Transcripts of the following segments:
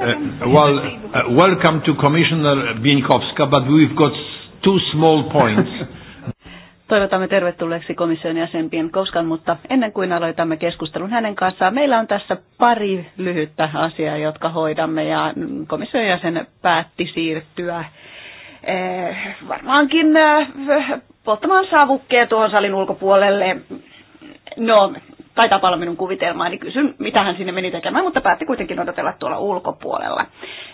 Uh, well, uh, welcome to Commissioner Bienkowska, but we've got two small points. Toivotamme tervetulleeksi komission jäsen Bienkovskan, mutta ennen kuin aloitamme keskustelun hänen kanssaan, meillä on tässä pari lyhyttä asiaa, jotka hoidamme ja komission jäsen päätti siirtyä eh, varmaankin eh, polttamaan savukkeja tuohon salin ulkopuolelle. No, tai tapalla minun kuvitelmaani, kysyn, mitä hän sinne meni tekemään, mutta päätti kuitenkin odotella tuolla ulkopuolella.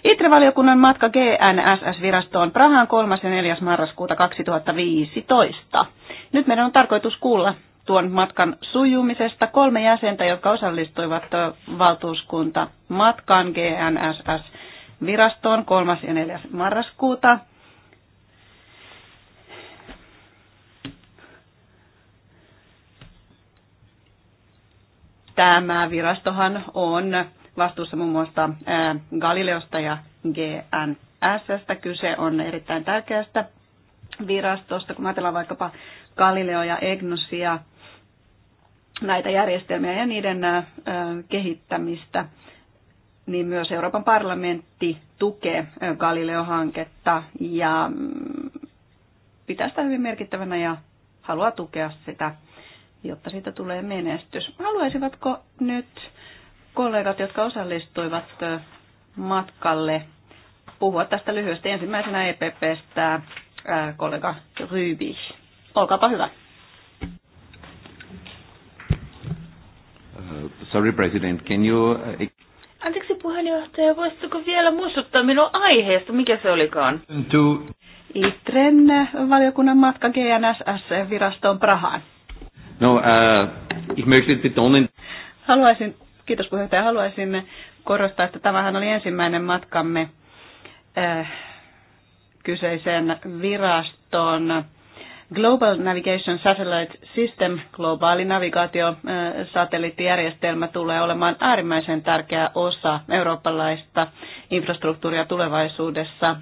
Itrevaliokunnan matka GNSS-virastoon Prahaan 3. ja 4. marraskuuta 2015. Nyt meidän on tarkoitus kuulla tuon matkan sujumisesta kolme jäsentä, jotka osallistuivat valtuuskunta matkaan GNSS-virastoon 3. ja 4. marraskuuta Tämä virastohan on vastuussa muun muassa Galileosta ja GNSstä. Kyse on erittäin tärkeästä virastosta, kun ajatellaan vaikkapa Galileo ja Egnosia, näitä järjestelmiä ja niiden kehittämistä, niin myös Euroopan parlamentti tukee Galileo-hanketta ja mm, pitää sitä hyvin merkittävänä ja haluaa tukea sitä jotta siitä tulee menestys. Haluaisivatko nyt kollegat, jotka osallistuivat matkalle, puhua tästä lyhyesti ensimmäisenä EPPstä kollega Ryvi. Olkaapa hyvä. Uh, sorry President, can you... Uh, Anteeksi puheenjohtaja, voisitko vielä muistuttaa minua aiheesta, mikä se olikaan? To... ITREN valiokunnan matka GNSS-virastoon Prahaan. No, äh, Haluaisin, kiitos puheenjohtaja, haluaisimme korostaa, että tämähän oli ensimmäinen matkamme äh, kyseiseen virastoon. Global Navigation Satellite System, globaali navigaatiosatelliittijärjestelmä, äh, tulee olemaan äärimmäisen tärkeä osa eurooppalaista infrastruktuuria tulevaisuudessa.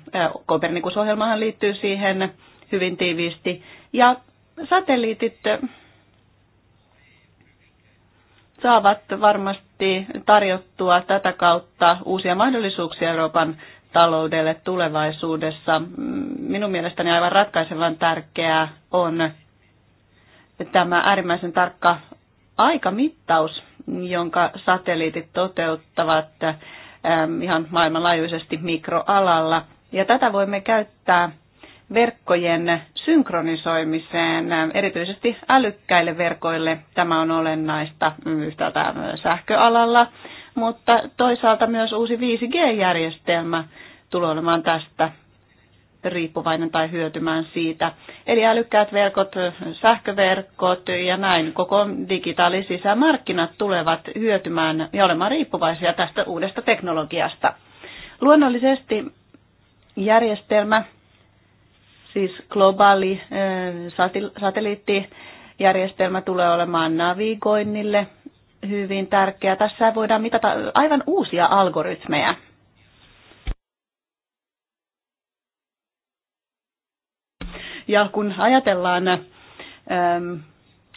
Kopernikusohjelmahan äh, liittyy siihen hyvin tiiviisti. Ja satelliitit äh, saavat varmasti tarjottua tätä kautta uusia mahdollisuuksia Euroopan taloudelle tulevaisuudessa. Minun mielestäni aivan ratkaisevan tärkeää on tämä äärimmäisen tarkka aikamittaus, jonka satelliitit toteuttavat ihan maailmanlaajuisesti mikroalalla. Ja tätä voimme käyttää verkkojen synkronisoimiseen, erityisesti älykkäille verkoille. Tämä on olennaista yhtäältä sähköalalla, mutta toisaalta myös uusi 5G-järjestelmä tulee olemaan tästä riippuvainen tai hyötymään siitä. Eli älykkäät verkot, sähköverkot ja näin koko digitaalisisämarkkinat tulevat hyötymään ja olemaan riippuvaisia tästä uudesta teknologiasta. Luonnollisesti järjestelmä Siis globaali eh, satelliittijärjestelmä tulee olemaan navigoinnille hyvin tärkeä. Tässä voidaan mitata aivan uusia algoritmeja. Ja kun ajatellaan ehm,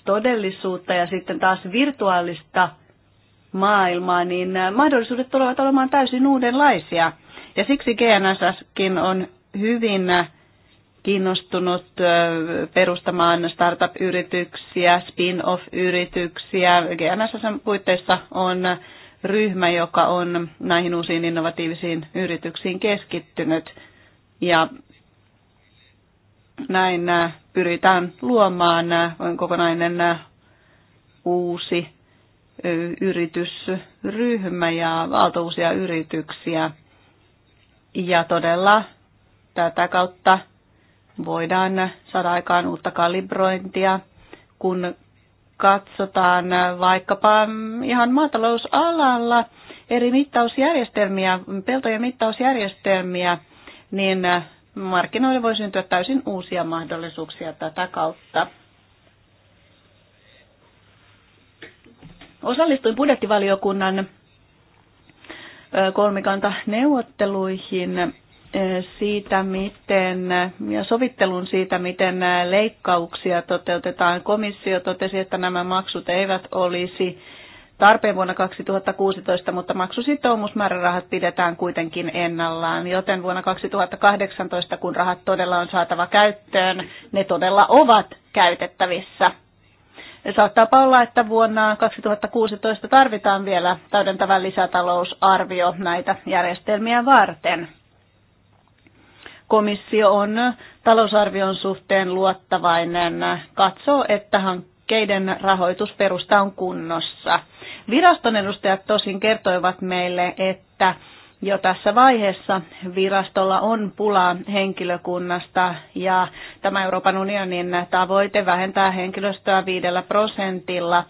todellisuutta ja sitten taas virtuaalista maailmaa, niin eh, mahdollisuudet tulevat olemaan täysin uudenlaisia. Ja siksi GNSSkin on hyvin eh, kiinnostunut perustamaan startup-yrityksiä, spin-off-yrityksiä. gms puitteissa on ryhmä, joka on näihin uusiin innovatiivisiin yrityksiin keskittynyt. Ja näin pyritään luomaan kokonainen uusi yritysryhmä ja valtouusia yrityksiä. Ja todella tätä kautta voidaan saada aikaan uutta kalibrointia, kun katsotaan vaikkapa ihan maatalousalalla eri mittausjärjestelmiä, peltojen mittausjärjestelmiä, niin markkinoille voi syntyä täysin uusia mahdollisuuksia tätä kautta. Osallistuin budjettivaliokunnan neuvotteluihin siitä, miten, ja sovittelun siitä, miten leikkauksia toteutetaan. Komissio totesi, että nämä maksut eivät olisi tarpeen vuonna 2016, mutta maksusitoumusmäärärahat pidetään kuitenkin ennallaan, joten vuonna 2018, kun rahat todella on saatava käyttöön, ne todella ovat käytettävissä. Saattaa olla, että vuonna 2016 tarvitaan vielä täydentävä lisätalousarvio näitä järjestelmiä varten komissio on talousarvion suhteen luottavainen, katsoo, että hankkeiden rahoitusperusta on kunnossa. Viraston edustajat tosin kertoivat meille, että jo tässä vaiheessa virastolla on pulaa henkilökunnasta ja tämä Euroopan unionin tavoite vähentää henkilöstöä viidellä prosentilla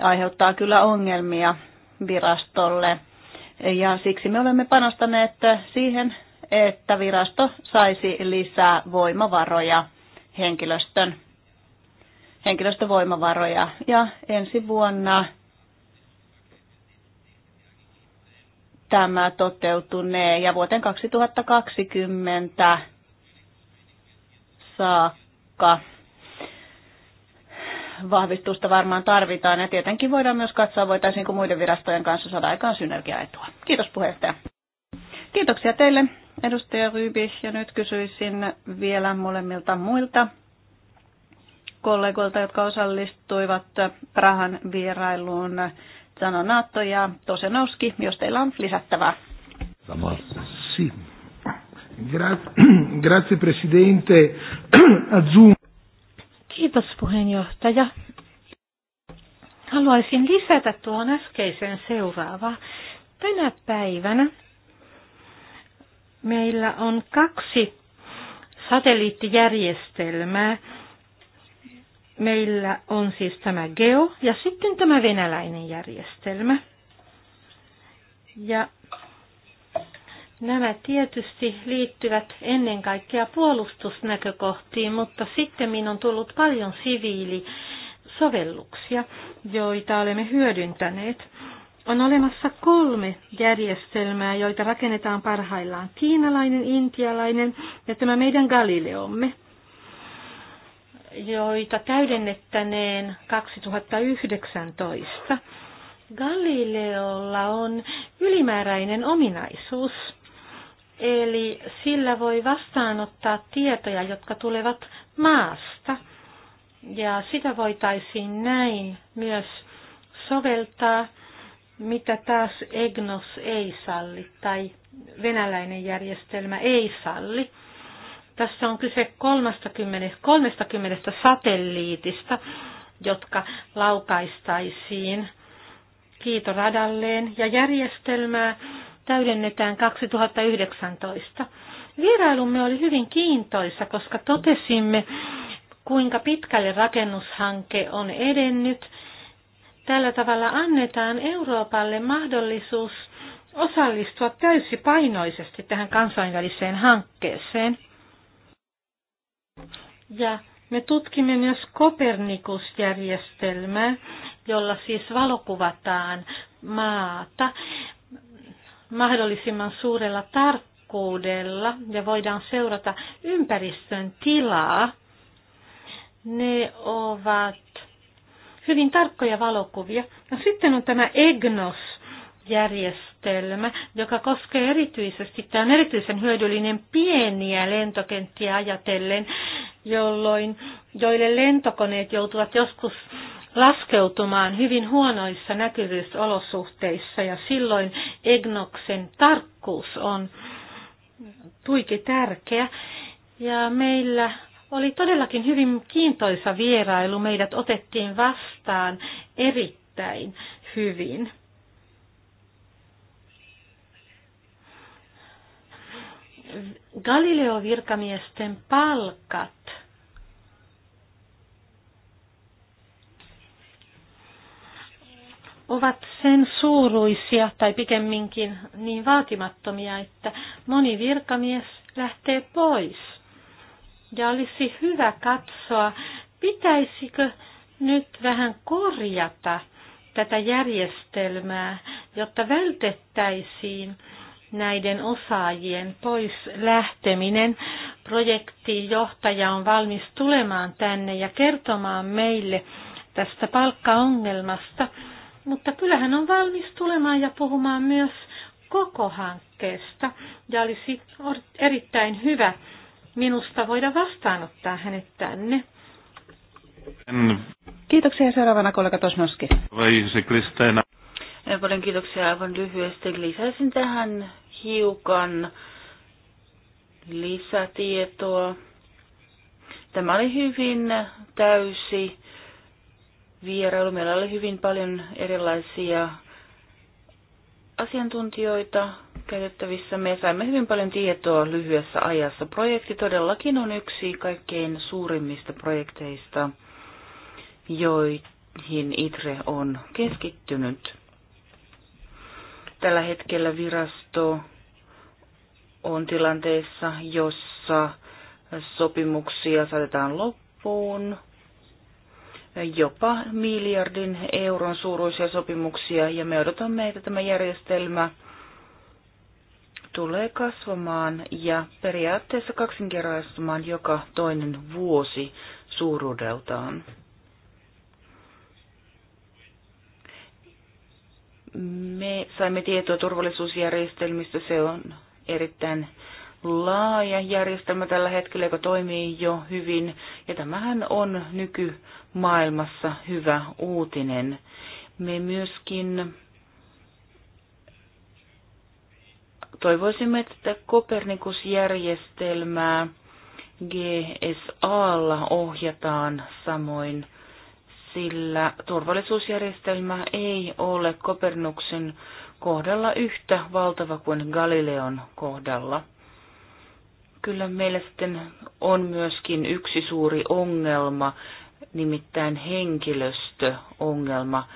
aiheuttaa kyllä ongelmia virastolle. Ja siksi me olemme panostaneet siihen että virasto saisi lisää voimavaroja henkilöstön henkilöstövoimavaroja ja ensi vuonna tämä toteutunee ja vuoteen 2020 saakka vahvistusta varmaan tarvitaan ja tietenkin voidaan myös katsoa, voitaisiinko muiden virastojen kanssa saada aikaan synergiaetua. Kiitos puheenjohtaja. Kiitoksia teille edustaja Ryby, ja nyt kysyisin vielä molemmilta muilta kollegoilta, jotka osallistuivat Prahan vierailuun Zano Naatto ja Tosenowski, jos teillä on lisättävää. Sama. Si. Grazie presidente. Kiitos puheenjohtaja. Haluaisin lisätä tuon äskeisen seuraavaa. Tänä päivänä Meillä on kaksi satelliittijärjestelmää. Meillä on siis tämä GEO ja sitten tämä venäläinen järjestelmä. Ja Nämä tietysti liittyvät ennen kaikkea puolustusnäkökohtiin, mutta sitten on tullut paljon siviilisovelluksia, joita olemme hyödyntäneet. On olemassa kolme järjestelmää, joita rakennetaan parhaillaan. Kiinalainen, intialainen ja tämä meidän Galileomme, joita täydennettäneen 2019. Galileolla on ylimääräinen ominaisuus, eli sillä voi vastaanottaa tietoja, jotka tulevat maasta. Ja sitä voitaisiin näin myös soveltaa mitä taas EGNOS ei salli tai venäläinen järjestelmä ei salli. Tässä on kyse 30, 30 satelliitista, jotka laukaistaisiin kiitoradalleen ja järjestelmää täydennetään 2019. Vierailumme oli hyvin kiintoisa, koska totesimme, kuinka pitkälle rakennushanke on edennyt – Tällä tavalla annetaan Euroopalle mahdollisuus osallistua täysipainoisesti tähän kansainväliseen hankkeeseen. Ja me tutkimme myös Kopernikus-järjestelmää, jolla siis valokuvataan maata mahdollisimman suurella tarkkuudella ja voidaan seurata ympäristön tilaa. Ne ovat hyvin tarkkoja valokuvia. ja sitten on tämä EGNOS, järjestelmä, joka koskee erityisesti, tämä on erityisen hyödyllinen pieniä lentokenttiä ajatellen, jolloin, joille lentokoneet joutuvat joskus laskeutumaan hyvin huonoissa näkyvyysolosuhteissa ja silloin Egnoksen tarkkuus on tuiki tärkeä. Ja meillä oli todellakin hyvin kiintoisa vierailu. Meidät otettiin vastaan erittäin hyvin. Galileo-virkamiesten palkat. ovat sen suuruisia tai pikemminkin niin vaatimattomia, että moni virkamies lähtee pois. Ja olisi hyvä katsoa, pitäisikö nyt vähän korjata tätä järjestelmää, jotta vältettäisiin näiden osaajien pois lähteminen. Projektijohtaja on valmis tulemaan tänne ja kertomaan meille tästä palkkaongelmasta, mutta kyllähän on valmis tulemaan ja puhumaan myös koko hankkeesta ja olisi erittäin hyvä, minusta voida vastaanottaa hänet tänne. En... Kiitoksia seuraavana kollega Tosnoski. Vai se Kristeena. Paljon kiitoksia aivan lyhyesti. Lisäisin tähän hiukan lisätietoa. Tämä oli hyvin täysi vierailu. Meillä oli hyvin paljon erilaisia asiantuntijoita käytettävissä. Me saimme hyvin paljon tietoa lyhyessä ajassa. Projekti todellakin on yksi kaikkein suurimmista projekteista, joihin ITRE on keskittynyt. Tällä hetkellä virasto on tilanteessa, jossa sopimuksia saatetaan loppuun. Jopa miljardin euron suuruisia sopimuksia ja me odotamme, että tämä järjestelmä – tulee kasvamaan ja periaatteessa kaksinkertaistumaan joka toinen vuosi suuruudeltaan. Me saimme tietoa turvallisuusjärjestelmistä. Se on erittäin laaja järjestelmä tällä hetkellä, joka toimii jo hyvin. Ja tämähän on nykymaailmassa hyvä uutinen. Me myöskin toivoisimme, että Kopernikus-järjestelmää GSAlla ohjataan samoin, sillä turvallisuusjärjestelmä ei ole Kopernuksen kohdalla yhtä valtava kuin Galileon kohdalla. Kyllä meillä sitten on myöskin yksi suuri ongelma, nimittäin henkilöstöongelma,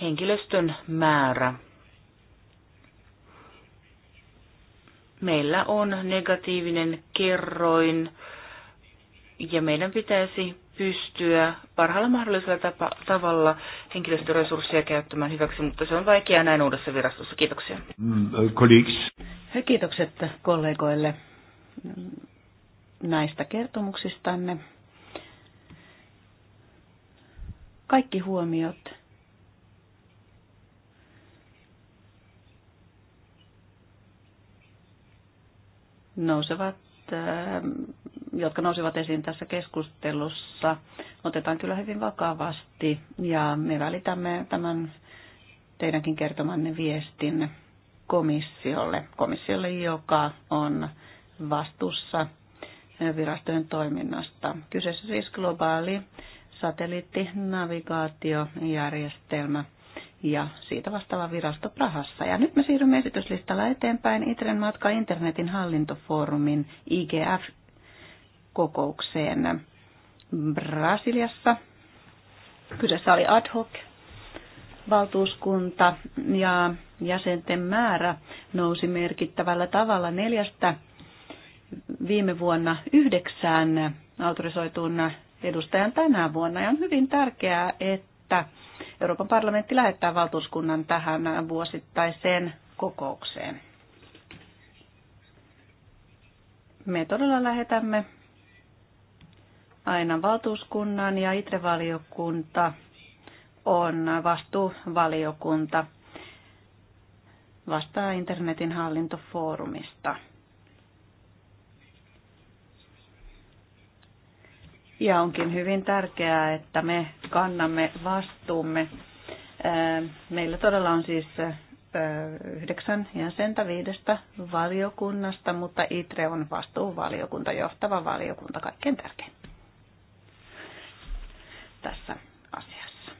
henkilöstön määrä. meillä on negatiivinen kerroin ja meidän pitäisi pystyä parhaalla mahdollisella tapa, tavalla henkilöstöresursseja käyttämään hyväksi, mutta se on vaikeaa näin uudessa virastossa. Kiitoksia. Mm, äh, colleagues. Kiitokset kollegoille näistä kertomuksistanne. Kaikki huomiot nousevat ähm, jotka nousivat esiin tässä keskustelussa, otetaan kyllä hyvin vakavasti ja me välitämme tämän teidänkin kertomanne viestin komissiolle, komissiolle, joka on vastuussa virastojen toiminnasta. Kyseessä siis globaali satelliittinavigaatiojärjestelmä, ja siitä vastaava virasto Prahassa. Ja nyt me siirrymme esityslistalla eteenpäin Itren matka internetin hallintofoorumin IGF-kokoukseen Brasiliassa. Kyseessä oli ad hoc valtuuskunta ja jäsenten määrä nousi merkittävällä tavalla neljästä viime vuonna yhdeksään autorisoituun edustajan tänä vuonna. Ja on hyvin tärkeää, että että Euroopan parlamentti lähettää valtuuskunnan tähän vuosittaiseen kokoukseen. Me todella lähetämme aina valtuuskunnan ja itrevaliokunta on vastuuvaliokunta vastaa internetin hallintofoorumista. Ja onkin hyvin tärkeää, että me kannamme vastuumme. Meillä todella on siis yhdeksän jäsentä viidestä valiokunnasta, mutta ITRE on vastuuvaliokunta, johtava valiokunta, kaikkein tärkein tässä asiassa.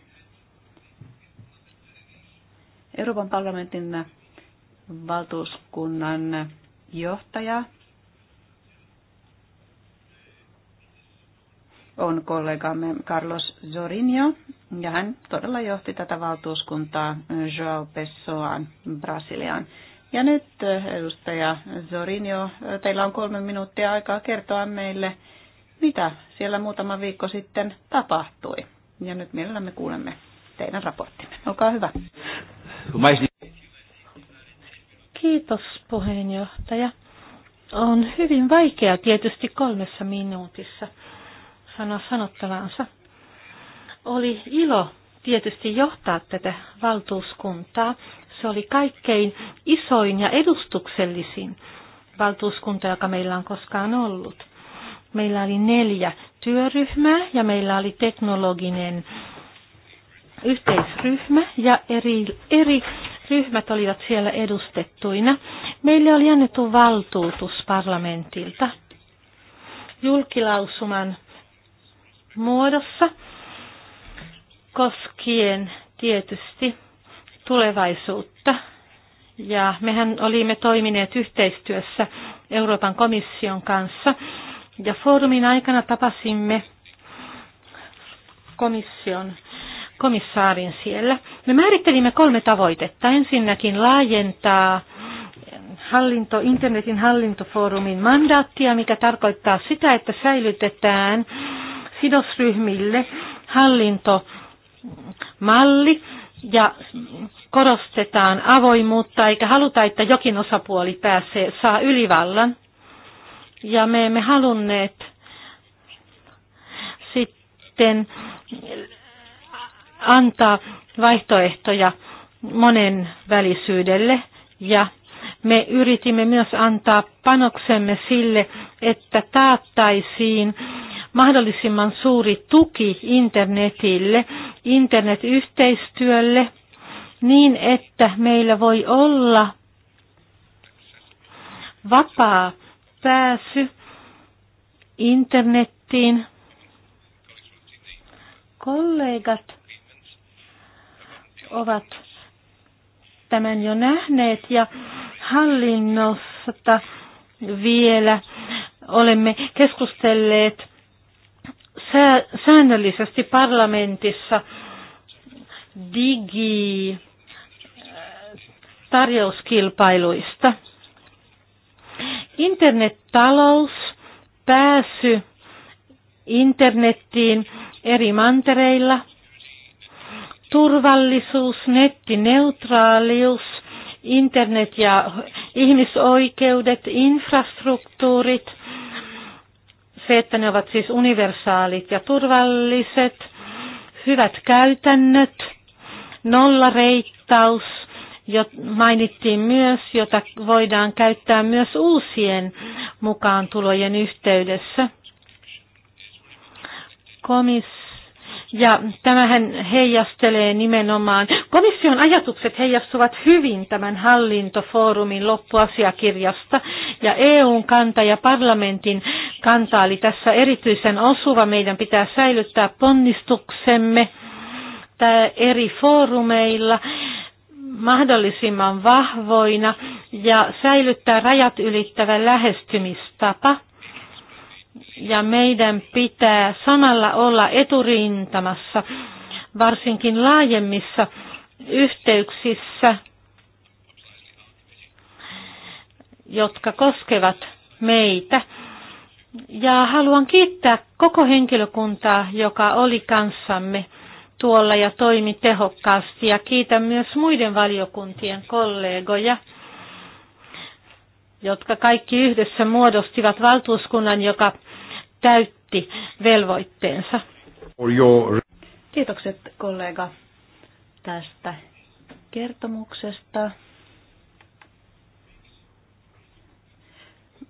Euroopan parlamentin valtuuskunnan johtaja on kollegamme Carlos Zorinio, ja hän todella johti tätä valtuuskuntaa Joao Pessoaan Brasiliaan. Ja nyt edustaja Zorinio, teillä on kolme minuuttia aikaa kertoa meille, mitä siellä muutama viikko sitten tapahtui. Ja nyt mielellämme kuulemme teidän raporttinne. Olkaa hyvä. Kiitos puheenjohtaja. On hyvin vaikea tietysti kolmessa minuutissa sanoa sanottavansa. Oli ilo tietysti johtaa tätä valtuuskuntaa. Se oli kaikkein isoin ja edustuksellisin valtuuskunta, joka meillä on koskaan ollut. Meillä oli neljä työryhmää ja meillä oli teknologinen yhteisryhmä ja eri, eri ryhmät olivat siellä edustettuina. Meille oli annettu valtuutus parlamentilta julkilausuman muodossa koskien tietysti tulevaisuutta. Ja mehän olimme toimineet yhteistyössä Euroopan komission kanssa ja foorumin aikana tapasimme komission komissaarin siellä. Me määrittelimme kolme tavoitetta. Ensinnäkin laajentaa hallinto, internetin hallintofoorumin mandaattia, mikä tarkoittaa sitä, että säilytetään sidosryhmille hallintomalli ja korostetaan avoimuutta eikä haluta, että jokin osapuoli pääsee, saa ylivallan. Ja me emme halunneet sitten antaa vaihtoehtoja monen välisyydelle ja me yritimme myös antaa panoksemme sille, että taattaisiin mahdollisimman suuri tuki internetille, internetyhteistyölle, niin että meillä voi olla vapaa pääsy internettiin. Kollegat ovat tämän jo nähneet ja hallinnosta vielä olemme keskustelleet säännöllisesti parlamentissa digi äh, tarjouskilpailuista. Internettalous, pääsy internettiin eri mantereilla, turvallisuus, nettineutraalius, internet ja ihmisoikeudet, infrastruktuurit – se, että ne ovat siis universaalit ja turvalliset, hyvät käytännöt, nollareittaus, jo mainittiin myös, jota voidaan käyttää myös uusien mukaan tulojen yhteydessä. Komissio ja tämähän heijastelee nimenomaan, komission ajatukset heijastuvat hyvin tämän hallintofoorumin loppuasiakirjasta ja EUn kanta ja parlamentin kanta oli tässä erityisen osuva. Meidän pitää säilyttää ponnistuksemme eri foorumeilla mahdollisimman vahvoina ja säilyttää rajat ylittävä lähestymistapa – ja meidän pitää sanalla olla eturintamassa, varsinkin laajemmissa yhteyksissä, jotka koskevat meitä. Ja haluan kiittää koko henkilökuntaa, joka oli kanssamme tuolla ja toimi tehokkaasti. Ja kiitän myös muiden valiokuntien kollegoja jotka kaikki yhdessä muodostivat valtuuskunnan, joka täytti velvoitteensa. Kiitokset kollega tästä kertomuksesta.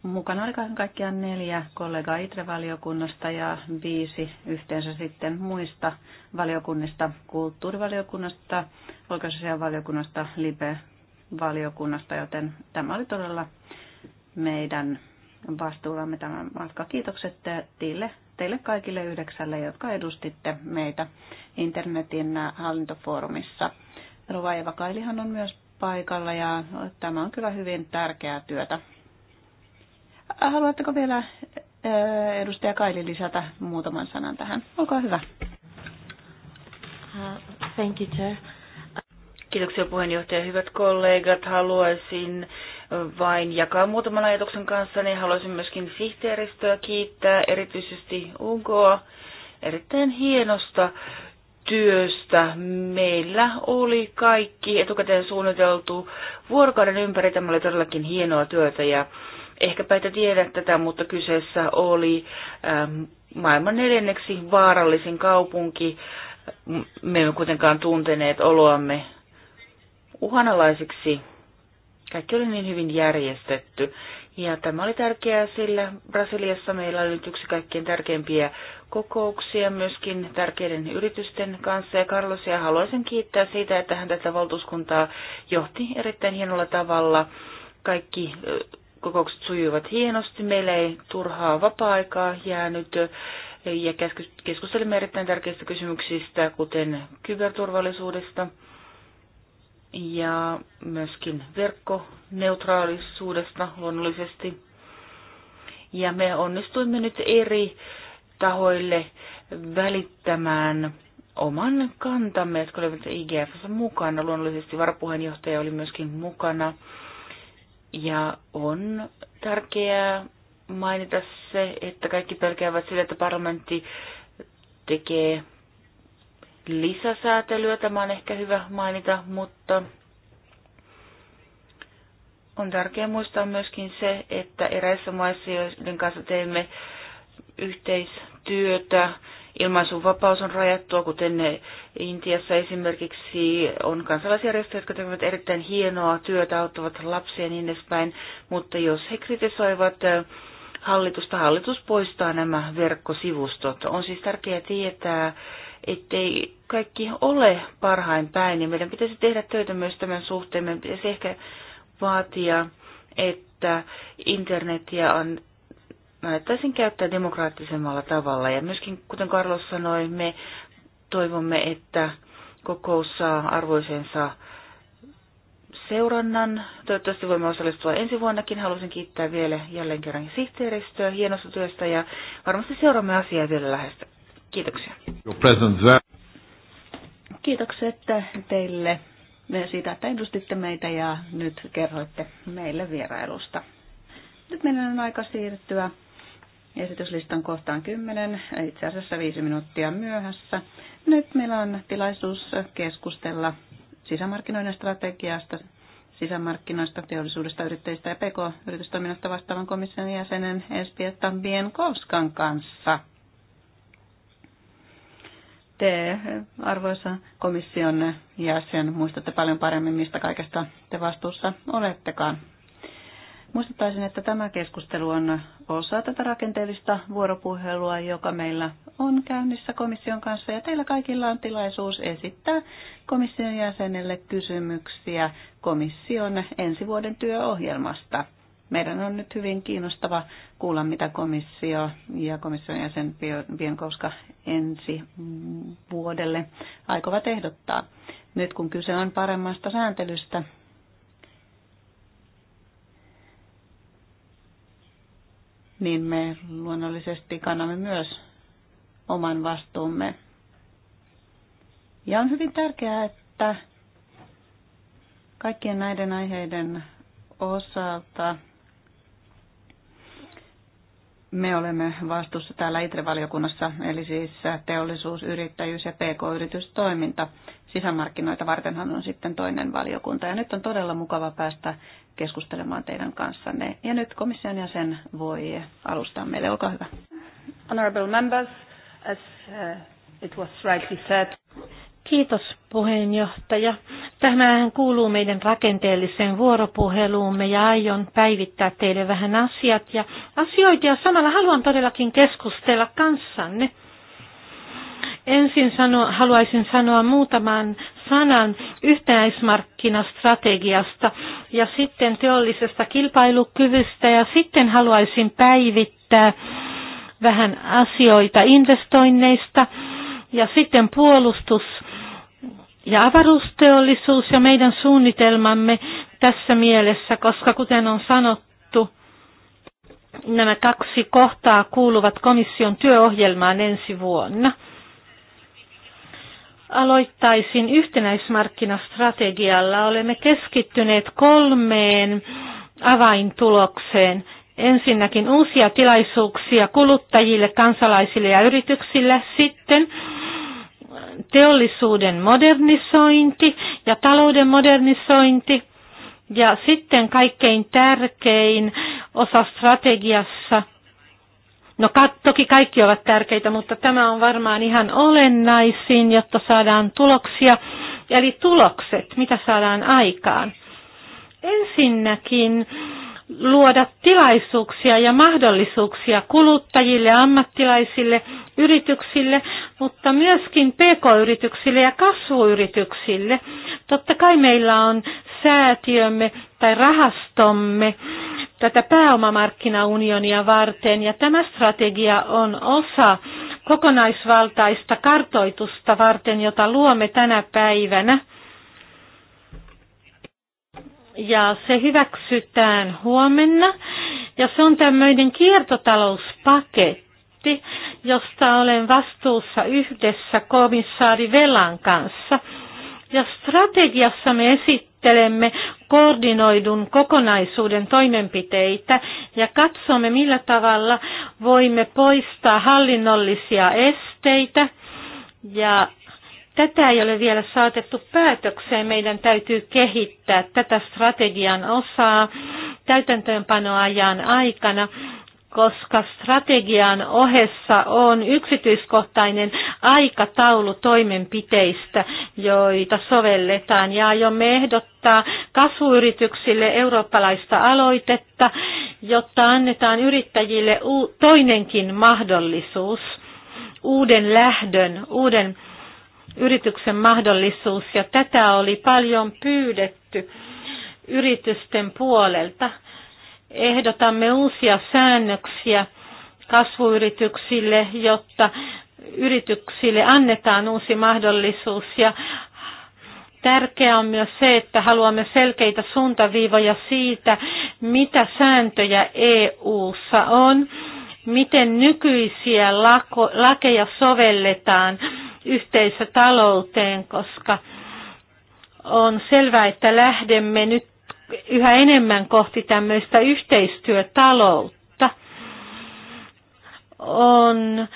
Mukana oli kaiken kaikkiaan neljä kollegaa ITRE-valiokunnasta ja viisi yhteensä sitten muista valiokunnista, kulttuurivaliokunnasta, oikeusasianvaliokunnasta, LIBE-valiokunnasta, joten tämä oli todella meidän vastuullamme tämän matka. Kiitokset teille, teille kaikille yhdeksälle, jotka edustitte meitä internetin hallintofoorumissa. Rova Eva Kailihan on myös paikalla ja tämä on kyllä hyvin tärkeää työtä. Haluatteko vielä eh, edustaja Kaili lisätä muutaman sanan tähän? Olkaa hyvä. Uh, thank you, Kiitoksia puheenjohtaja. Hyvät kollegat, haluaisin vain jakaa muutaman ajatuksen kanssa, niin haluaisin myöskin sihteeristöä kiittää, erityisesti Unkoa, erittäin hienosta työstä. Meillä oli kaikki etukäteen suunniteltu vuorokauden ympäri. Tämä oli todellakin hienoa työtä ja ehkäpä ette tiedä tätä, mutta kyseessä oli ähm, maailman neljänneksi vaarallisin kaupunki. Me emme kuitenkaan tunteneet oloamme uhanalaisiksi kaikki oli niin hyvin järjestetty. Ja tämä oli tärkeää, sillä Brasiliassa meillä oli nyt yksi kaikkein tärkeimpiä kokouksia myöskin tärkeiden yritysten kanssa. Ja Carlos ja haluaisin kiittää siitä, että hän tätä valtuuskuntaa johti erittäin hienolla tavalla. Kaikki kokoukset sujuivat hienosti. Meillä ei turhaa vapaa-aikaa jäänyt ja keskustelimme erittäin tärkeistä kysymyksistä, kuten kyberturvallisuudesta – ja myöskin verkkoneutraalisuudesta luonnollisesti. Ja me onnistuimme nyt eri tahoille välittämään oman kantamme, jotka olivat IGFssä mukana. Luonnollisesti varapuheenjohtaja oli myöskin mukana. Ja on tärkeää mainita se, että kaikki pelkäävät sitä, että parlamentti tekee lisäsäätelyä. Tämä on ehkä hyvä mainita, mutta on tärkeää muistaa myöskin se, että eräissä maissa, joiden kanssa teemme yhteistyötä, ilmaisuvapaus on rajattua, kuten Intiassa esimerkiksi on kansalaisjärjestöjä, jotka tekevät erittäin hienoa työtä, auttavat lapsia ja niin edespäin, mutta jos he kritisoivat hallitusta, hallitus poistaa nämä verkkosivustot. On siis tärkeää tietää, ettei kaikki ole parhain päin, Ja niin meidän pitäisi tehdä töitä myös tämän suhteen. Meidän pitäisi ehkä vaatia, että internetiä on annettaisiin käyttää demokraattisemmalla tavalla. Ja myöskin, kuten Carlos sanoi, me toivomme, että kokous saa arvoisensa seurannan. Toivottavasti voimme osallistua ensi vuonnakin. Haluaisin kiittää vielä jälleen kerran sihteeristöä hienosta työstä ja varmasti seuraamme asiaa vielä lähestä. Kiitoksia. Kiitoksia, että teille siitä, että edustitte meitä ja nyt kerroitte meille vierailusta. Nyt meidän on aika siirtyä esityslistan kohtaan 10, itse asiassa viisi minuuttia myöhässä. Nyt meillä on tilaisuus keskustella sisämarkkinoiden strategiasta, sisämarkkinoista, teollisuudesta, yrittäjistä ja PK-yritystoiminnasta vastaavan komission jäsenen Espiettan Bienkovskan kanssa te, arvoisa komission jäsen, muistatte paljon paremmin, mistä kaikesta te vastuussa olettekaan. Muistuttaisin, että tämä keskustelu on osa tätä rakenteellista vuoropuhelua, joka meillä on käynnissä komission kanssa. Ja teillä kaikilla on tilaisuus esittää komission jäsenelle kysymyksiä komission ensi vuoden työohjelmasta meidän on nyt hyvin kiinnostava kuulla, mitä komissio ja komission jäsen Pienkouska ensi vuodelle aikovat ehdottaa. Nyt kun kyse on paremmasta sääntelystä, niin me luonnollisesti kannamme myös oman vastuumme. Ja on hyvin tärkeää, että kaikkien näiden aiheiden osalta me olemme vastuussa täällä ITRE-valiokunnassa, eli siis teollisuus, yrittäjyys ja pk-yritystoiminta. Sisämarkkinoita vartenhan on sitten toinen valiokunta. Ja nyt on todella mukava päästä keskustelemaan teidän kanssanne. Ja nyt komission jäsen voi alustaa meille. Olkaa hyvä. Honorable members, as uh, it was rightly said. Kiitos puheenjohtaja. Tämähän kuuluu meidän rakenteelliseen vuoropuheluumme ja aion päivittää teille vähän asiat ja asioita ja samalla haluan todellakin keskustella kanssanne. Ensin sano, haluaisin sanoa muutaman sanan yhtenäismarkkinastrategiasta ja sitten teollisesta kilpailukyvystä ja sitten haluaisin päivittää vähän asioita investoinneista ja sitten puolustus ja avaruusteollisuus ja meidän suunnitelmamme tässä mielessä, koska kuten on sanottu, nämä kaksi kohtaa kuuluvat komission työohjelmaan ensi vuonna. Aloittaisin yhtenäismarkkinastrategialla. Olemme keskittyneet kolmeen avaintulokseen. Ensinnäkin uusia tilaisuuksia kuluttajille, kansalaisille ja yrityksille, sitten teollisuuden modernisointi ja talouden modernisointi. Ja sitten kaikkein tärkein osa strategiassa, no toki kaikki ovat tärkeitä, mutta tämä on varmaan ihan olennaisin, jotta saadaan tuloksia. Eli tulokset, mitä saadaan aikaan. Ensinnäkin luoda tilaisuuksia ja mahdollisuuksia kuluttajille, ammattilaisille, yrityksille, mutta myöskin pk-yrityksille ja kasvuyrityksille. Totta kai meillä on säätiömme tai rahastomme tätä pääomamarkkinaunionia varten ja tämä strategia on osa kokonaisvaltaista kartoitusta varten, jota luomme tänä päivänä ja se hyväksytään huomenna. Ja se on tämmöinen kiertotalouspaketti, josta olen vastuussa yhdessä komissaari Velan kanssa. Ja strategiassa me esittelemme koordinoidun kokonaisuuden toimenpiteitä ja katsomme, millä tavalla voimme poistaa hallinnollisia esteitä ja Tätä ei ole vielä saatettu päätökseen. Meidän täytyy kehittää tätä strategian osaa täytäntöönpanoajan aikana, koska strategian ohessa on yksityiskohtainen aikataulu toimenpiteistä, joita sovelletaan. Ja aiomme ehdottaa kasvuyrityksille eurooppalaista aloitetta, jotta annetaan yrittäjille toinenkin mahdollisuus uuden lähdön, uuden yrityksen mahdollisuus ja tätä oli paljon pyydetty yritysten puolelta. Ehdotamme uusia säännöksiä kasvuyrityksille, jotta yrityksille annetaan uusi mahdollisuus ja Tärkeää on myös se, että haluamme selkeitä suuntaviivoja siitä, mitä sääntöjä EU:ssa on miten nykyisiä lako, lakeja sovelletaan yhteisötalouteen, koska on selvää, että lähdemme nyt yhä enemmän kohti tämmöistä yhteistyötaloutta. On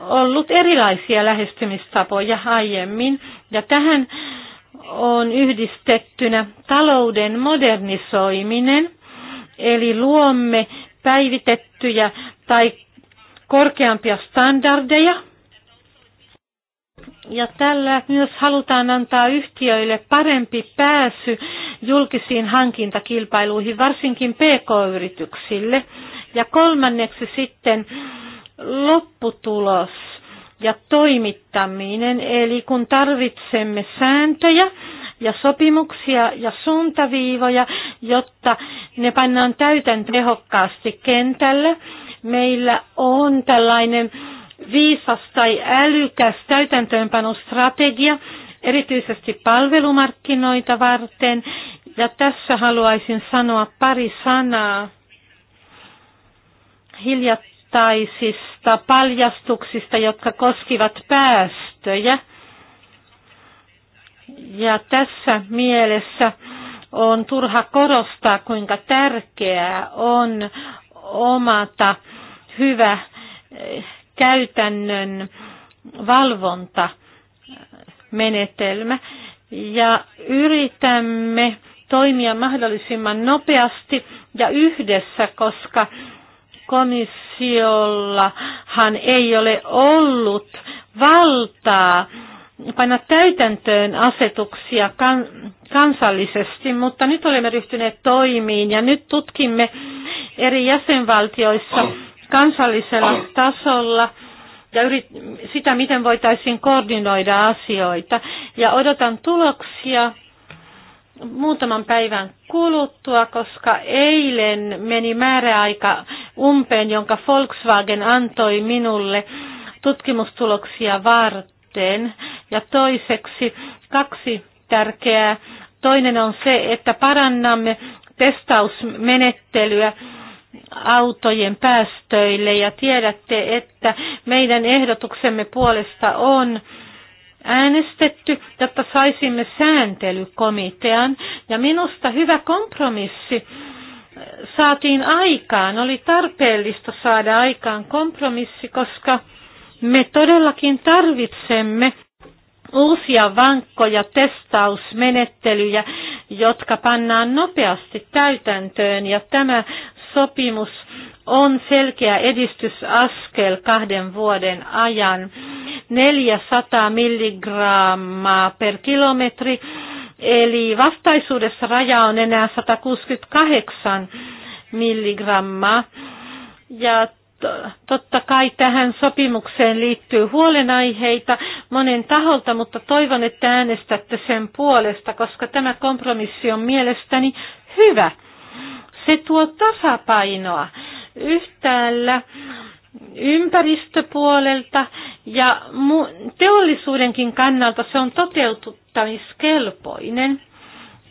ollut erilaisia lähestymistapoja aiemmin ja tähän on yhdistettynä talouden modernisoiminen, eli luomme päivitettyjä tai korkeampia standardeja. Ja tällä myös halutaan antaa yhtiöille parempi pääsy julkisiin hankintakilpailuihin, varsinkin pk-yrityksille. Ja kolmanneksi sitten lopputulos ja toimittaminen, eli kun tarvitsemme sääntöjä ja sopimuksia ja suuntaviivoja, jotta ne pannaan täytäntöön tehokkaasti kentällä meillä on tällainen viisas tai älykäs täytäntöönpanostrategia erityisesti palvelumarkkinoita varten. Ja tässä haluaisin sanoa pari sanaa hiljattaisista paljastuksista, jotka koskivat päästöjä. Ja tässä mielessä on turha korostaa, kuinka tärkeää on omata hyvä eh, käytännön valvontamenetelmä eh, ja yritämme toimia mahdollisimman nopeasti ja yhdessä, koska komissiollahan ei ole ollut valtaa panna täytäntöön asetuksia kan, kansallisesti, mutta nyt olemme ryhtyneet toimiin ja nyt tutkimme eri jäsenvaltioissa kansallisella tasolla ja yrit, sitä, miten voitaisiin koordinoida asioita. Ja odotan tuloksia muutaman päivän kuluttua, koska eilen meni määräaika umpeen, jonka Volkswagen antoi minulle tutkimustuloksia varten. Ja toiseksi kaksi tärkeää. Toinen on se, että parannamme testausmenettelyä autojen päästöille ja tiedätte, että meidän ehdotuksemme puolesta on äänestetty, jotta saisimme sääntelykomitean ja minusta hyvä kompromissi äh, saatiin aikaan. Oli tarpeellista saada aikaan kompromissi, koska me todellakin tarvitsemme uusia vankkoja testausmenettelyjä, jotka pannaan nopeasti täytäntöön ja tämä sopimus on selkeä edistysaskel kahden vuoden ajan. 400 milligrammaa per kilometri, eli vastaisuudessa raja on enää 168 milligrammaa. Ja totta kai tähän sopimukseen liittyy huolenaiheita monen taholta, mutta toivon, että äänestätte sen puolesta, koska tämä kompromissi on mielestäni hyvä. Se tuo tasapainoa yhtäällä ympäristöpuolelta ja teollisuudenkin kannalta se on toteuttamiskelpoinen.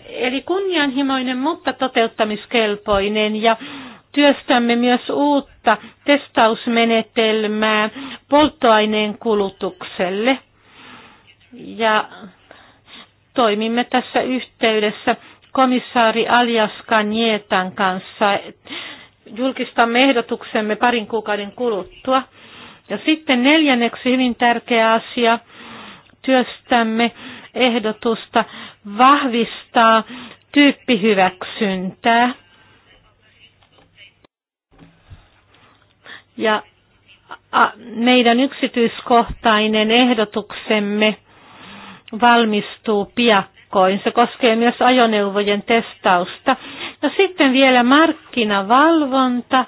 Eli kunnianhimoinen, mutta toteuttamiskelpoinen ja työstämme myös uutta testausmenetelmää polttoaineen kulutukselle. Ja toimimme tässä yhteydessä komissaari Aljas Kanjetan kanssa. Julkistamme ehdotuksemme parin kuukauden kuluttua. Ja sitten neljänneksi hyvin tärkeä asia, työstämme ehdotusta vahvistaa tyyppihyväksyntää. Ja meidän yksityiskohtainen ehdotuksemme valmistuu piakkoin verkkoin. Se koskee myös ajoneuvojen testausta. No sitten vielä markkinavalvonta.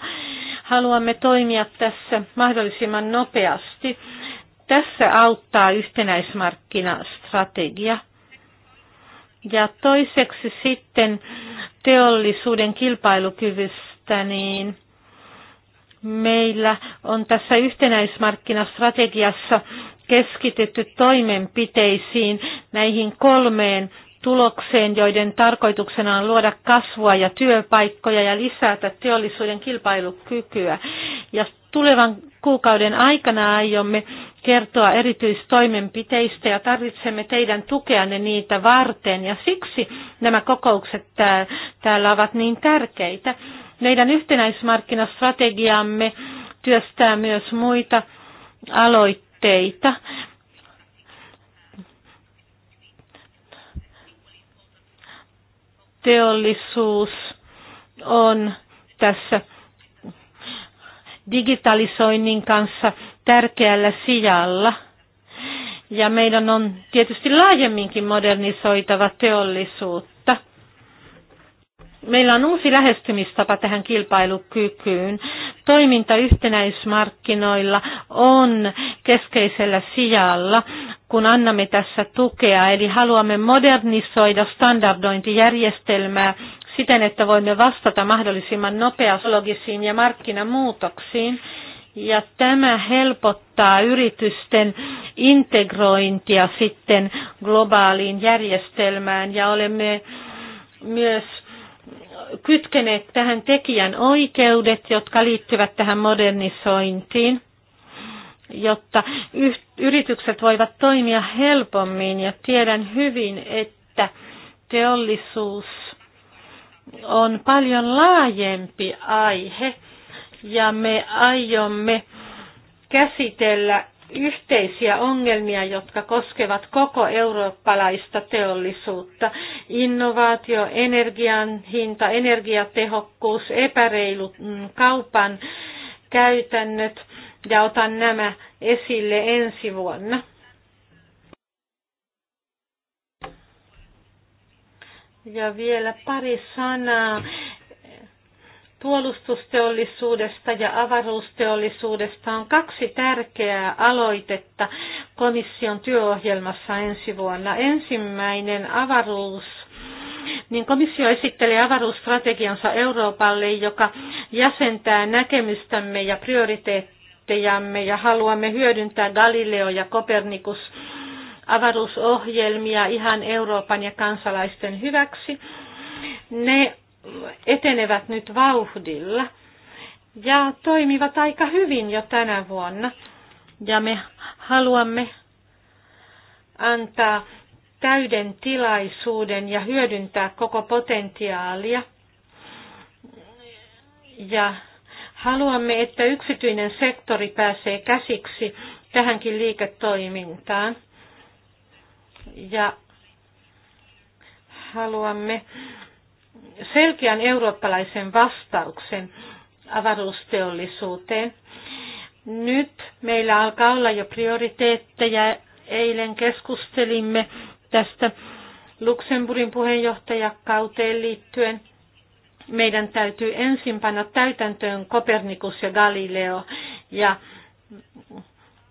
Haluamme toimia tässä mahdollisimman nopeasti. Tässä auttaa yhtenäismarkkinastrategia. Ja toiseksi sitten teollisuuden kilpailukyvystä, niin meillä on tässä yhtenäismarkkinastrategiassa keskitetty toimenpiteisiin näihin kolmeen tulokseen, joiden tarkoituksena on luoda kasvua ja työpaikkoja ja lisätä teollisuuden kilpailukykyä. Ja tulevan kuukauden aikana aiomme kertoa erityistoimenpiteistä ja tarvitsemme teidän tukeanne niitä varten ja siksi nämä kokoukset täällä ovat niin tärkeitä. Meidän yhtenäismarkkinastrategiamme työstää myös muita aloitteita. Teollisuus on tässä digitalisoinnin kanssa tärkeällä sijalla. Ja meidän on tietysti laajemminkin modernisoitava teollisuutta meillä on uusi lähestymistapa tähän kilpailukykyyn. Toiminta yhtenäismarkkinoilla on keskeisellä sijalla, kun annamme tässä tukea, eli haluamme modernisoida standardointijärjestelmää siten, että voimme vastata mahdollisimman nopeasologisiin ja markkinamuutoksiin. Ja tämä helpottaa yritysten integrointia sitten globaaliin järjestelmään ja olemme myös kytkeneet tähän tekijän oikeudet, jotka liittyvät tähän modernisointiin, jotta yritykset voivat toimia helpommin. Ja tiedän hyvin, että teollisuus on paljon laajempi aihe ja me aiomme käsitellä yhteisiä ongelmia, jotka koskevat koko eurooppalaista teollisuutta. Innovaatio, energian hinta, energiatehokkuus, epäreilut mm, kaupan käytännöt ja otan nämä esille ensi vuonna. Ja vielä pari sanaa puolustusteollisuudesta ja avaruusteollisuudesta on kaksi tärkeää aloitetta komission työohjelmassa ensi vuonna. Ensimmäinen avaruus niin komissio esittelee avaruusstrategiansa Euroopalle, joka jäsentää näkemystämme ja prioriteettejamme ja haluamme hyödyntää Galileo ja Kopernikus avaruusohjelmia ihan Euroopan ja kansalaisten hyväksi. Ne etenevät nyt vauhdilla ja toimivat aika hyvin jo tänä vuonna. Ja me haluamme antaa täyden tilaisuuden ja hyödyntää koko potentiaalia. Ja haluamme, että yksityinen sektori pääsee käsiksi tähänkin liiketoimintaan. Ja haluamme selkeän eurooppalaisen vastauksen avaruusteollisuuteen. Nyt meillä alkaa olla jo prioriteetteja. Eilen keskustelimme tästä Luxemburgin puheenjohtajakauteen liittyen. Meidän täytyy ensin panna täytäntöön Kopernikus ja Galileo ja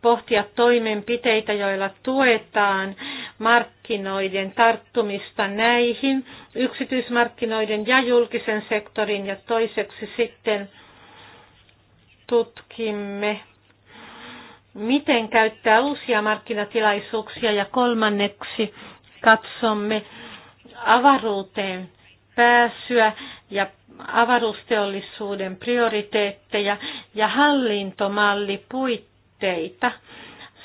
pohtia toimenpiteitä, joilla tuetaan markkinoiden tarttumista näihin, yksityismarkkinoiden ja julkisen sektorin, ja toiseksi sitten tutkimme, miten käyttää uusia markkinatilaisuuksia, ja kolmanneksi katsomme avaruuteen pääsyä ja avaruusteollisuuden prioriteetteja ja hallintomalli puitteita puutteita.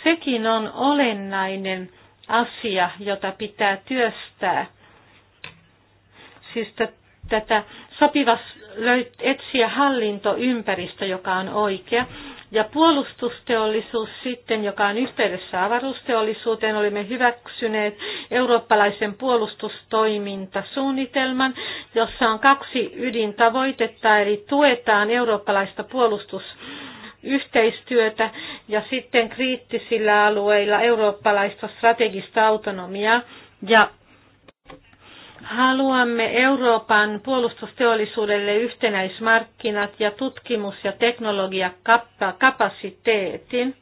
Sekin on olennainen asia, jota pitää työstää. Siis tätä sopivas etsiä hallintoympäristö, joka on oikea. Ja puolustusteollisuus sitten, joka on yhteydessä avaruusteollisuuteen, olimme hyväksyneet eurooppalaisen puolustustoimintasuunnitelman, jossa on kaksi ydintavoitetta, eli tuetaan eurooppalaista puolustus yhteistyötä ja sitten kriittisillä alueilla eurooppalaista strategista autonomiaa ja Haluamme Euroopan puolustusteollisuudelle yhtenäismarkkinat ja tutkimus- ja teknologiakapasiteetin.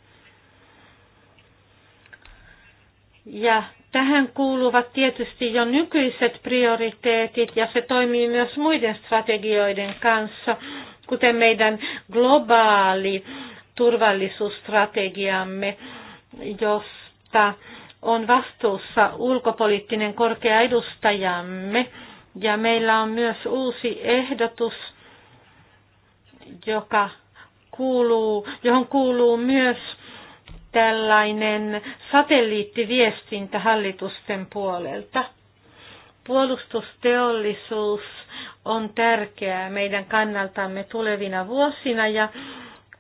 Ja tähän kuuluvat tietysti jo nykyiset prioriteetit ja se toimii myös muiden strategioiden kanssa, kuten meidän globaali turvallisuusstrategiamme, josta on vastuussa ulkopoliittinen korkea edustajamme. Ja meillä on myös uusi ehdotus, joka kuuluu, johon kuuluu myös tällainen satelliittiviestintä hallitusten puolelta. Puolustusteollisuus on tärkeää meidän kannaltamme tulevina vuosina ja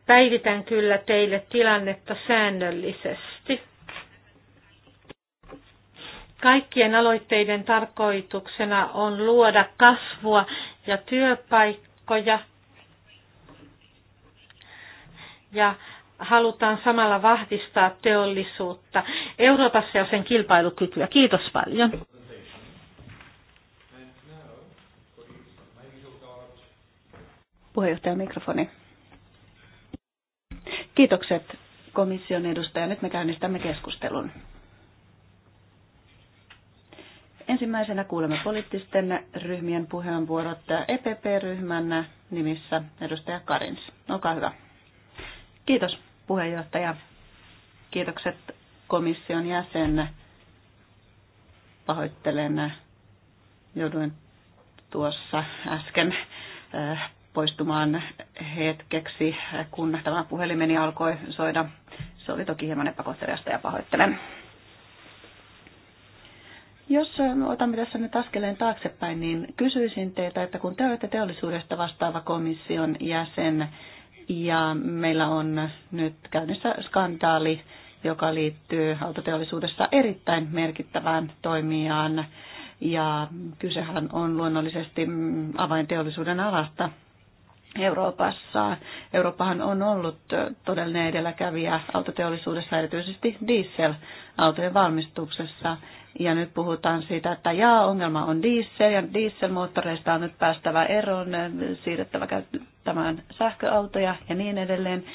päivitän kyllä teille tilannetta säännöllisesti. Kaikkien aloitteiden tarkoituksena on luoda kasvua ja työpaikkoja ja halutaan samalla vahvistaa teollisuutta Euroopassa ja sen kilpailukykyä. Kiitos paljon. Puheenjohtaja mikrofoni. Kiitokset komission edustaja. Nyt me käynnistämme keskustelun. Ensimmäisenä kuulemme poliittisten ryhmien puheenvuorot EPP-ryhmän nimissä edustaja Karins. Olkaa hyvä. Kiitos puheenjohtaja. Kiitokset komission jäsen. Pahoittelen, jouduin tuossa äsken äh, poistumaan hetkeksi, kun tämä puhelimeni alkoi soida. Se oli toki hieman epäkohteliasta ja pahoittelen. Jos otamme tässä nyt askeleen taaksepäin, niin kysyisin teiltä, että kun te olette teollisuudesta vastaava komission jäsen, ja meillä on nyt käynnissä skandaali, joka liittyy autoteollisuudessa erittäin merkittävään toimijaan. Ja kysehän on luonnollisesti avainteollisuuden alasta, Euroopassa. Eurooppahan on ollut todellinen edelläkävijä autoteollisuudessa, erityisesti dieselautojen valmistuksessa. Ja nyt puhutaan siitä, että jaa, ongelma on diesel ja dieselmoottoreista on nyt päästävä eroon, siirrettävä käyttämään sähköautoja ja niin edelleen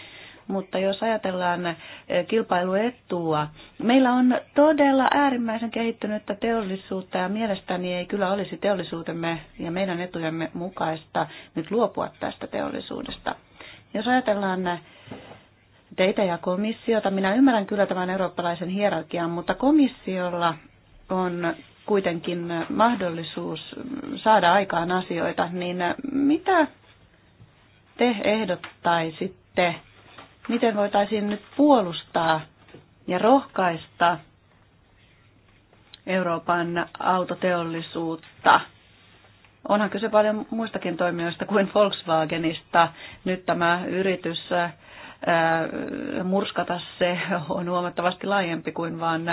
mutta jos ajatellaan eh, kilpailuetua, meillä on todella äärimmäisen kehittynyttä teollisuutta ja mielestäni ei kyllä olisi teollisuutemme ja meidän etujemme mukaista nyt luopua tästä teollisuudesta. Jos ajatellaan eh, teitä ja komissiota, minä ymmärrän kyllä tämän eurooppalaisen hierarkian, mutta komissiolla on kuitenkin mahdollisuus saada aikaan asioita, niin mitä te ehdottaisitte miten voitaisiin nyt puolustaa ja rohkaista Euroopan autoteollisuutta. Onhan kyse paljon muistakin toimijoista kuin Volkswagenista. Nyt tämä yritys äh, murskata se on huomattavasti laajempi kuin vain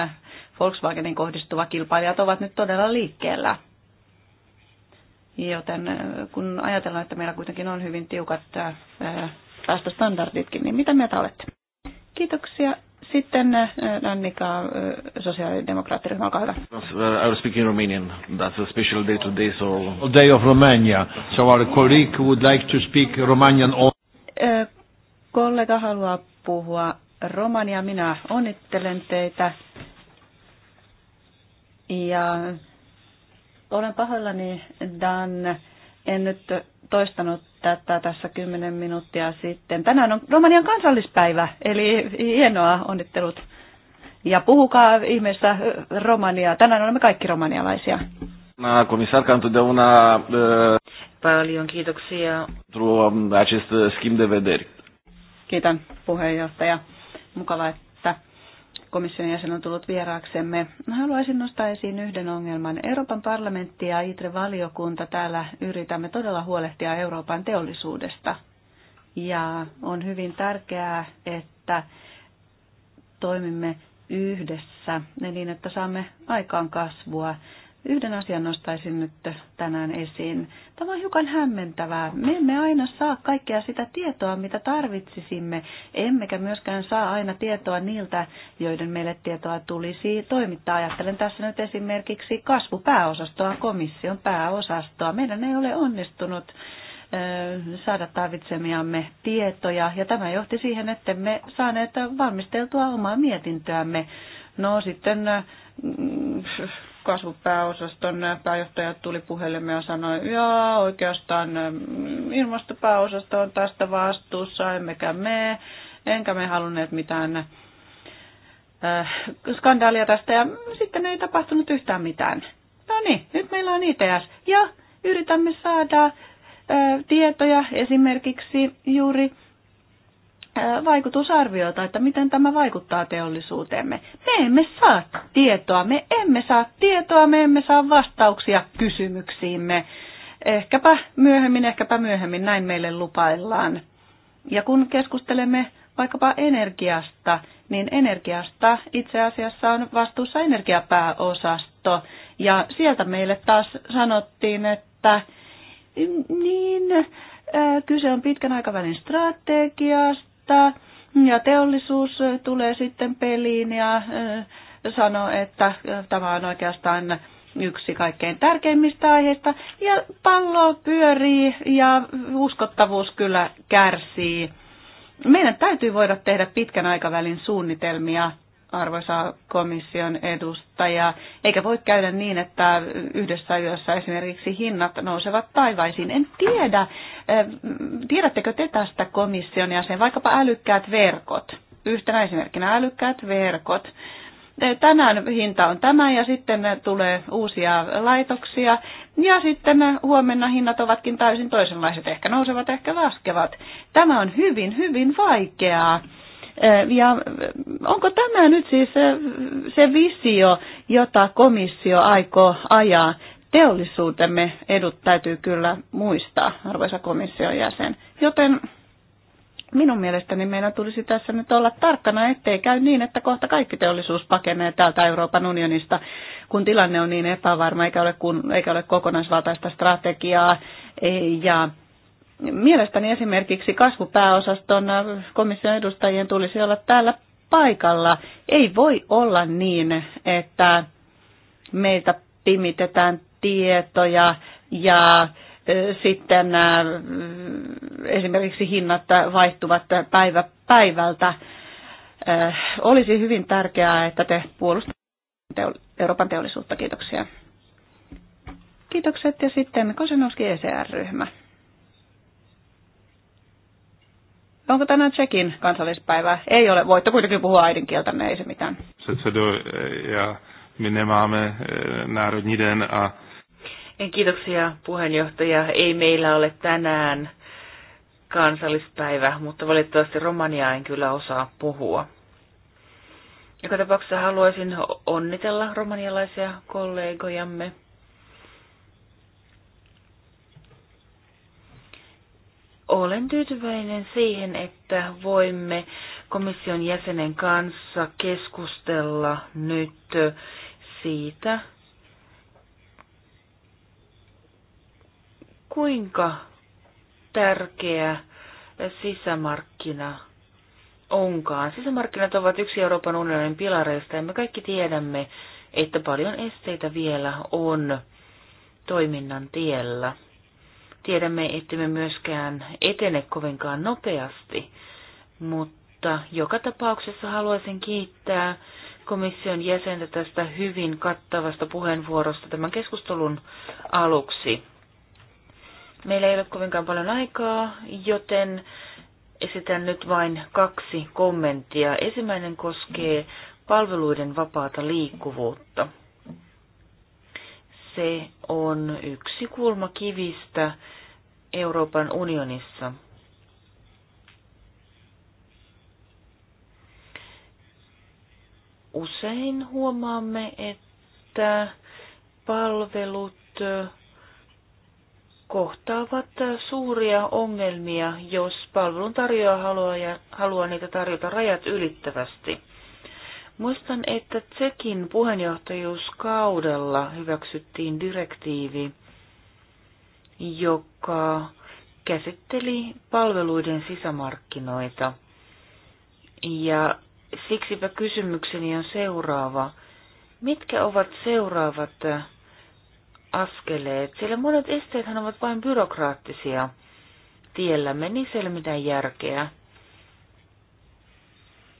Volkswagenin kohdistuva kilpailijat ovat nyt todella liikkeellä. Joten äh, kun ajatellaan, että meillä kuitenkin on hyvin tiukat äh, päästä standarditkin, niin mitä mieltä olette? Kiitoksia. Sitten eh, Annika, eh, sosiaalidemokraattiryhmä, olkaa hyvä. Uh, I will speak in Romanian. That's a special day today, so... Day of Romania. So our colleague would like to speak Romanian on... Eh, kollega haluaa puhua Romania. Minä onnittelen teitä. Ja olen pahoillani, Dan, en nyt toistanut tätä tässä kymmenen minuuttia sitten. Tänään on Romanian kansallispäivä, eli hienoa, onnittelut. Ja puhukaa ihmeessä Romaniaa. Tänään olemme kaikki romanialaisia. E, Paljon kiitoksia. Um, acest de Kiitän puheenjohtaja. Mukavaa, että komission jäsen on tullut vieraaksemme. Haluaisin nostaa esiin yhden ongelman. Euroopan parlamentti ja ITRE-valiokunta täällä yritämme todella huolehtia Euroopan teollisuudesta. Ja on hyvin tärkeää, että toimimme yhdessä niin, että saamme aikaan kasvua. Yhden asian nostaisin nyt tänään esiin. Tämä on hiukan hämmentävää. Me emme aina saa kaikkea sitä tietoa, mitä tarvitsisimme, emmekä myöskään saa aina tietoa niiltä, joiden meille tietoa tulisi toimittaa. Ajattelen tässä nyt esimerkiksi kasvupääosastoa, komission pääosastoa. Meidän ei ole onnistunut saada tarvitsemiamme tietoja, ja tämä johti siihen, että me saaneet valmisteltua omaa mietintöämme. No sitten mm, kasvupääosaston pääjohtaja tuli puhelimeen ja sanoi, että oikeastaan mm, ilmastopääosasto on tästä vastuussa, emmekä me, enkä me halunneet mitään äh, skandaalia tästä ja sitten ei tapahtunut yhtään mitään. No niin, nyt meillä on ITS ja yritämme saada äh, tietoja esimerkiksi juuri vaikutusarviota, että miten tämä vaikuttaa teollisuuteemme. Me emme saa tietoa, me emme saa tietoa, me emme saa vastauksia kysymyksiimme. Ehkäpä myöhemmin, ehkäpä myöhemmin, näin meille lupaillaan. Ja kun keskustelemme vaikkapa energiasta, niin energiasta itse asiassa on vastuussa energiapääosasto. Ja sieltä meille taas sanottiin, että niin, kyse on pitkän aikavälin strategiasta haittaa ja teollisuus tulee sitten peliin ja äh, sanoo, että äh, tämä on oikeastaan yksi kaikkein tärkeimmistä aiheista. Ja pallo pyörii ja uskottavuus kyllä kärsii. Meidän täytyy voida tehdä pitkän aikavälin suunnitelmia arvoisa komission edustaja. Eikä voi käydä niin, että yhdessä yössä esimerkiksi hinnat nousevat taivaisiin. En tiedä, tiedättekö te tästä komission ja sen vaikkapa älykkäät verkot? Yhtenä esimerkkinä älykkäät verkot. Tänään hinta on tämä ja sitten tulee uusia laitoksia ja sitten huomenna hinnat ovatkin täysin toisenlaiset, ehkä nousevat, ehkä laskevat. Tämä on hyvin, hyvin vaikeaa ja onko tämä nyt siis se visio, jota komissio aikoo ajaa? Teollisuutemme edut täytyy kyllä muistaa, arvoisa komission jäsen. Joten minun mielestäni meidän tulisi tässä nyt olla tarkkana, ettei käy niin, että kohta kaikki teollisuus pakenee täältä Euroopan unionista, kun tilanne on niin epävarma, eikä ole, kun, eikä ole kokonaisvaltaista strategiaa ja Mielestäni esimerkiksi kasvupääosaston komission edustajien tulisi olla täällä paikalla. Ei voi olla niin, että meiltä pimitetään tietoja ja sitten esimerkiksi hinnat vaihtuvat päivä päivältä. Olisi hyvin tärkeää, että te puolustatte Euroopan teollisuutta. Kiitoksia. Kiitokset ja sitten Kosenowski ECR-ryhmä. Onko tänään Tsekin kansallispäivä? Ei ole. Voitte kuitenkin puhua äidinkieltä, ne ei se mitään. Předsedo, ja my nemáme e, národní den a... Kiitoksia puheenjohtaja. Ei meillä ole tänään kansallispäivä, mutta valitettavasti Romania en kyllä osaa puhua. Joka tapauksessa haluaisin onnitella romanialaisia kollegojamme Olen tyytyväinen siihen, että voimme komission jäsenen kanssa keskustella nyt siitä, kuinka tärkeä sisämarkkina onkaan. Sisämarkkinat ovat yksi Euroopan unionin pilareista ja me kaikki tiedämme, että paljon esteitä vielä on toiminnan tiellä. Tiedämme, että me myöskään etene kovinkaan nopeasti, mutta joka tapauksessa haluaisin kiittää komission jäsentä tästä hyvin kattavasta puheenvuorosta tämän keskustelun aluksi. Meillä ei ole kovinkaan paljon aikaa, joten esitän nyt vain kaksi kommenttia. Ensimmäinen koskee palveluiden vapaata liikkuvuutta. Se on yksi kulmakivistä Euroopan unionissa. Usein huomaamme, että palvelut kohtaavat suuria ongelmia, jos palvelun tarjoaja haluaa, ja haluaa niitä tarjota rajat ylittävästi. Muistan, että Tsekin puheenjohtajuuskaudella hyväksyttiin direktiivi, joka käsitteli palveluiden sisämarkkinoita. Ja siksipä kysymykseni on seuraava. Mitkä ovat seuraavat äh, askeleet? Sillä monet esteethän ovat vain byrokraattisia tiellä meni siellä mitään järkeä.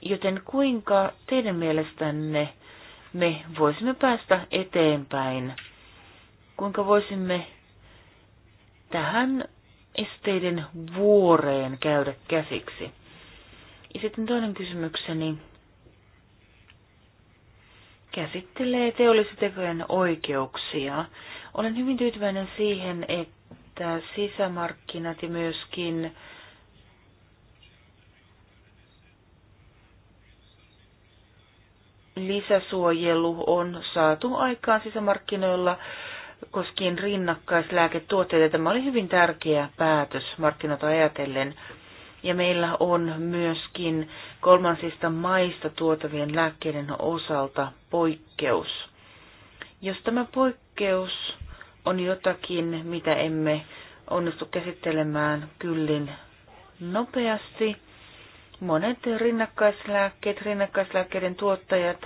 Joten kuinka teidän mielestänne me voisimme päästä eteenpäin? Kuinka voisimme tähän esteiden vuoreen käydä käsiksi. Ja sitten toinen kysymykseni käsittelee teollistekojen oikeuksia. Olen hyvin tyytyväinen siihen, että sisämarkkinat ja myöskin lisäsuojelu on saatu aikaan sisämarkkinoilla koskien rinnakkaislääketuotteita. Tämä oli hyvin tärkeä päätös markkinoita ajatellen. Ja meillä on myöskin kolmansista maista tuotavien lääkkeiden osalta poikkeus. Jos tämä poikkeus on jotakin, mitä emme onnistu käsittelemään kyllin nopeasti, monet rinnakkaislääkkeet, rinnakkaislääkkeiden tuottajat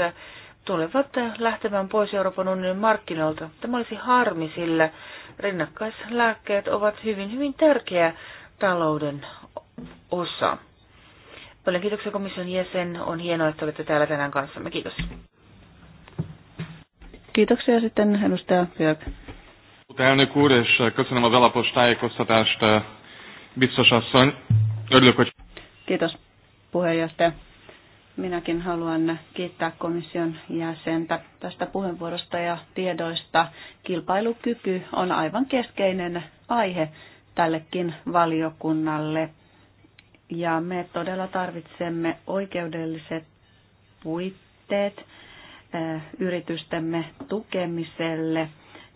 tulevat lähtemään pois Euroopan unionin markkinoilta. Tämä olisi harmi, sillä rinnakkaislääkkeet ovat hyvin, hyvin tärkeä talouden osa. Paljon kiitoksia komission jäsen. On hienoa, että olette täällä tänään kanssamme. Kiitos. Kiitoksia sitten edustaja Björk. Elnök úr, és köszönöm az alapos tájékoztatást, biztos asszony. Örülök, hogy... Kiitos, puheenjohtaja. Minäkin haluan kiittää komission jäsentä tästä puheenvuorosta ja tiedoista. Kilpailukyky on aivan keskeinen aihe tällekin valiokunnalle. Ja me todella tarvitsemme oikeudelliset puitteet eh, yritystemme tukemiselle.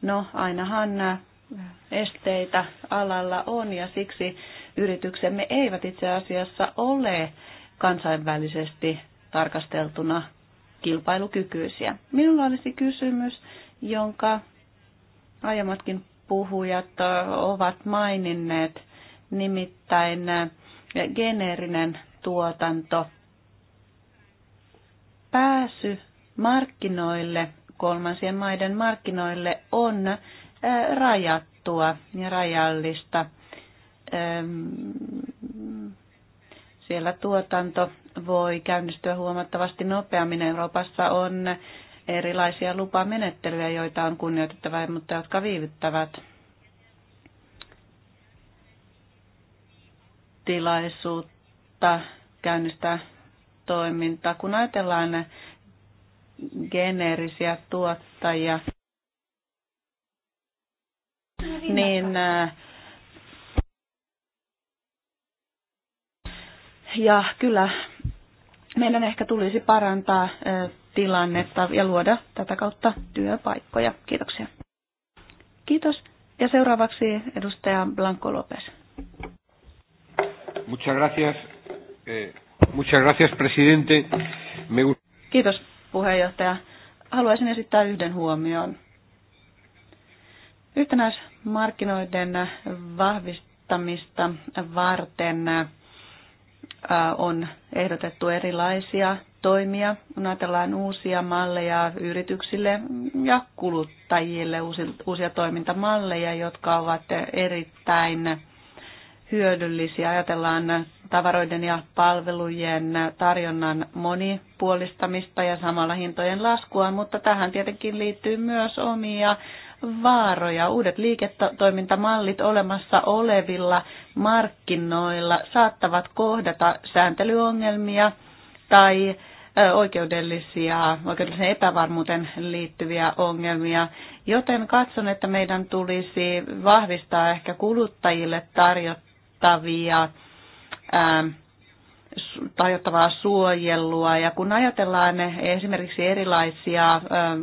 No, ainahan eh, esteitä alalla on ja siksi yrityksemme eivät itse asiassa ole kansainvälisesti tarkasteltuna kilpailukykyisiä. Minulla olisi kysymys, jonka aiemmatkin puhujat ovat maininneet, nimittäin geneerinen tuotanto, pääsy markkinoille, kolmansien maiden markkinoille on rajattua ja rajallista siellä tuotanto voi käynnistyä huomattavasti nopeammin. Euroopassa on erilaisia lupamenettelyjä, joita on kunnioitettava, mutta jotka viivyttävät tilaisuutta käynnistää toimintaa. Kun ajatellaan geneerisiä tuottajia, no niin, niin Ja kyllä meidän ehkä tulisi parantaa tilannetta ja luoda tätä kautta työpaikkoja. Kiitoksia. Kiitos. Ja seuraavaksi edustaja Blanco López. Muchas gracias. Eh, muchas gracias, presidente. Me... Kiitos, puheenjohtaja. Haluaisin esittää yhden huomion. Yhtenäismarkkinoiden vahvistamista varten on ehdotettu erilaisia toimia, kun ajatellaan uusia malleja yrityksille ja kuluttajille, uusia toimintamalleja, jotka ovat erittäin hyödyllisiä. Ajatellaan tavaroiden ja palvelujen tarjonnan monipuolistamista ja samalla hintojen laskua, mutta tähän tietenkin liittyy myös omia vaaroja. Uudet liiketoimintamallit olemassa olevilla markkinoilla saattavat kohdata sääntelyongelmia tai oikeudellisia, oikeudellisen epävarmuuteen liittyviä ongelmia, joten katson, että meidän tulisi vahvistaa ehkä kuluttajille tarjottavia ää, tarjottavaa suojelua. Ja kun ajatellaan esimerkiksi erilaisia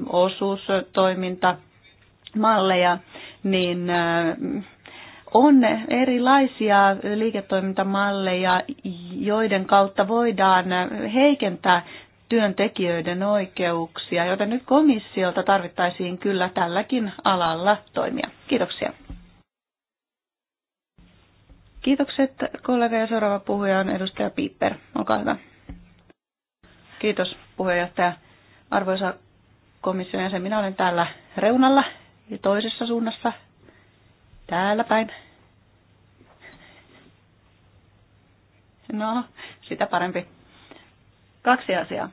osuustoiminta malleja, niin on erilaisia liiketoimintamalleja, joiden kautta voidaan heikentää työntekijöiden oikeuksia, joten nyt komissiolta tarvittaisiin kyllä tälläkin alalla toimia. Kiitoksia. Kiitokset kollega ja seuraava puhuja on edustaja Piper, Olkaa hyvä. Kiitos puheenjohtaja. Arvoisa komission jäsen, minä olen täällä reunalla ja toisessa suunnassa, täällä päin. No, sitä parempi. Kaksi asiaa.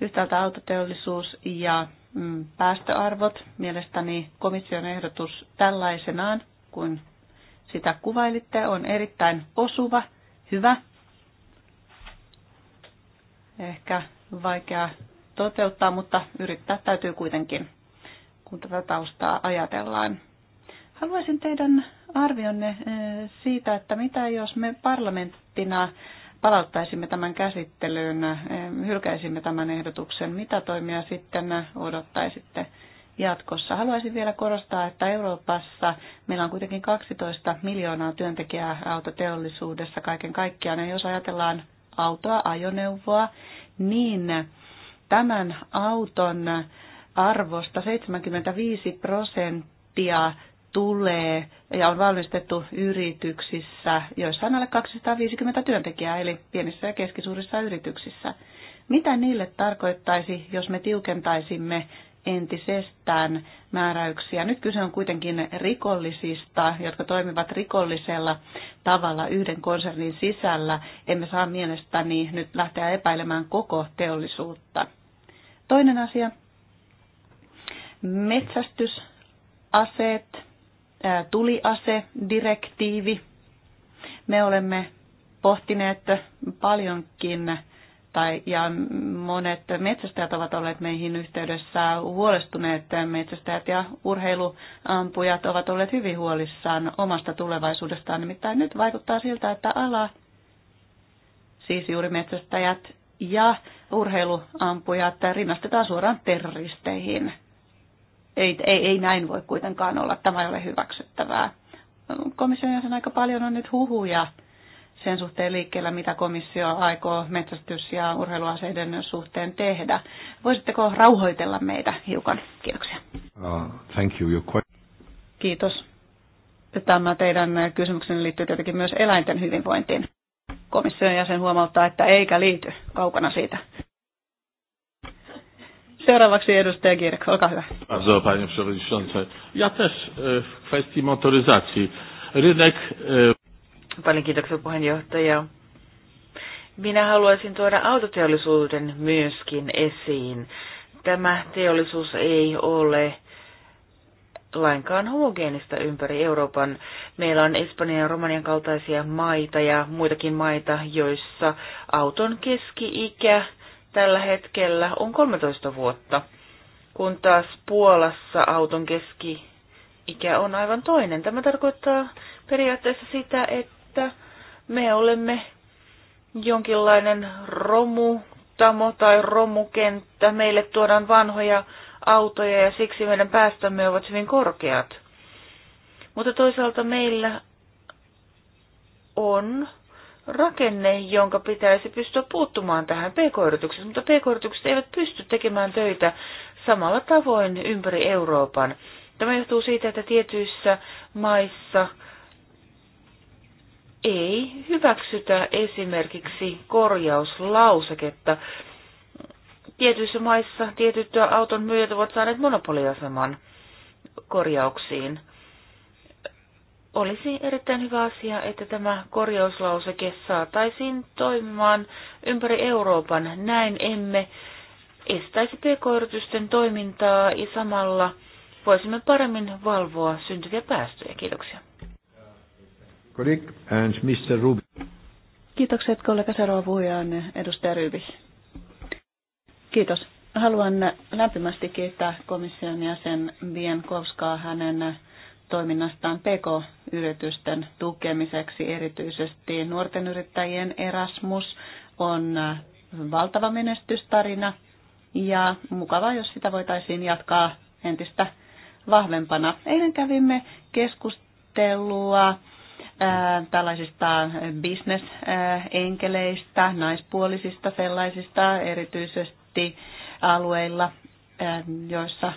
Yhtäältä autoteollisuus ja mm, päästöarvot. Mielestäni komission ehdotus tällaisenaan, kun sitä kuvailitte, on erittäin osuva, hyvä. Ehkä vaikea toteuttaa, mutta yrittää täytyy kuitenkin, kun tätä taustaa ajatellaan. Haluaisin teidän arvionne eh, siitä, että mitä jos me parlamenttina palauttaisimme tämän käsittelyyn, eh, hylkäisimme tämän ehdotuksen, mitä toimia sitten odottaisitte jatkossa. Haluaisin vielä korostaa, että Euroopassa meillä on kuitenkin 12 miljoonaa työntekijää autoteollisuudessa kaiken kaikkiaan. Ja jos ajatellaan autoa, ajoneuvoa, niin tämän auton arvosta 75 prosenttia tulee ja on valmistettu yrityksissä, joissa on alle 250 työntekijää, eli pienissä ja keskisuurissa yrityksissä. Mitä niille tarkoittaisi, jos me tiukentaisimme entisestään määräyksiä. Nyt kyse on kuitenkin rikollisista, jotka toimivat rikollisella tavalla yhden konsernin sisällä. Emme saa mielestäni nyt lähteä epäilemään koko teollisuutta. Toinen asia. Metsästysaseet, tuliase, direktiivi. Me olemme pohtineet paljonkin tai, ja monet metsästäjät ovat olleet meihin yhteydessä huolestuneet. Metsästäjät ja urheiluampujat ovat olleet hyvin huolissaan omasta tulevaisuudestaan. Nimittäin nyt vaikuttaa siltä, että ala, siis juuri metsästäjät ja urheiluampujat, rinnastetaan suoraan terroristeihin. Ei, ei, ei näin voi kuitenkaan olla. Tämä ei ole hyväksyttävää. Komission jäsen aika paljon on nyt huhuja sen suhteen liikkeellä, mitä komissio aikoo metsästys- ja urheiluaseiden suhteen tehdä. Voisitteko rauhoitella meitä hiukan? Kiitoksia. Uh, thank you. You're quite... Kiitos. Tämä teidän kysymyksenne liittyy tietenkin myös eläinten hyvinvointiin. Komission jäsen huomauttaa, että eikä liity kaukana siitä. Seuraavaksi edustaja Kirk, olkaa hyvä. Bardzo, panie przewodniczący. Ja też e, w kwestii motoryzacji. Rynek e, Paljon kiitoksia puheenjohtaja. Minä haluaisin tuoda autoteollisuuden myöskin esiin. Tämä teollisuus ei ole lainkaan homogeenista ympäri Euroopan. Meillä on Espanjan ja Romanian kaltaisia maita ja muitakin maita, joissa auton keski-ikä tällä hetkellä on 13 vuotta, kun taas Puolassa auton keski-ikä on aivan toinen. Tämä tarkoittaa periaatteessa sitä, että että me olemme jonkinlainen romutamo tai romukenttä. Meille tuodaan vanhoja autoja ja siksi meidän päästömme ovat hyvin korkeat. Mutta toisaalta meillä on rakenne, jonka pitäisi pystyä puuttumaan tähän pk yritykseen mutta pk-yritykset eivät pysty tekemään töitä samalla tavoin ympäri Euroopan. Tämä johtuu siitä, että tietyissä maissa ei hyväksytä esimerkiksi korjauslauseketta. Tietyissä maissa tietyt auton myyjät ovat saaneet monopoliaseman korjauksiin. Olisi erittäin hyvä asia, että tämä korjauslauseke saataisiin toimimaan ympäri Euroopan. Näin emme estäisi pk-yritysten toimintaa ja samalla voisimme paremmin valvoa syntyviä päästöjä. Kiitoksia and Mr. Ruby. Kiitokset kollega Seroa puhujaan edustaja Ryby. Kiitos. Haluan lämpimästi kiittää komission jäsen Kovskaa hänen toiminnastaan PK-yritysten tukemiseksi, erityisesti nuorten yrittäjien Erasmus on valtava menestystarina ja mukava, jos sitä voitaisiin jatkaa entistä vahvempana. Eilen kävimme keskustelua tällaisista bisnesenkeleistä, naispuolisista sellaisista, erityisesti alueilla, joissa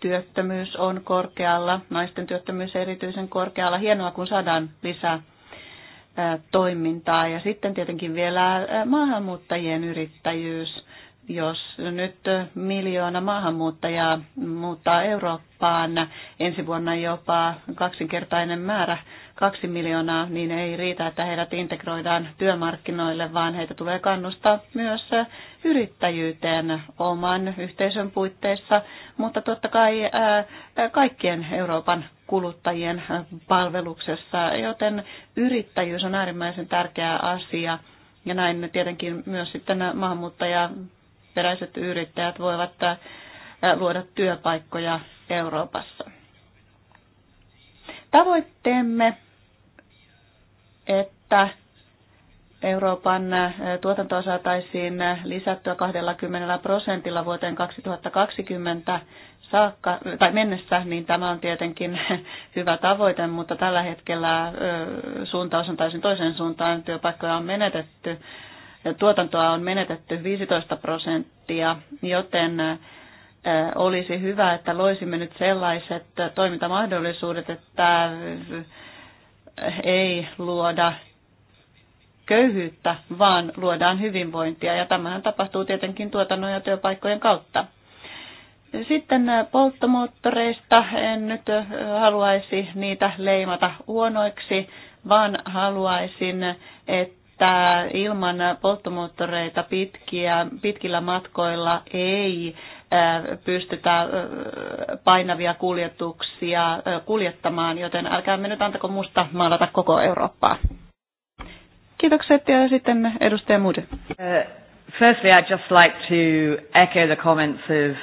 työttömyys on korkealla, naisten työttömyys erityisen korkealla. Hienoa, kun saadaan lisää toimintaa. Ja sitten tietenkin vielä maahanmuuttajien yrittäjyys. Jos nyt miljoona maahanmuuttajaa muuttaa Eurooppaan ensi vuonna jopa kaksinkertainen määrä kaksi miljoonaa, niin ei riitä, että heidät integroidaan työmarkkinoille, vaan heitä tulee kannustaa myös yrittäjyyteen oman yhteisön puitteissa, mutta totta kai äh, kaikkien Euroopan kuluttajien äh, palveluksessa, joten yrittäjyys on äärimmäisen tärkeä asia. Ja näin tietenkin myös sitten maahanmuuttajaperäiset yrittäjät voivat äh, luoda työpaikkoja Euroopassa. Tavoitteemme että Euroopan tuotantoa saataisiin lisättyä 20 prosentilla vuoteen 2020 saakka, tai mennessä, niin tämä on tietenkin hyvä tavoite, mutta tällä hetkellä suuntaus on täysin toiseen suuntaan. Työpaikkoja on menetetty, tuotantoa on menetetty 15 prosenttia, joten olisi hyvä, että loisimme nyt sellaiset toimintamahdollisuudet, että ei luoda köyhyyttä, vaan luodaan hyvinvointia. Ja tämähän tapahtuu tietenkin tuotannon ja työpaikkojen kautta. Sitten äh, polttomoottoreista en nyt äh, haluaisi niitä leimata huonoiksi, vaan haluaisin, että ilman polttomoottoreita pitkiä, pitkillä matkoilla ei pystytä painavia kuljetuksia kuljettamaan, joten älkää me nyt antako musta maalata koko Eurooppaa. Kiitokset ja sitten edustaja Moody. Uh, firstly, I'd just like to echo the comments of...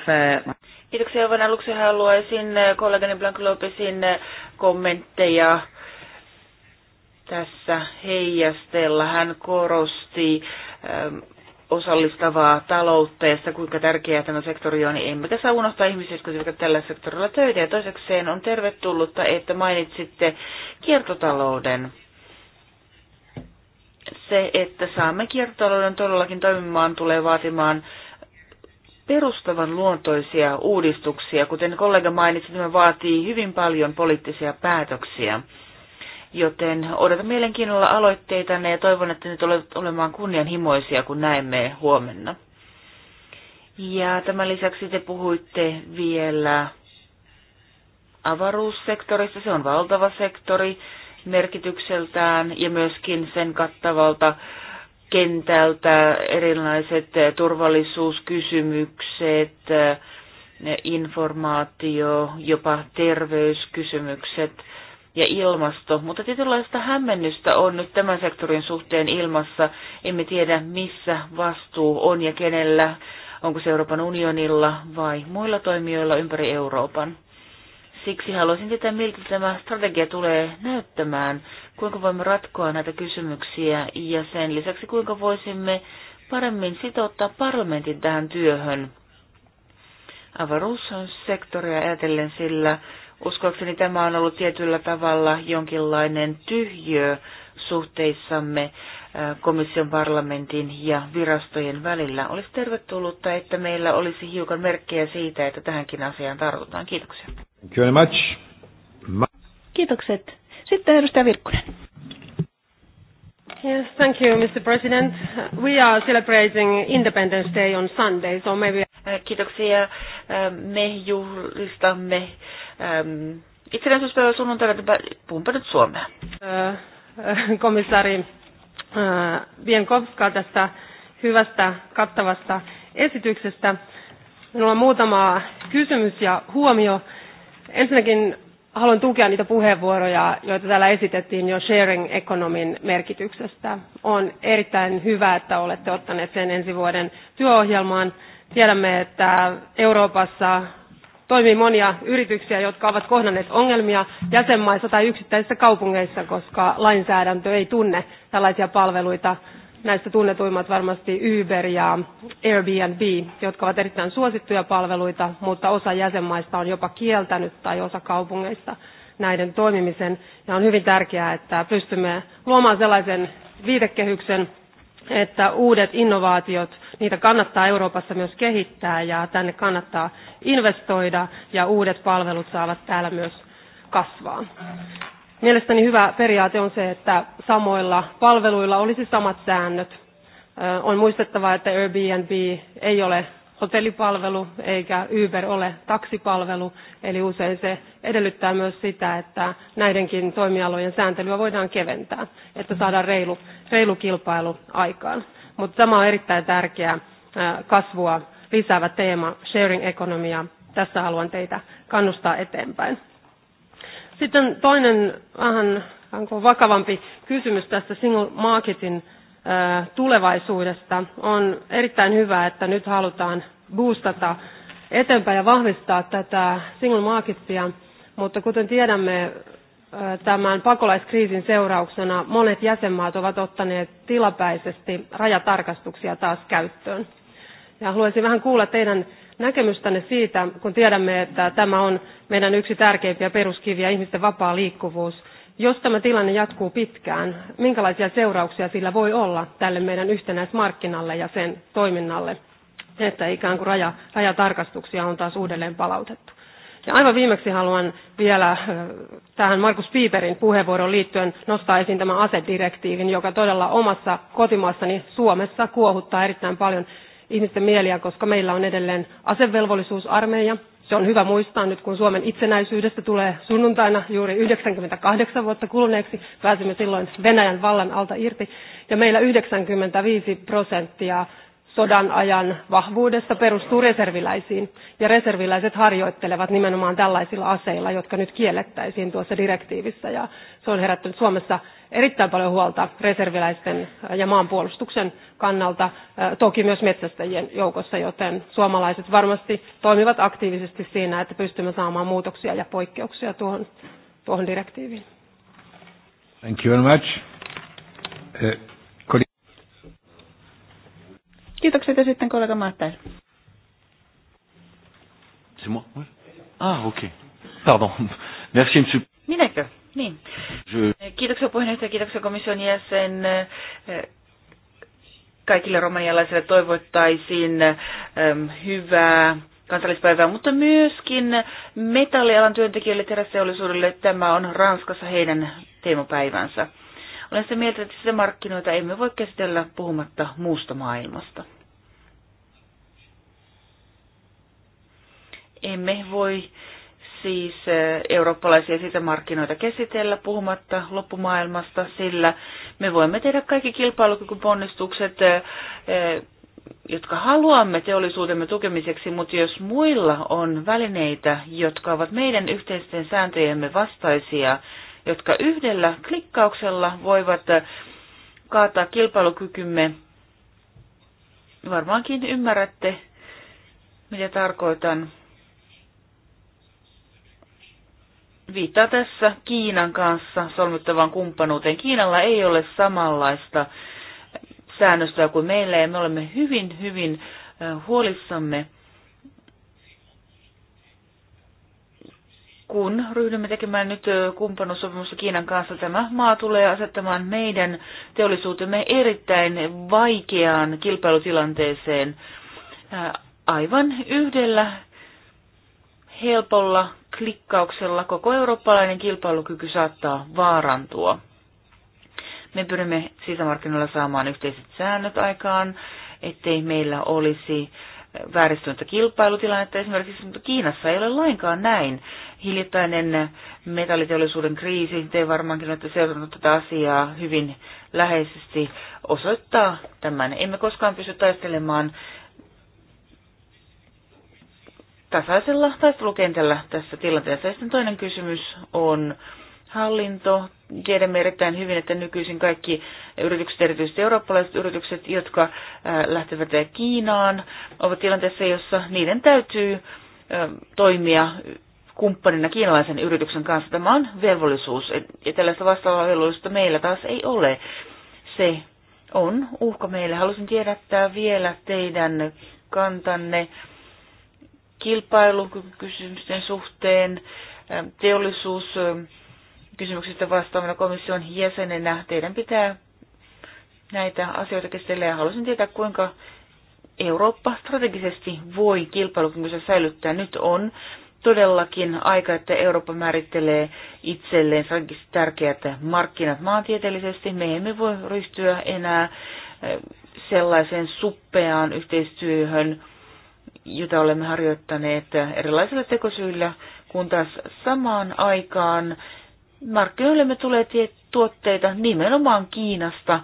Uh... Kiitoksia. Aivan aluksi haluaisin uh, kollegani Blanco Lopezin uh, kommentteja tässä heijastella. Hän korosti um, osallistavaa taloutta ja sitä, kuinka tärkeää tämä sektori on, niin emmekä saa unohtaa ihmisiä, jotka tekevät tällä sektorilla töitä. Ja toisekseen on tervetullutta, että mainitsitte kiertotalouden. Se, että saamme kiertotalouden todellakin toimimaan, tulee vaatimaan perustavan luontoisia uudistuksia. Kuten kollega mainitsi, tämä vaatii hyvin paljon poliittisia päätöksiä. Joten odotan mielenkiinnolla aloitteitanne ja toivon, että ne tulevat olemaan kunnianhimoisia, kun näemme huomenna. Ja tämän lisäksi te puhuitte vielä avaruussektorista. Se on valtava sektori merkitykseltään ja myöskin sen kattavalta kentältä erilaiset turvallisuuskysymykset, informaatio, jopa terveyskysymykset – ja ilmasto, mutta tietynlaista hämmennystä on nyt tämän sektorin suhteen ilmassa. Emme tiedä, missä vastuu on ja kenellä, onko se Euroopan unionilla vai muilla toimijoilla ympäri Euroopan. Siksi haluaisin tietää, miltä tämä strategia tulee näyttämään, kuinka voimme ratkoa näitä kysymyksiä ja sen lisäksi kuinka voisimme paremmin sitouttaa parlamentin tähän työhön avaruussektoria ajatellen, sillä Uskoakseni tämä on ollut tietyllä tavalla jonkinlainen tyhjö suhteissamme äh, komission parlamentin ja virastojen välillä. Olisi tervetullutta, että meillä olisi hiukan merkkejä siitä, että tähänkin asiaan tartutaan. Kiitoksia. Thank you very much. Kiitokset. Sitten edustaja Virkkunen. Yes, thank you, Mr. President. We are celebrating Independence Day on Sunday, so maybe... Äh, kiitoksia. Äh, me juhlistamme ähm, itsenäisyyspäivän sunnuntaina, puhunpa nyt suomea. Äh, komissaari Vienkovska tästä hyvästä, kattavasta esityksestä. Minulla on muutama kysymys ja huomio. Ensinnäkin haluan tukea niitä puheenvuoroja, joita täällä esitettiin jo sharing economin merkityksestä. On erittäin hyvä, että olette ottaneet sen ensi vuoden työohjelmaan. Tiedämme, että Euroopassa toimii monia yrityksiä, jotka ovat kohdanneet ongelmia jäsenmaissa tai yksittäisissä kaupungeissa, koska lainsäädäntö ei tunne tällaisia palveluita Näistä tunnetuimmat varmasti Uber ja Airbnb, jotka ovat erittäin suosittuja palveluita, mutta osa jäsenmaista on jopa kieltänyt tai osa kaupungeista näiden toimimisen. Ja on hyvin tärkeää, että pystymme luomaan sellaisen viitekehyksen, että uudet innovaatiot, niitä kannattaa Euroopassa myös kehittää ja tänne kannattaa investoida ja uudet palvelut saavat täällä myös kasvaa. Mielestäni hyvä periaate on se, että samoilla palveluilla olisi samat säännöt. On muistettava, että Airbnb ei ole hotellipalvelu eikä Uber ole taksipalvelu, eli usein se edellyttää myös sitä, että näidenkin toimialojen sääntelyä voidaan keventää, että saadaan reilu, reilu kilpailu aikaan. Mutta tämä on erittäin tärkeä kasvua lisäävä teema, sharing ja Tässä haluan teitä kannustaa eteenpäin. Sitten toinen vähän vakavampi kysymys tästä single marketin tulevaisuudesta. On erittäin hyvä, että nyt halutaan boostata eteenpäin ja vahvistaa tätä single marketia, mutta kuten tiedämme, tämän pakolaiskriisin seurauksena monet jäsenmaat ovat ottaneet tilapäisesti rajatarkastuksia taas käyttöön. Ja haluaisin vähän kuulla teidän näkemystänne siitä, kun tiedämme, että tämä on meidän yksi tärkeimpiä peruskiviä, ihmisten vapaa liikkuvuus. Jos tämä tilanne jatkuu pitkään, minkälaisia seurauksia sillä voi olla tälle meidän yhtenäismarkkinalle ja sen toiminnalle, että ikään kuin raja, rajatarkastuksia on taas uudelleen palautettu? Ja aivan viimeksi haluan vielä tähän Markus Piiperin puheenvuoron liittyen nostaa esiin tämän asedirektiivin, joka todella omassa kotimaassani Suomessa kuohuttaa erittäin paljon ihmisten mieliä, koska meillä on edelleen asevelvollisuusarmeija. Se on hyvä muistaa nyt, kun Suomen itsenäisyydestä tulee sunnuntaina juuri 98 vuotta kuluneeksi. Pääsimme silloin Venäjän vallan alta irti. Ja meillä 95 prosenttia sodan ajan vahvuudesta perustuu reserviläisiin. Ja reserviläiset harjoittelevat nimenomaan tällaisilla aseilla, jotka nyt kiellettäisiin tuossa direktiivissä. Ja se on herättänyt Suomessa erittäin paljon huolta reserviläisten ja maanpuolustuksen kannalta, toki myös metsästäjien joukossa, joten suomalaiset varmasti toimivat aktiivisesti siinä, että pystymme saamaan muutoksia ja poikkeuksia tuohon, tuohon direktiiviin. Thank you very much. Eh, Kiitokset ja sitten kollega Mattel. C'est Ah, ok. Pardon. Merci, monsieur. Minäkö? Niin. Kiitoksia puheenjohtaja, kiitoksia komission jäsen. Kaikille romanialaisille toivottaisiin ähm, hyvää kansallispäivää, mutta myöskin metallialan työntekijöille terästeollisuudelle tämä on Ranskassa heidän teemapäivänsä. Olen sitä mieltä, että sitä markkinoita emme voi käsitellä puhumatta muusta maailmasta. Emme voi siis eh, eurooppalaisia sisämarkkinoita käsitellä puhumatta loppumaailmasta, sillä me voimme tehdä kaikki kilpailukykyponnistukset, eh, eh, jotka haluamme teollisuutemme tukemiseksi, mutta jos muilla on välineitä, jotka ovat meidän yhteisten sääntöjemme vastaisia, jotka yhdellä klikkauksella voivat kaataa kilpailukykymme, varmaankin ymmärrätte, mitä tarkoitan viittaa tässä Kiinan kanssa solmittavaan kumppanuuteen. Kiinalla ei ole samanlaista säännöstöä kuin meillä ja me olemme hyvin, hyvin huolissamme, kun ryhdymme tekemään nyt kumppanuussopimusta Kiinan kanssa. Tämä maa tulee asettamaan meidän teollisuutemme erittäin vaikeaan kilpailutilanteeseen aivan yhdellä helpolla klikkauksella koko eurooppalainen kilpailukyky saattaa vaarantua. Me pyrimme sisämarkkinoilla saamaan yhteiset säännöt aikaan, ettei meillä olisi vääristynyttä kilpailutilannetta. Esimerkiksi mutta Kiinassa ei ole lainkaan näin. Hiljattainen metalliteollisuuden kriisi, te varmaankin olette seurannut tätä asiaa hyvin läheisesti, osoittaa tämän. Emme koskaan pysty taistelemaan tasaisella taistelukentällä tässä tilanteessa. Ja sitten toinen kysymys on hallinto. Tiedämme erittäin hyvin, että nykyisin kaikki yritykset, erityisesti eurooppalaiset yritykset, jotka äh, lähtevät Kiinaan, ovat tilanteessa, jossa niiden täytyy äh, toimia kumppanina kiinalaisen yrityksen kanssa. Tämä on velvollisuus, ja tällaista vastaavaa velvollisuutta meillä taas ei ole. Se on uhka meille. Haluaisin tiedättää vielä teidän kantanne kilpailukysymysten suhteen, ähm, teollisuuskysymyksistä vastaavana komission jäsenenä teidän pitää näitä asioita käsitellä ja haluaisin tietää, kuinka Eurooppa strategisesti voi kilpailukykyä säilyttää. Nyt on todellakin aika, että Eurooppa määrittelee itselleen strategisesti tärkeät markkinat maantieteellisesti. Me emme voi ryhtyä enää äh, sellaiseen suppeaan yhteistyöhön, jota olemme harjoittaneet erilaisilla tekosyillä, kun taas samaan aikaan markkinoillemme tulee tuotteita nimenomaan Kiinasta.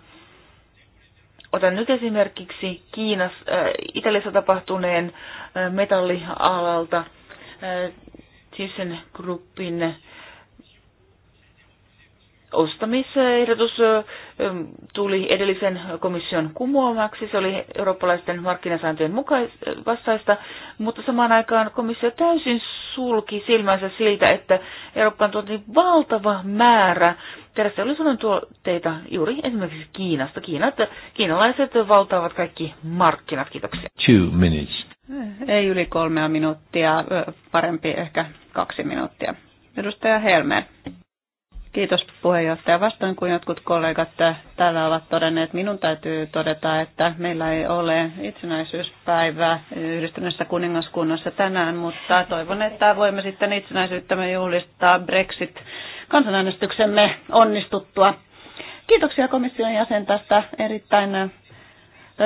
Otan nyt esimerkiksi Kiinas, äh, Italiassa tapahtuneen äh, metallialalta äh, Thyssen Groupin ostamisehdotus tuli edellisen komission kumoamaksi. Se oli eurooppalaisten markkinasääntöjen vastaista, mutta samaan aikaan komissio täysin sulki silmänsä siltä, että Eurooppaan tuotiin valtava määrä terästeollisuuden tuotteita juuri esimerkiksi Kiinasta. Kiinat, kiinalaiset valtaavat kaikki markkinat. Kiitoksia. Two minutes. Ei yli kolmea minuuttia, parempi ehkä kaksi minuuttia. Edustaja Helmer. Kiitos puheenjohtaja. Vastoin kuin jotkut kollegat täällä ovat todenneet, minun täytyy todeta, että meillä ei ole itsenäisyyspäivää yhdistyneessä kuningaskunnassa tänään, mutta toivon, että voimme sitten itsenäisyyttämme juhlistaa Brexit-kansanäänestyksemme onnistuttua. Kiitoksia komission jäsen tästä erittäin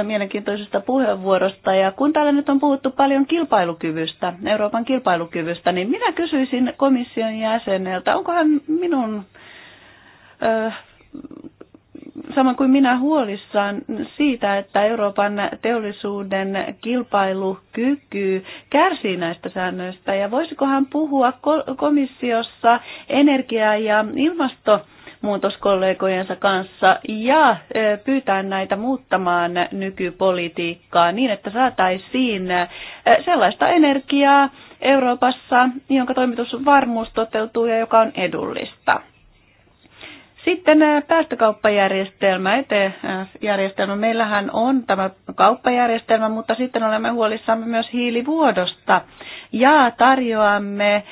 mielenkiintoisesta puheenvuorosta. Ja kun täällä nyt on puhuttu paljon kilpailukyvystä, Euroopan kilpailukyvystä, niin minä kysyisin komission jäseneltä, onkohan minun samoin kuin minä huolissaan siitä, että Euroopan teollisuuden kilpailukyky kärsii näistä säännöistä. Ja voisikohan puhua komissiossa energia- ja ilmasto muutoskollegojensa kanssa ja pyytää näitä muuttamaan nykypolitiikkaa niin, että saataisiin sellaista energiaa Euroopassa, jonka toimitusvarmuus toteutuu ja joka on edullista. Sitten äh, päästökauppajärjestelmä, ETS-järjestelmä. Meillähän on tämä kauppajärjestelmä, mutta sitten olemme huolissamme myös hiilivuodosta ja tarjoamme äh,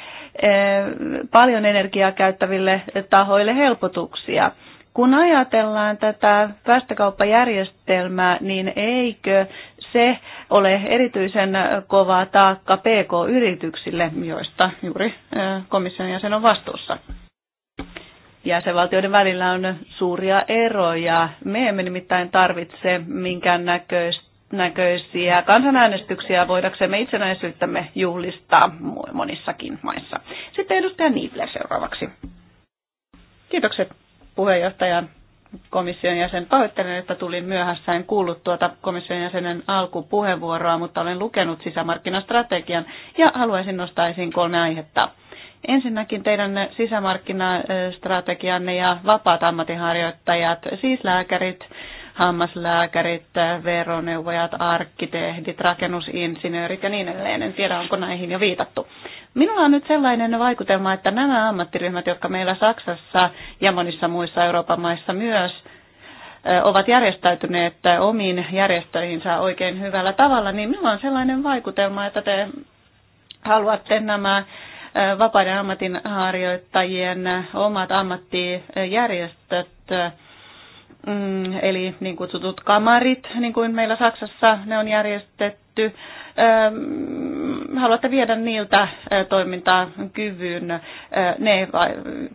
paljon energiaa käyttäville tahoille helpotuksia. Kun ajatellaan tätä päästökauppajärjestelmää, niin eikö se ole erityisen kova taakka PK-yrityksille, joista juuri äh, komission jäsen on vastuussa? jäsenvaltioiden välillä on suuria eroja. Me emme nimittäin tarvitse minkään näköisiä kansanäänestyksiä voidaksemme itsenäisyyttämme juhlistaa monissakin maissa. Sitten edustaja Niibler seuraavaksi. Kiitokset puheenjohtaja komission jäsen. Pahoittelen, että tulin myöhässä. En kuullut tuota komission jäsenen alkupuheenvuoroa, mutta olen lukenut sisämarkkinastrategian ja haluaisin nostaa esiin kolme aihetta. Ensinnäkin teidän sisämarkkinastrategianne ja vapaat ammattiharjoittajat, siis lääkärit, hammaslääkärit, veroneuvojat, arkkitehdit, rakennusinsinöörit ja niin edelleen. En tiedä, onko näihin jo viitattu. Minulla on nyt sellainen vaikutelma, että nämä ammattiryhmät, jotka meillä Saksassa ja monissa muissa Euroopan maissa myös ovat järjestäytyneet omiin järjestöihinsä oikein hyvällä tavalla, niin minulla on sellainen vaikutelma, että te haluatte nämä vapaiden ammatinharjoittajien omat ammattijärjestöt, mm, eli niin kutsutut kamarit, niin kuin meillä Saksassa ne on järjestetty. Haluatte viedä niiltä toimintaa kyvyn. Ne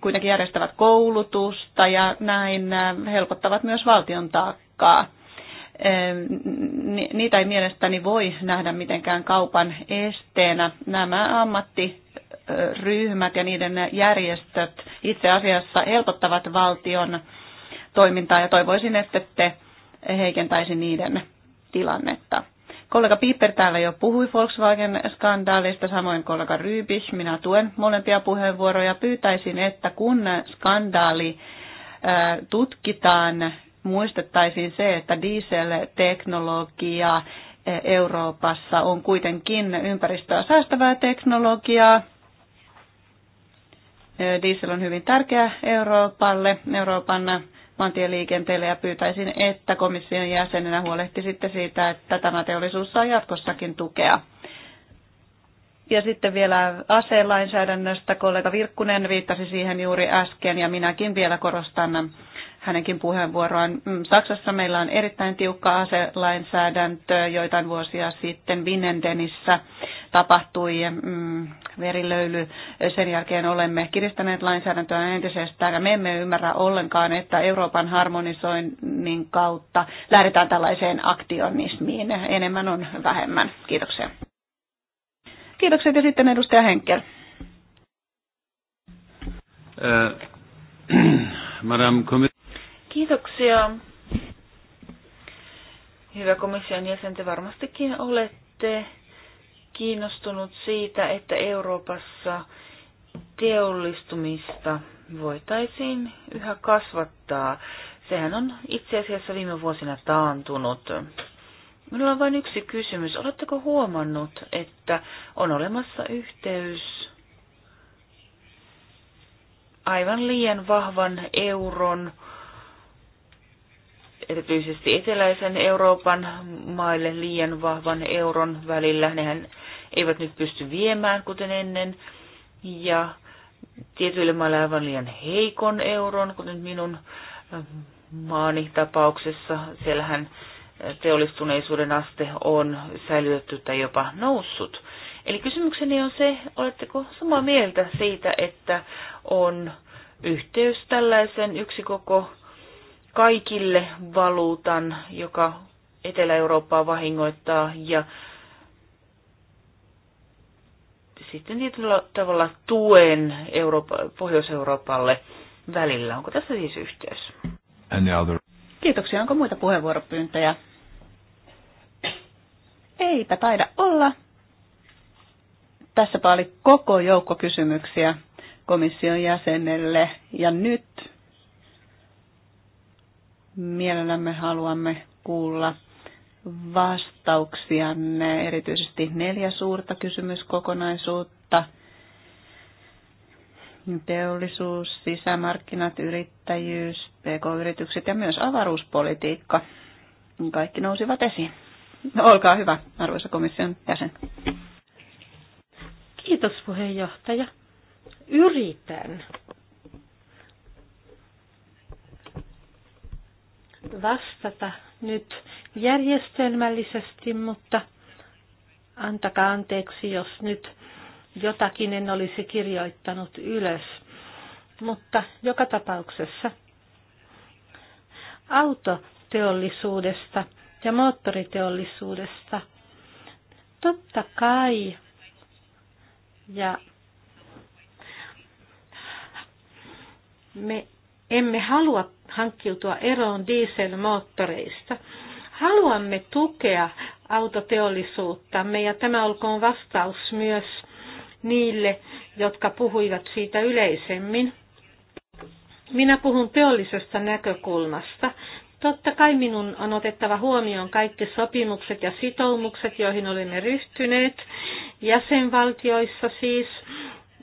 kuitenkin järjestävät koulutusta ja näin helpottavat myös valtion taakkaa niitä ei mielestäni voi nähdä mitenkään kaupan esteenä. Nämä ammattiryhmät ja niiden järjestöt itse asiassa helpottavat valtion toimintaa ja toivoisin, että te heikentäisi niiden tilannetta. Kollega Piper täällä jo puhui Volkswagen-skandaalista, samoin kollega Rybich. Minä tuen molempia puheenvuoroja. Pyytäisin, että kun skandaali tutkitaan muistettaisiin se, että dieselteknologia e, Euroopassa on kuitenkin ympäristöä säästävää teknologiaa. E, diesel on hyvin tärkeä Euroopalle, Euroopan maantieliikenteelle ja pyytäisin, että komission jäsenenä huolehti sitten siitä, että tämä teollisuus saa jatkossakin tukea. Ja sitten vielä aseenlainsäädännöstä. Kollega Virkkunen viittasi siihen juuri äsken ja minäkin vielä korostan hänenkin puheenvuoroaan. Mm, Saksassa meillä on erittäin tiukka aselainsäädäntö. Joitain vuosia sitten Vinendenissä tapahtui mm, verilöyly. Sen jälkeen olemme kiristäneet lainsäädäntöä entisestään ja me emme ymmärrä ollenkaan, että Euroopan harmonisoinnin kautta lähdetään tällaiseen aktionismiin. Enemmän on vähemmän. Kiitoksia. Kiitokset ja sitten edustaja Henkel. Äh, Madame Kiitoksia. Hyvä komission jäsen, te varmastikin olette kiinnostunut siitä, että Euroopassa teollistumista voitaisiin yhä kasvattaa. Sehän on itse asiassa viime vuosina taantunut. Minulla on vain yksi kysymys. Oletteko huomannut, että on olemassa yhteys aivan liian vahvan euron erityisesti eteläisen Euroopan maille liian vahvan euron välillä. Nehän eivät nyt pysty viemään kuten ennen. Ja tietyille maille aivan liian heikon euron, kuten minun äh, maani tapauksessa. Siellähän teollistuneisuuden aste on säilytetty tai jopa noussut. Eli kysymykseni on se, oletteko samaa mieltä siitä, että on yhteys tällaisen yksi koko kaikille valuutan, joka Etelä-Eurooppaa vahingoittaa ja sitten tietyllä tavalla tuen Eurooppa, Pohjois-Euroopalle välillä. Onko tässä siis yhteys? Other... Kiitoksia. Onko muita puheenvuoropyyntöjä? Eipä taida olla. Tässäpä oli koko joukko kysymyksiä komission jäsenelle. Ja nyt Mielellämme haluamme kuulla vastauksianne, erityisesti neljä suurta kysymyskokonaisuutta. Teollisuus, sisämarkkinat, yrittäjyys, pk-yritykset ja myös avaruuspolitiikka. Kaikki nousivat esiin. Olkaa hyvä, arvoisa komission jäsen. Kiitos puheenjohtaja. Yritän vastata nyt järjestelmällisesti, mutta antakaa anteeksi, jos nyt jotakin en olisi kirjoittanut ylös. Mutta joka tapauksessa autoteollisuudesta ja moottoriteollisuudesta. Totta kai. Ja me emme halua hankkiutua eroon dieselmoottoreista. Haluamme tukea autoteollisuuttamme ja tämä olkoon vastaus myös niille, jotka puhuivat siitä yleisemmin. Minä puhun teollisesta näkökulmasta. Totta kai minun on otettava huomioon kaikki sopimukset ja sitoumukset, joihin olemme ryhtyneet jäsenvaltioissa siis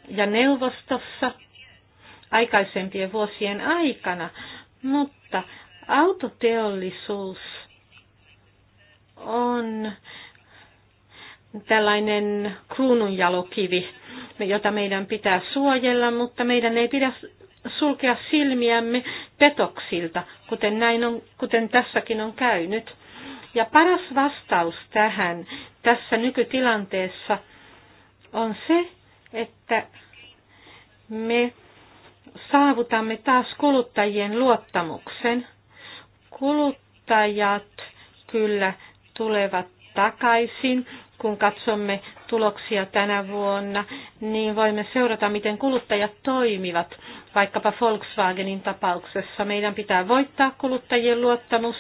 ja neuvostossa aikaisempien vuosien aikana, mutta autoteollisuus on tällainen kruununjalokivi, jota meidän pitää suojella, mutta meidän ei pidä sulkea silmiämme petoksilta, kuten, näin on, kuten tässäkin on käynyt. Ja paras vastaus tähän tässä nykytilanteessa on se, että me saavutamme taas kuluttajien luottamuksen. Kuluttajat kyllä tulevat takaisin. Kun katsomme tuloksia tänä vuonna, niin voimme seurata, miten kuluttajat toimivat. Vaikkapa Volkswagenin tapauksessa meidän pitää voittaa kuluttajien luottamus.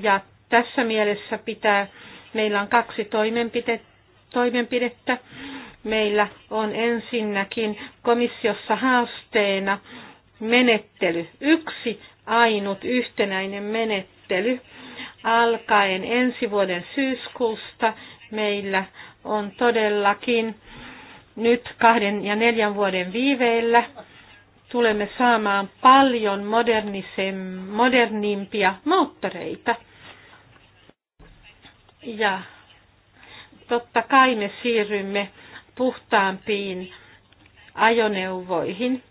Ja tässä mielessä pitää, meillä on kaksi toimenpidettä toimenpidettä. Meillä on ensinnäkin komissiossa haasteena menettely. Yksi ainut yhtenäinen menettely. Alkaen ensi vuoden syyskuusta meillä on todellakin nyt kahden ja neljän vuoden viiveellä tulemme saamaan paljon modernimpia moottoreita. Ja Totta kai me siirrymme puhtaampiin ajoneuvoihin.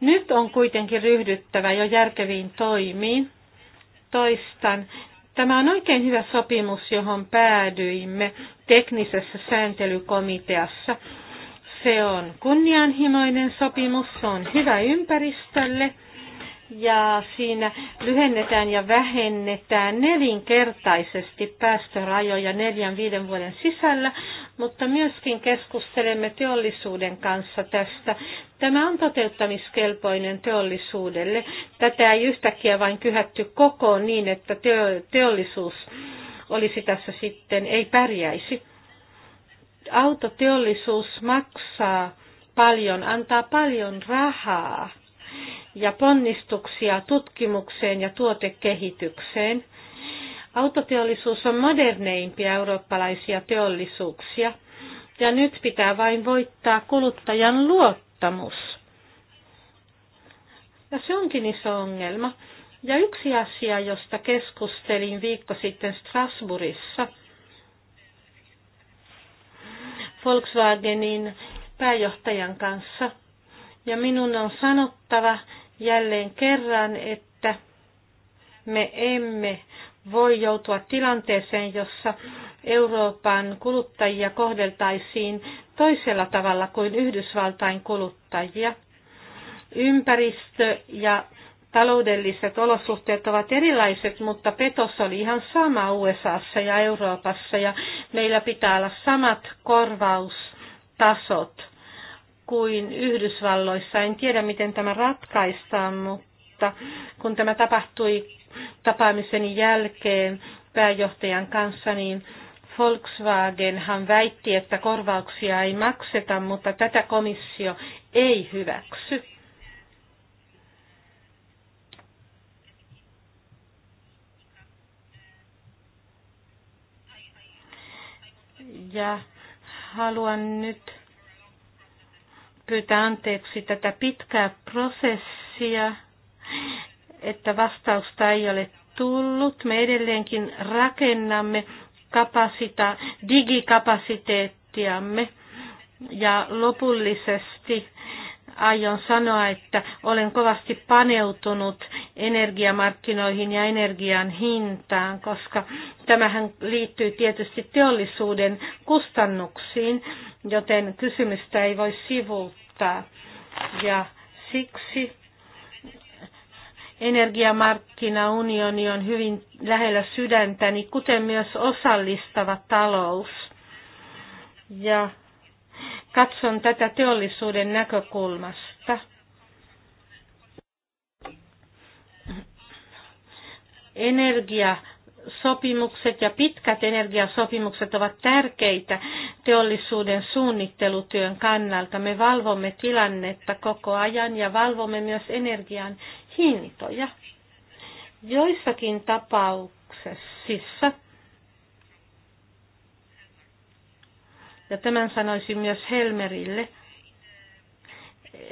Nyt on kuitenkin ryhdyttävä jo järkeviin toimiin. Toistan, Tämä on oikein hyvä sopimus, johon päädyimme teknisessä sääntelykomiteassa. Se on kunnianhimoinen sopimus, se on hyvä ympäristölle ja siinä lyhennetään ja vähennetään nelinkertaisesti päästörajoja neljän viiden vuoden sisällä, mutta myöskin keskustelemme teollisuuden kanssa tästä. Tämä on toteuttamiskelpoinen teollisuudelle. Tätä ei yhtäkkiä vain kyhätty koko niin, että teollisuus olisi tässä sitten, ei pärjäisi. Autoteollisuus maksaa paljon, antaa paljon rahaa ja ponnistuksia tutkimukseen ja tuotekehitykseen. Autoteollisuus on moderneimpia eurooppalaisia teollisuuksia, ja nyt pitää vain voittaa kuluttajan luottamus. Ja se onkin iso ongelma. Ja yksi asia, josta keskustelin viikko sitten Strasbourgissa, Volkswagenin pääjohtajan kanssa – ja minun on sanottava jälleen kerran, että me emme voi joutua tilanteeseen, jossa Euroopan kuluttajia kohdeltaisiin toisella tavalla kuin Yhdysvaltain kuluttajia. Ympäristö ja taloudelliset olosuhteet ovat erilaiset, mutta petos oli ihan sama USAssa ja Euroopassa ja meillä pitää olla samat korvaustasot kuin Yhdysvalloissa. En tiedä, miten tämä ratkaistaan, mutta kun tämä tapahtui tapaamisen jälkeen pääjohtajan kanssa, niin Volkswagenhan väitti, että korvauksia ei makseta, mutta tätä komissio ei hyväksy. Ja haluan nyt pyytää anteeksi tätä pitkää prosessia, että vastausta ei ole tullut. Me edelleenkin rakennamme kapasita, digikapasiteettiamme ja lopullisesti aion sanoa, että olen kovasti paneutunut energiamarkkinoihin ja energian hintaan, koska tämähän liittyy tietysti teollisuuden kustannuksiin, joten kysymystä ei voi sivuuttaa. Ja siksi energiamarkkinaunioni on hyvin lähellä sydäntäni, kuten myös osallistava talous. Ja katson tätä teollisuuden näkökulmasta. energia sopimukset ja pitkät energiasopimukset ovat tärkeitä teollisuuden suunnittelutyön kannalta. Me valvomme tilannetta koko ajan ja valvomme myös energian hintoja. Joissakin tapauksissa ja tämän sanoisin myös Helmerille.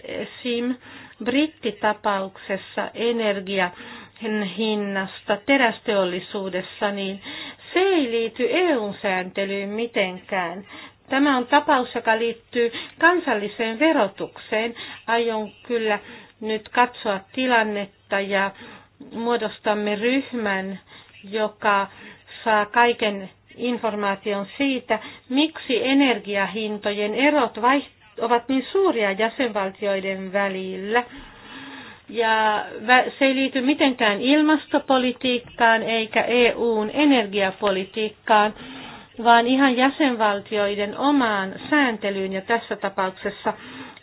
Esim. brittitapauksessa energia hinnasta terästeollisuudessa, niin se ei liity EU-sääntelyyn mitenkään. Tämä on tapaus, joka liittyy kansalliseen verotukseen. Aion kyllä nyt katsoa tilannetta ja muodostamme ryhmän, joka saa kaiken informaation siitä, miksi energiahintojen erot ovat niin suuria jäsenvaltioiden välillä ja se ei liity mitenkään ilmastopolitiikkaan eikä EUn energiapolitiikkaan, vaan ihan jäsenvaltioiden omaan sääntelyyn ja tässä tapauksessa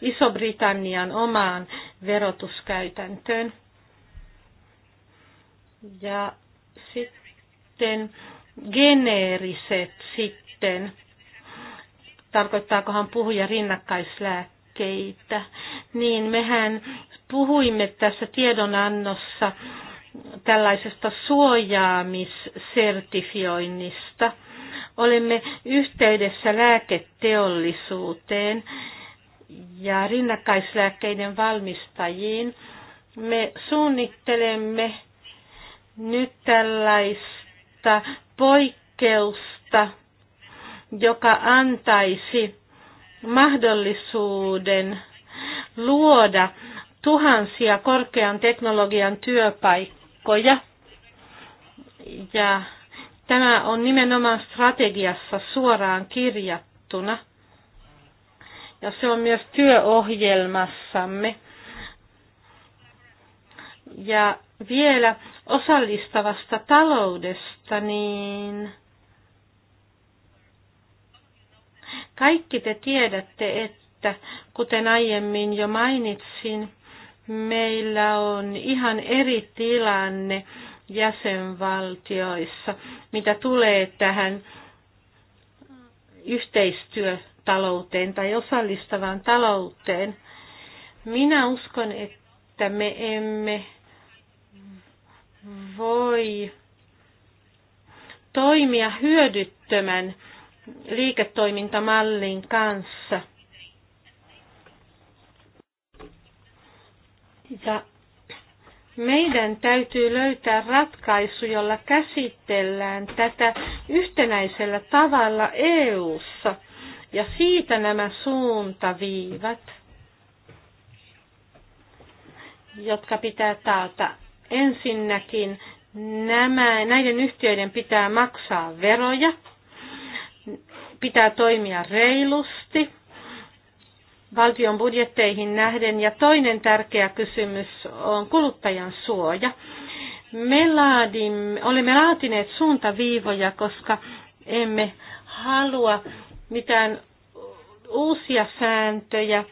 Iso-Britannian omaan verotuskäytäntöön. Ja sitten geneeriset sitten. Tarkoittaakohan puhuja rinnakkaislääkkeitä? Niin mehän puhuimme tässä tiedonannossa tällaisesta suojaamissertifioinnista. Olemme yhteydessä lääketeollisuuteen ja rinnakkaislääkkeiden valmistajiin. Me suunnittelemme nyt tällaista poikkeusta, joka antaisi mahdollisuuden luoda tuhansia korkean teknologian työpaikkoja. Ja tämä on nimenomaan strategiassa suoraan kirjattuna. Ja se on myös työohjelmassamme. Ja vielä osallistavasta taloudesta, niin kaikki te tiedätte, että kuten aiemmin jo mainitsin, meillä on ihan eri tilanne jäsenvaltioissa, mitä tulee tähän yhteistyötalouteen tai osallistavaan talouteen. Minä uskon, että me emme voi toimia hyödyttömän liiketoimintamallin kanssa – Ja meidän täytyy löytää ratkaisu, jolla käsitellään tätä yhtenäisellä tavalla EU:ssa ja siitä nämä suuntaviivat, jotka pitää taata. Ensinnäkin nämä, näiden yhtiöiden pitää maksaa veroja, pitää toimia reilusti valtion budjetteihin nähden. Ja toinen tärkeä kysymys on kuluttajan suoja. Me laadimme, olemme laatineet suuntaviivoja, koska emme halua mitään uusia sääntöjä,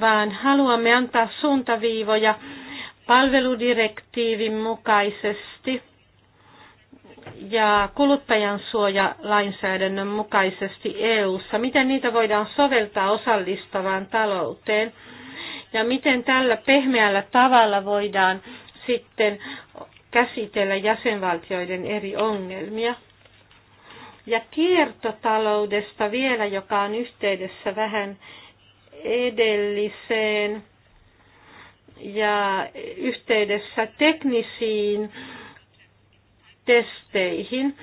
vaan haluamme antaa suuntaviivoja palveludirektiivin mukaisesti – ja kuluttajansuojalainsäädännön mukaisesti EU:ssa. Miten niitä voidaan soveltaa osallistavaan talouteen ja miten tällä pehmeällä tavalla voidaan sitten käsitellä jäsenvaltioiden eri ongelmia. Ja kiertotaloudesta vielä, joka on yhteydessä vähän edelliseen ja yhteydessä teknisiin testeihin,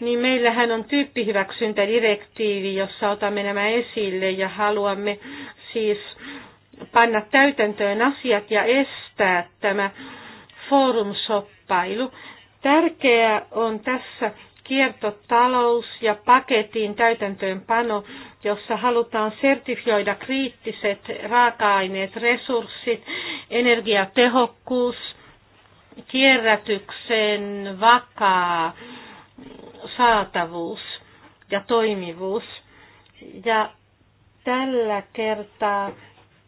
niin meillähän on tyyppihyväksyntädirektiivi, jossa otamme nämä esille ja haluamme siis panna täytäntöön asiat ja estää tämä foorumsoppailu. Tärkeää on tässä kiertotalous ja paketin täytäntöönpano, jossa halutaan sertifioida kriittiset raaka-aineet, resurssit, energiatehokkuus – kierrätyksen vakaa saatavuus ja toimivuus. Ja tällä kertaa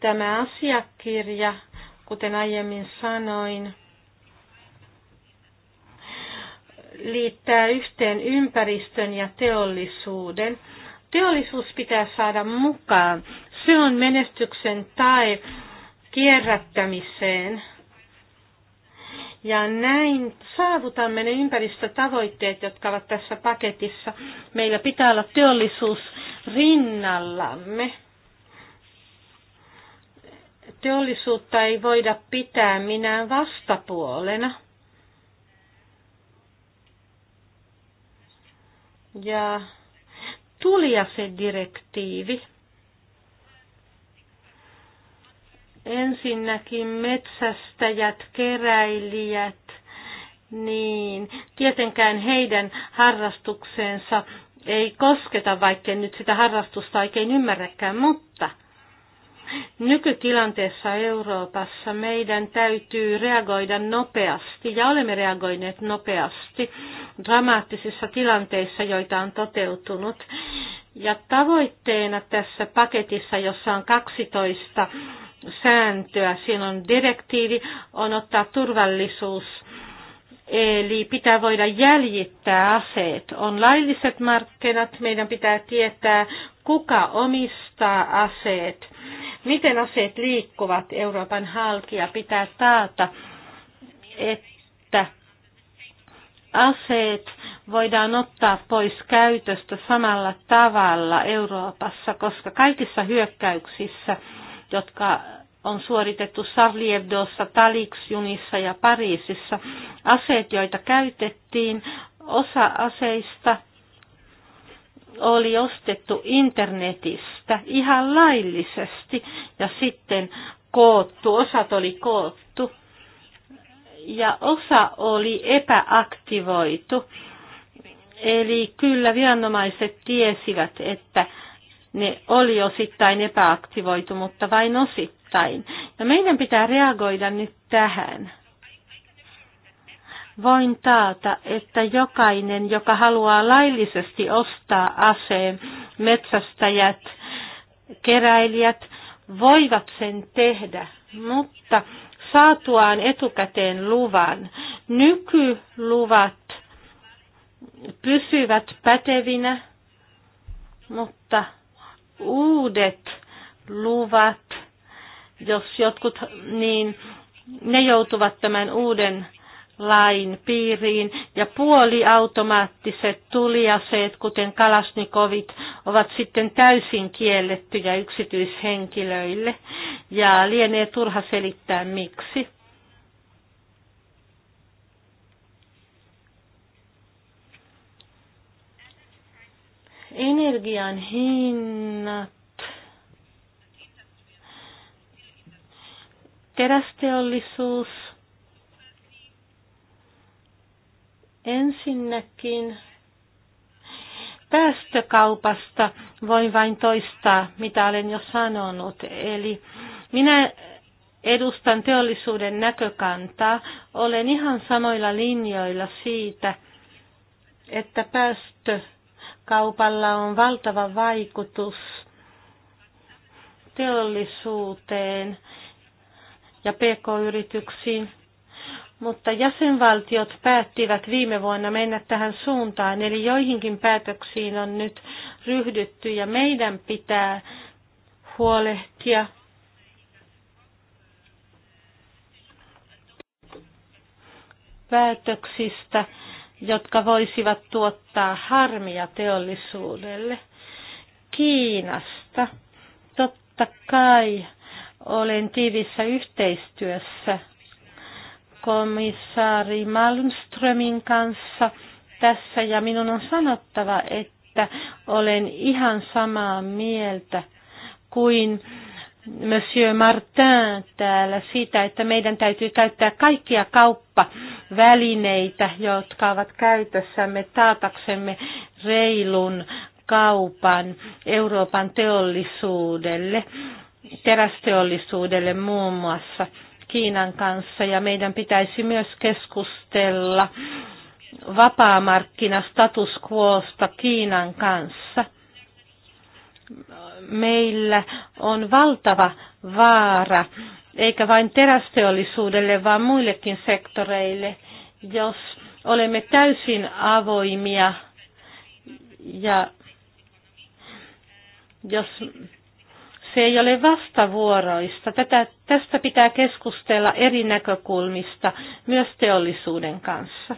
tämä asiakirja, kuten aiemmin sanoin, liittää yhteen ympäristön ja teollisuuden. Teollisuus pitää saada mukaan. Se on menestyksen tai kierrättämiseen. Ja näin saavutamme ne ympäristötavoitteet, jotka ovat tässä paketissa. Meillä pitää olla teollisuus rinnallamme. Teollisuutta ei voida pitää minään vastapuolena. Ja tuli se direktiivi Ensinnäkin metsästäjät, keräilijät, niin tietenkään heidän harrastukseensa ei kosketa, vaikkei nyt sitä harrastusta oikein ymmärräkään, mutta nykytilanteessa Euroopassa meidän täytyy reagoida nopeasti ja olemme reagoineet nopeasti dramaattisissa tilanteissa, joita on toteutunut. Ja tavoitteena tässä paketissa, jossa on 12 sääntöä. Siinä on direktiivi, on ottaa turvallisuus Eli pitää voida jäljittää aseet. On lailliset markkinat, meidän pitää tietää, kuka omistaa aseet, miten aseet liikkuvat Euroopan halki ja pitää taata, että aseet voidaan ottaa pois käytöstä samalla tavalla Euroopassa, koska kaikissa hyökkäyksissä – jotka on suoritettu Sarliebdossa, Taliksjunissa ja Pariisissa. Aseet, joita käytettiin, osa aseista oli ostettu internetistä ihan laillisesti ja sitten koottu, osat oli koottu ja osa oli epäaktivoitu. Eli kyllä viranomaiset tiesivät, että ne oli osittain epäaktivoitu, mutta vain osittain. Ja meidän pitää reagoida nyt tähän. Voin taata, että jokainen, joka haluaa laillisesti ostaa aseen, metsästäjät, keräilijät, voivat sen tehdä, mutta saatuaan etukäteen luvan. Nykyluvat pysyvät pätevinä, mutta uudet luvat, jos jotkut, niin ne joutuvat tämän uuden lain piiriin ja puoliautomaattiset tuliaseet, kuten kalasnikovit, ovat sitten täysin kiellettyjä yksityishenkilöille ja lienee turha selittää miksi. Energian hinnat, terästeollisuus, ensinnäkin päästökaupasta voin vain toistaa, mitä olen jo sanonut. Eli minä edustan teollisuuden näkökantaa. Olen ihan samoilla linjoilla siitä, että päästö Kaupalla on valtava vaikutus teollisuuteen ja pk-yrityksiin, mutta jäsenvaltiot päättivät viime vuonna mennä tähän suuntaan, eli joihinkin päätöksiin on nyt ryhdytty ja meidän pitää huolehtia päätöksistä, jotka voisivat tuottaa harmia teollisuudelle. Kiinasta. Totta kai olen tiivissä yhteistyössä komissaari Malmströmin kanssa tässä ja minun on sanottava, että olen ihan samaa mieltä kuin Monsieur Martin täällä sitä, että meidän täytyy käyttää kaikkia kauppavälineitä, jotka ovat käytössämme taataksemme reilun kaupan Euroopan teollisuudelle, terästeollisuudelle muun muassa Kiinan kanssa. Ja meidän pitäisi myös keskustella vapaamarkkinastatuskuosta Kiinan kanssa – meillä on valtava vaara, eikä vain terästeollisuudelle, vaan muillekin sektoreille, jos olemme täysin avoimia ja jos se ei ole vastavuoroista. Tätä, tästä pitää keskustella eri näkökulmista myös teollisuuden kanssa.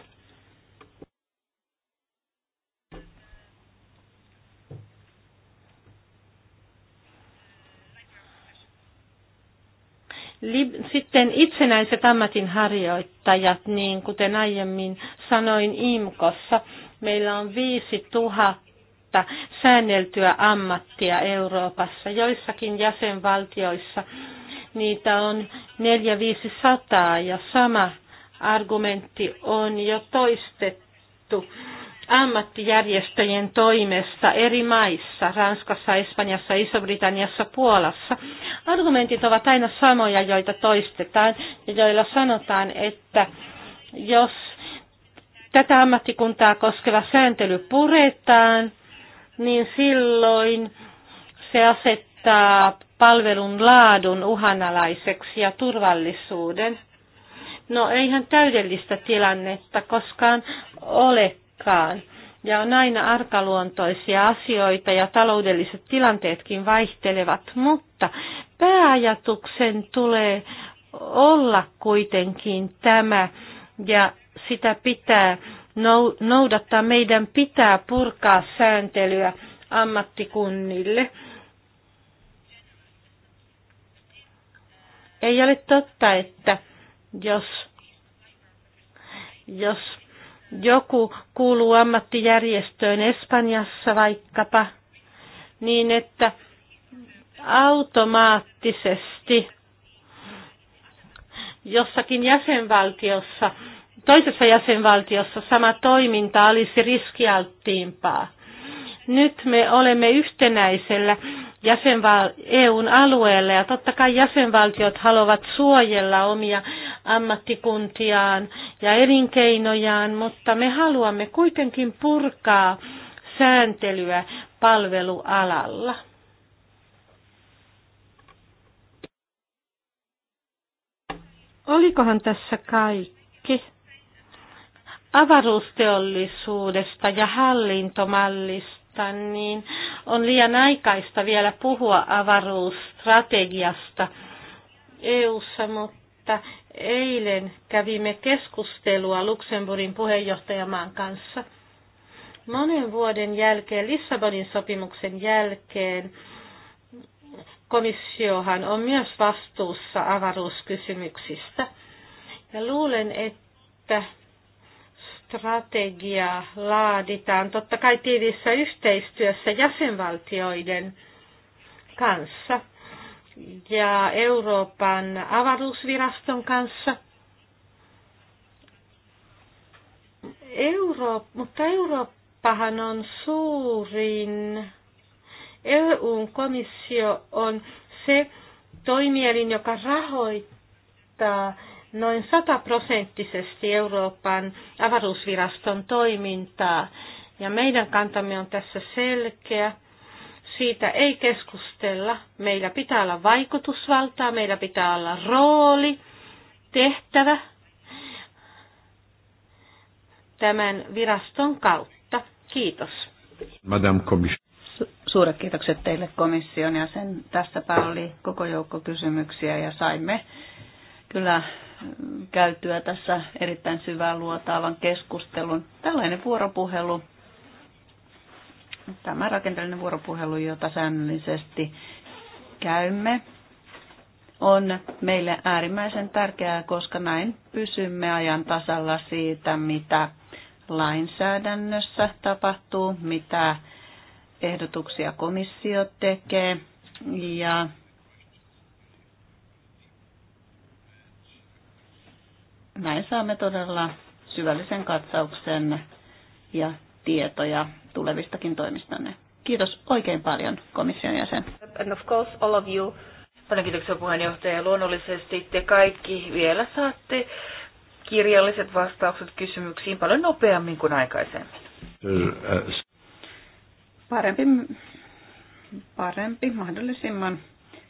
Sitten itsenäiset ammatinharjoittajat, niin kuten aiemmin sanoin IMKossa, meillä on 5000 säänneltyä ammattia Euroopassa. Joissakin jäsenvaltioissa niitä on 4-500 ja sama argumentti on jo toistettu ammattijärjestöjen toimesta eri maissa, Ranskassa, Espanjassa, Iso-Britanniassa, Puolassa. Argumentit ovat aina samoja, joita toistetaan ja joilla sanotaan, että jos tätä ammattikuntaa koskeva sääntely puretaan, niin silloin se asettaa palvelun laadun uhanalaiseksi ja turvallisuuden. No eihän täydellistä tilannetta koskaan ole aikaan. Ja on aina arkaluontoisia asioita ja taloudelliset tilanteetkin vaihtelevat, mutta pääajatuksen tulee olla kuitenkin tämä ja sitä pitää noudattaa. Meidän pitää purkaa sääntelyä ammattikunnille. Ei ole totta, että jos, jos joku kuuluu ammattijärjestöön Espanjassa vaikkapa, niin että automaattisesti jossakin jäsenvaltiossa, toisessa jäsenvaltiossa sama toiminta olisi riskialttiimpaa. Nyt me olemme yhtenäisellä jäsenval- EUn alueella ja totta kai jäsenvaltiot haluavat suojella omia ammattikuntiaan ja elinkeinojaan, mutta me haluamme kuitenkin purkaa sääntelyä palvelualalla. Olikohan tässä kaikki? Avaruusteollisuudesta ja hallintomallista vuotta, niin on liian aikaista vielä puhua avaruusstrategiasta EU-ssa, mutta eilen kävimme keskustelua Luxemburgin puheenjohtajamaan kanssa. Monen vuoden jälkeen, Lissabonin sopimuksen jälkeen, komissiohan on myös vastuussa avaruuskysymyksistä. Ja luulen, että strategiaa laaditaan totta kai tiivissä yhteistyössä jäsenvaltioiden kanssa ja Euroopan avaruusviraston kanssa. Euro, mutta Eurooppahan on suurin. EU-komissio on se toimielin, joka rahoittaa noin sataprosenttisesti Euroopan avaruusviraston toimintaa. Ja meidän kantamme on tässä selkeä. Siitä ei keskustella. Meillä pitää olla vaikutusvaltaa, meillä pitää olla rooli, tehtävä tämän viraston kautta. Kiitos. Madame Commission suuret kiitokset teille komission ja sen tässäpä oli koko joukko kysymyksiä ja saimme kyllä mm, käytyä tässä erittäin syvään luotaavan keskustelun. Tällainen vuoropuhelu, tämä rakenteellinen vuoropuhelu, jota säännöllisesti käymme, on meille äärimmäisen tärkeää, koska näin pysymme ajan tasalla siitä, mitä lainsäädännössä tapahtuu, mitä ehdotuksia komissio tekee ja näin saamme todella syvällisen katsauksen ja tietoja tulevistakin toimistanne. Kiitos oikein paljon komission jäsen. And of course all of you. Paljon kiitoksia puheenjohtaja. Luonnollisesti te kaikki vielä saatte kirjalliset vastaukset kysymyksiin paljon nopeammin kuin aikaisemmin. Parempi, parempi mahdollisimman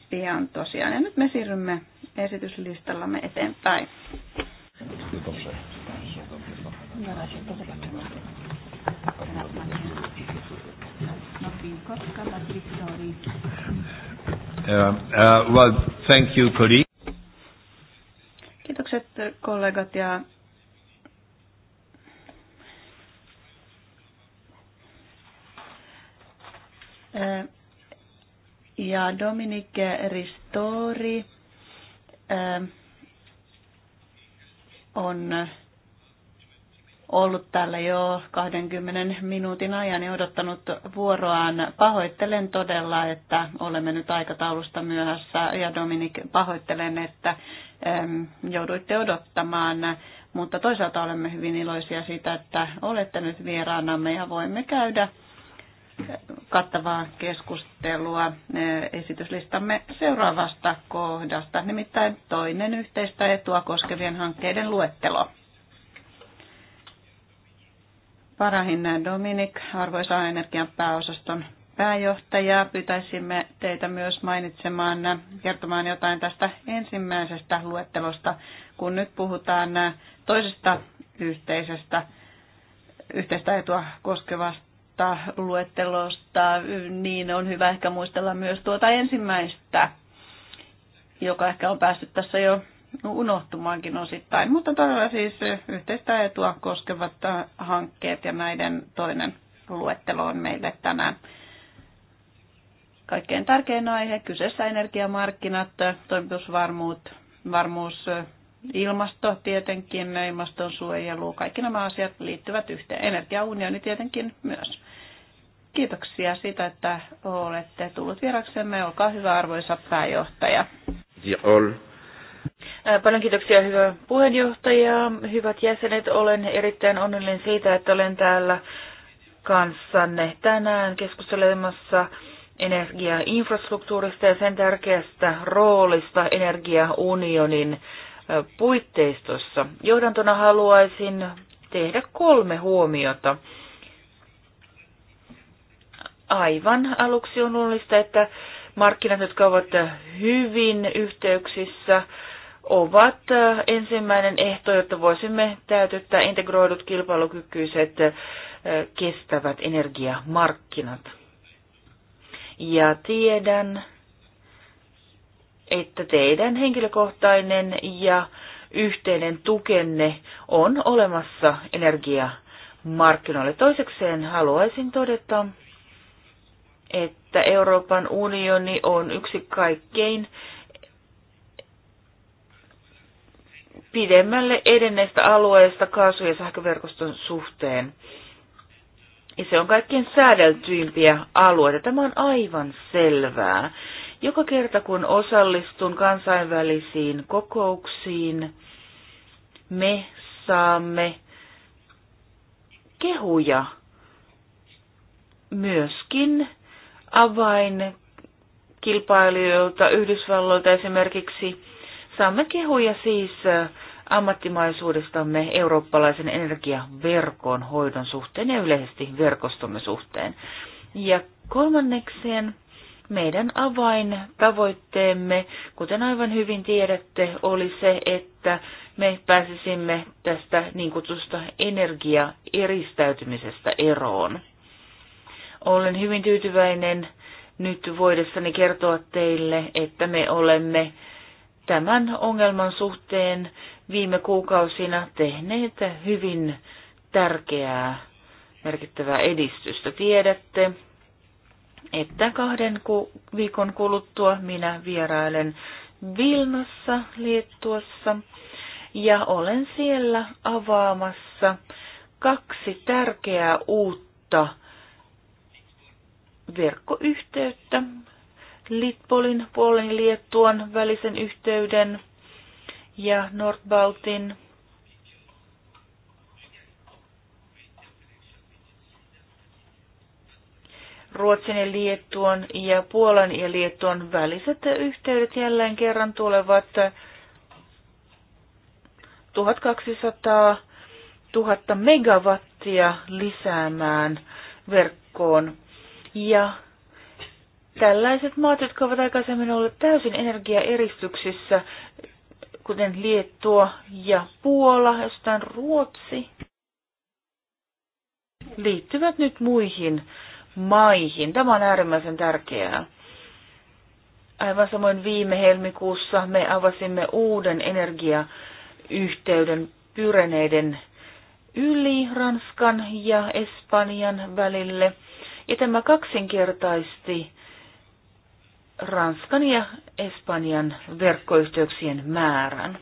pian tosiaan. Ja nyt me siirrymme esityslistallamme eteenpäin dobrze. Na razie to zobaczymy. No, um, uh, well, thank you, colleague. Kiitokset kollegat ja eh, ja Dominique Ristori eh, on ollut täällä jo 20 minuutin ajan ja odottanut vuoroaan. Pahoittelen todella, että olemme nyt aikataulusta myöhässä ja Dominik, pahoittelen, että jouduitte odottamaan, mutta toisaalta olemme hyvin iloisia siitä, että olette nyt vieraanamme ja voimme käydä kattavaa keskustelua esityslistamme seuraavasta kohdasta, nimittäin toinen yhteistä etua koskevien hankkeiden luettelo. Parahin Dominik, arvoisa energian pääosaston pääjohtaja. pyytäisimme teitä myös mainitsemaan, kertomaan jotain tästä ensimmäisestä luettelosta, kun nyt puhutaan toisesta yhteisestä yhteistä etua koskevasta tuosta luettelosta, niin on hyvä ehkä muistella myös tuota ensimmäistä, joka ehkä on päässyt tässä jo unohtumaankin osittain, mutta todella siis yhteistä etua koskevat hankkeet ja näiden toinen luettelo on meille tänään kaikkein tärkein aihe. Kyseessä energiamarkkinat, toimitusvarmuus, varmuus, Ilmasto tietenkin, ilmastonsuojelu, kaikki nämä asiat liittyvät yhteen. Energiaunioni tietenkin myös. Kiitoksia siitä, että olette tullut vieraksemme. Olkaa hyvä, arvoisa pääjohtaja. All. Paljon kiitoksia, hyvä puheenjohtaja. Hyvät jäsenet, olen erittäin onnellinen siitä, että olen täällä kanssanne tänään keskustelemassa energiainfrastruktuurista ja sen tärkeästä roolista energiaunionin puitteistossa. Johdantona haluaisin tehdä kolme huomiota. Aivan aluksi on luonnollista, että markkinat, jotka ovat hyvin yhteyksissä, ovat ensimmäinen ehto, jotta voisimme täytyttää integroidut kilpailukykyiset kestävät energiamarkkinat. Ja tiedän, että teidän henkilökohtainen ja yhteinen tukenne on olemassa energiamarkkinoille. Toisekseen haluaisin todeta, että Euroopan unioni on yksi kaikkein pidemmälle edenneistä alueista kaasu- ja sähköverkoston suhteen. Ja se on kaikkein säädeltyimpiä alueita. Tämä on aivan selvää. Joka kerta kun osallistun kansainvälisiin kokouksiin, me saamme kehuja myöskin avain kilpailijoilta Yhdysvalloilta esimerkiksi. Saamme kehuja siis äh, ammattimaisuudestamme eurooppalaisen energiaverkon hoidon suhteen ja yleisesti verkostomme suhteen. Ja kolmannekseen meidän avain tavoitteemme, kuten aivan hyvin tiedätte, oli se, että me pääsisimme tästä niin kutsusta energiaeristäytymisestä eroon. Olen hyvin tyytyväinen nyt voidessani kertoa teille, että me olemme tämän ongelman suhteen viime kuukausina tehneet hyvin tärkeää merkittävää edistystä. Tiedätte, että kahden ku- viikon kuluttua minä vierailen Vilnassa, liettuossa ja olen siellä avaamassa kaksi tärkeää uutta verkkoyhteyttä, Litpolin, Puolen Liettuan välisen yhteyden ja Nordbaltin Ruotsin ja Liettuan ja Puolan ja Liettuan väliset yhteydet jälleen kerran tulevat 1200 000 megawattia lisäämään verkkoon. Ja tällaiset maat, jotka ovat aikaisemmin olleet täysin energiaeristyksissä, kuten Liettua ja Puola, jostain Ruotsi, liittyvät nyt muihin maihin. Tämä on äärimmäisen tärkeää. Aivan samoin viime helmikuussa me avasimme uuden energiayhteyden Pyreneiden yli Ranskan ja Espanjan välille. Ja tämä kaksinkertaisti Ranskan ja Espanjan verkkoyhteyksien määrän.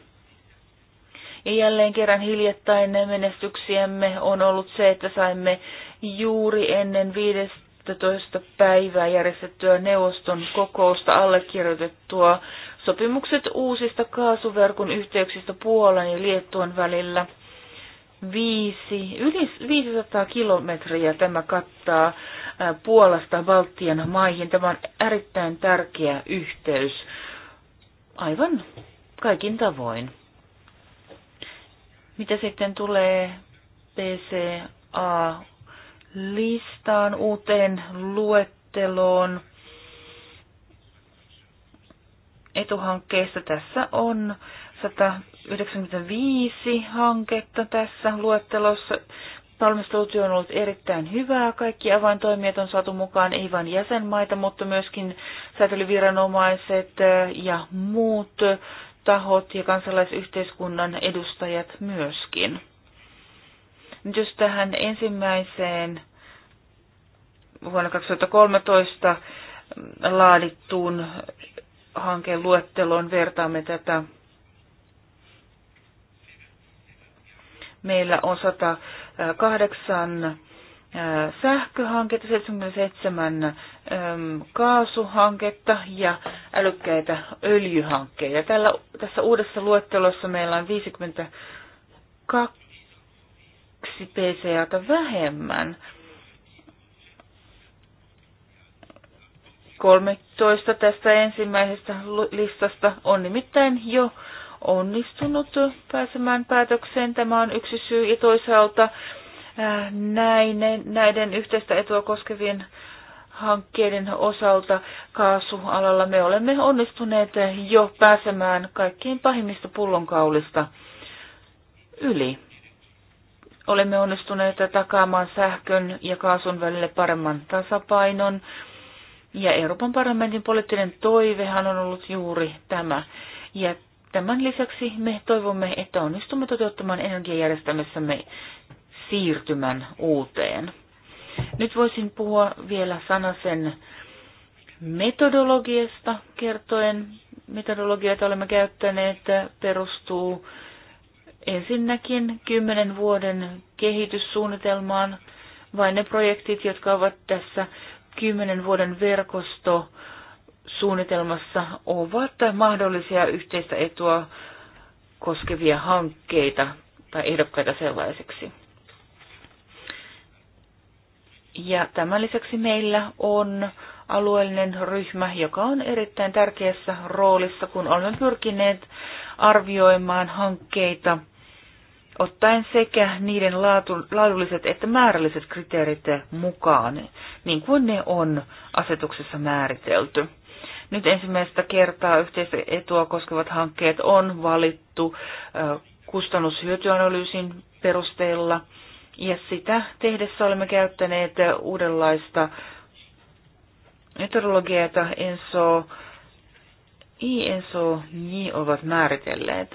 Ja jälleen kerran hiljattain menestyksiämme on ollut se, että saimme juuri ennen 5. 11. päivää järjestettyä neuvoston kokousta allekirjoitettua sopimukset uusista kaasuverkon yhteyksistä Puolan ja Liettuan välillä. Viisi, yli 500 kilometriä tämä kattaa Puolasta Baltian maihin. Tämä on erittäin tärkeä yhteys aivan kaikin tavoin. Mitä sitten tulee PCA listaan, uuteen luetteloon etuhankkeista. Tässä on 195 hanketta tässä luettelossa. Valmistelutyö on ollut erittäin hyvää. Kaikki avaintoimijat on saatu mukaan, ei vain jäsenmaita, mutta myöskin säätelyviranomaiset äh, ja muut tahot ja kansalaisyhteiskunnan edustajat myöskin. Nyt jos tähän ensimmäiseen vuonna 2013 laadittuun hankeluetteloon vertaamme tätä. Meillä on 108 sähköhanketta, 77 kaasuhanketta ja älykkäitä öljyhankkeita. Tällä, tässä uudessa luettelossa meillä on 52 kaksi PCAta vähemmän. 13 tästä ensimmäisestä listasta on nimittäin jo onnistunut pääsemään päätökseen. Tämä on yksi syy ja toisaalta äh, näiden, näiden yhteistä etua koskevien hankkeiden osalta kaasualalla me olemme onnistuneet jo pääsemään kaikkiin pahimmista pullonkaulista yli olemme onnistuneet takaamaan sähkön ja kaasun välille paremman tasapainon. Ja Euroopan parlamentin poliittinen toivehan on ollut juuri tämä. Ja tämän lisäksi me toivomme, että onnistumme toteuttamaan energiajärjestelmässämme siirtymän uuteen. Nyt voisin puhua vielä sanasen metodologiasta kertoen. Metodologia, jota olemme käyttäneet, perustuu ensinnäkin kymmenen vuoden kehityssuunnitelmaan vain ne projektit, jotka ovat tässä kymmenen vuoden verkosto suunnitelmassa ovat mahdollisia yhteistä etua koskevia hankkeita tai ehdokkaita sellaiseksi. Ja tämän lisäksi meillä on alueellinen ryhmä, joka on erittäin tärkeässä roolissa, kun olemme pyrkineet arvioimaan hankkeita – ottaen sekä niiden laatu, laadulliset että määrälliset kriteerit mukaan, niin kuin ne on asetuksessa määritelty. Nyt ensimmäistä kertaa yhteistä etua koskevat hankkeet on valittu kustannushyötyanalyysin perusteella, ja sitä tehdessä olemme käyttäneet uudenlaista metodologiaa, ENSO, ENSO, IENSO, ovat määritelleet.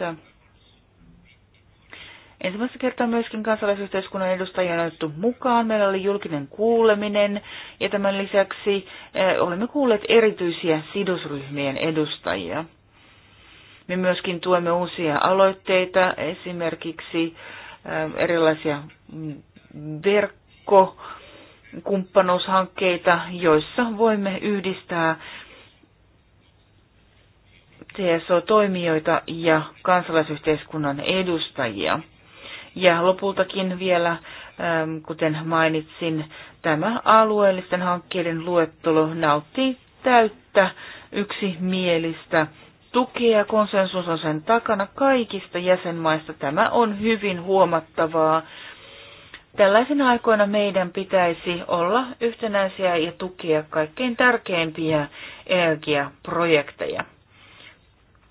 Ensimmäistä kertaa myöskin kansalaisyhteiskunnan edustajia on otettu mukaan. Meillä oli julkinen kuuleminen ja tämän lisäksi eh, olemme kuulleet erityisiä sidosryhmien edustajia. Me myöskin tuemme uusia aloitteita, esimerkiksi eh, erilaisia verkkokumppanuushankkeita, joissa voimme yhdistää TSO-toimijoita ja kansalaisyhteiskunnan edustajia. Ja lopultakin vielä, ähm, kuten mainitsin, tämä alueellisten hankkeiden luettelo nauttii täyttä yksimielistä tukea. Konsensus on sen takana kaikista jäsenmaista. Tämä on hyvin huomattavaa. Tällaisina aikoina meidän pitäisi olla yhtenäisiä ja tukea kaikkein tärkeimpiä energiaprojekteja.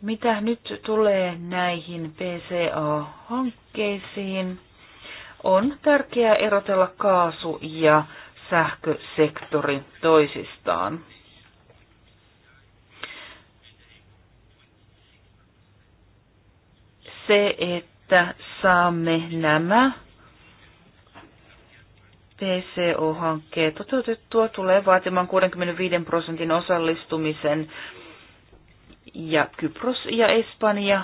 Mitä nyt tulee näihin PCA-hankkeisiin? hankkeisiin, on tärkeää erotella kaasu- ja sähkösektori toisistaan. Se, että saamme nämä PCO-hankkeet toteutettua, tulee vaatimaan 65 prosentin osallistumisen ja Kypros ja Espanja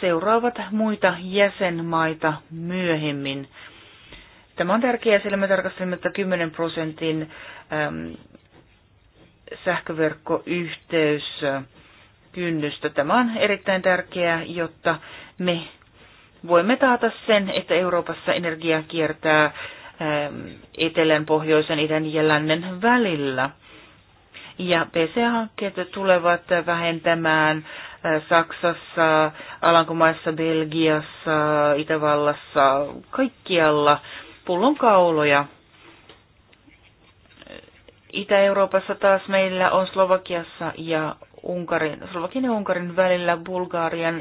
seuraavat muita jäsenmaita myöhemmin. Tämä on tärkeää, sillä me tarkastelemme, että 10 prosentin äm, sähköverkkoyhteys kynnystä. Tämä on erittäin tärkeää, jotta me voimme taata sen, että Euroopassa energia kiertää etelän, pohjoisen, idän ja lännen välillä. Ja pc hankkeet tulevat vähentämään Saksassa, Alankomaissa, Belgiassa, Itävallassa, kaikkialla pullonkauloja. Itä-Euroopassa taas meillä on Slovakiassa ja Unkarin, Slovakian ja Unkarin välillä Bulgarian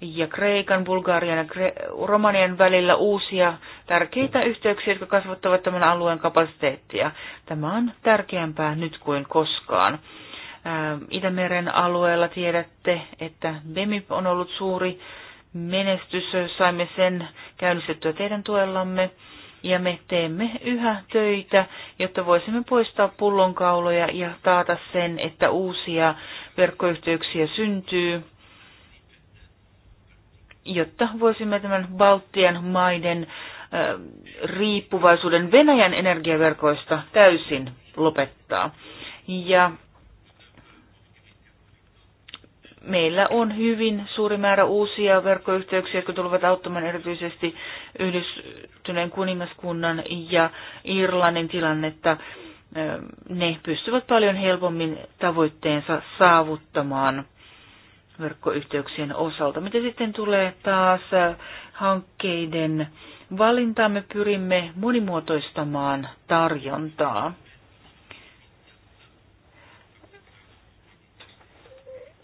ja Kreikan, Bulgarian ja Kre- Romanian välillä uusia tärkeitä yhteyksiä, jotka kasvattavat tämän alueen kapasiteettia. Tämä on tärkeämpää nyt kuin koskaan. Ähm, Itämeren alueella tiedätte, että BEMIP on ollut suuri menestys. Saimme sen käynnistettyä teidän tuellamme ja me teemme yhä töitä, jotta voisimme poistaa pullonkauloja ja taata sen, että uusia verkkoyhteyksiä syntyy jotta voisimme tämän Baltian maiden riippuvaisuuden Venäjän energiaverkoista täysin lopettaa. Ja meillä on hyvin suuri määrä uusia verkkoyhteyksiä, jotka tulevat auttamaan erityisesti Yhdistyneen kuningaskunnan ja Irlannin tilannetta. Ne pystyvät paljon helpommin tavoitteensa saavuttamaan verkkoyhteyksien osalta. Mitä sitten tulee taas äh, hankkeiden valintaan, me pyrimme monimuotoistamaan tarjontaa.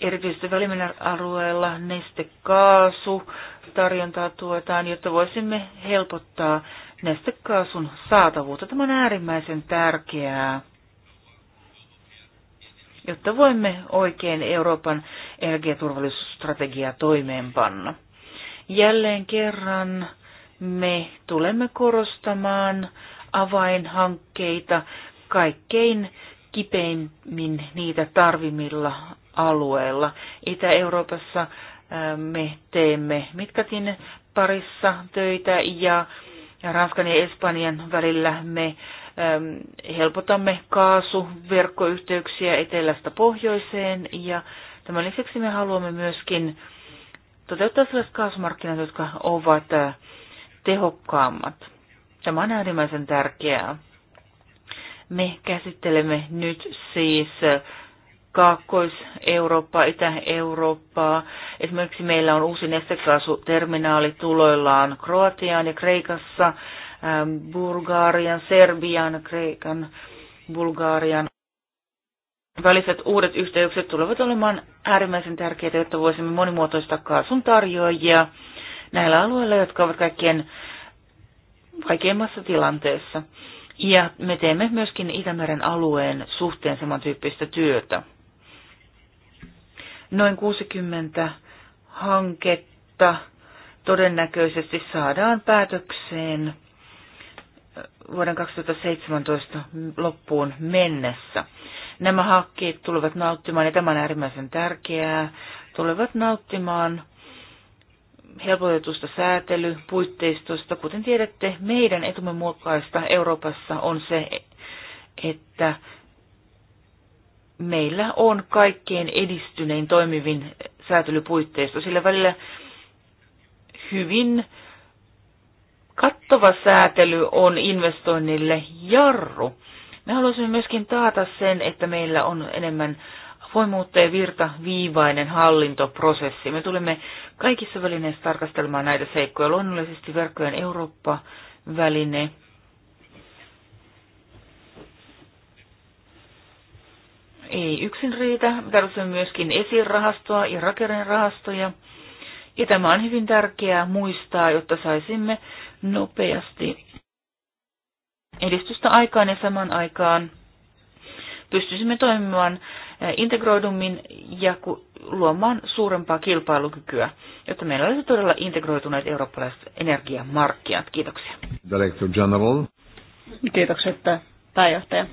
Erityisesti Välimeren alueella nestekaasu tarjontaa tuetaan, jotta voisimme helpottaa nestekaasun saatavuutta. Tämä on äärimmäisen tärkeää jotta voimme oikein Euroopan energiaturvallisuusstrategiaa toimeenpanna. Jälleen kerran me tulemme korostamaan avainhankkeita kaikkein kipeimmin niitä tarvimilla alueilla. Itä-Euroopassa ähm, me teemme Mitkatin parissa töitä ja Ranskan ja Espanjan välillä me helpotamme kaasuverkkoyhteyksiä etelästä pohjoiseen ja tämän lisäksi me haluamme myöskin toteuttaa sellaiset kaasumarkkinat, jotka ovat tehokkaammat. Tämä on äärimmäisen tärkeää. Me käsittelemme nyt siis Kaakkois-Eurooppaa, Itä-Eurooppaa. Esimerkiksi meillä on uusi nestekaasuterminaali tuloillaan Kroatiaan ja Kreikassa Ähm, Bulgarian, Serbian, Kreikan, Bulgarian väliset uudet yhteykset tulevat olemaan äärimmäisen tärkeitä, jotta voisimme monimuotoistaa kaasun tarjoajia näillä alueilla, jotka ovat kaikkien vaikeimmassa tilanteessa. Ja me teemme myöskin Itämeren alueen suhteen samantyyppistä työtä. Noin 60 hanketta todennäköisesti saadaan päätökseen vuoden 2017 loppuun mennessä. Nämä hakkeet tulevat nauttimaan, ja tämä on äärimmäisen tärkeää, tulevat nauttimaan helpotetusta säätelypuitteistosta. Kuten tiedätte, meidän etumme mukaista Euroopassa on se, että meillä on kaikkein edistynein toimivin säätelypuitteisto. Sillä välillä hyvin Kattava säätely on investoinnille jarru. Me haluaisimme myöskin taata sen, että meillä on enemmän voimuutta ja viivainen hallintoprosessi. Me tulemme kaikissa välineissä tarkastelemaan näitä seikkoja. Luonnollisesti verkkojen Eurooppa-väline ei yksin riitä. Me tarvitsemme myöskin esirahastoa ja rakennerahastoja. Ja tämä on hyvin tärkeää muistaa, jotta saisimme nopeasti edistystä aikaan ja saman aikaan pystyisimme toimimaan eh, integroidummin ja luomaan suurempaa kilpailukykyä, jotta meillä olisi todella integroituneet eurooppalaiset energiamarkkinat. Kiitoksia. Director General. Kiitokset eh, pääjohtaja.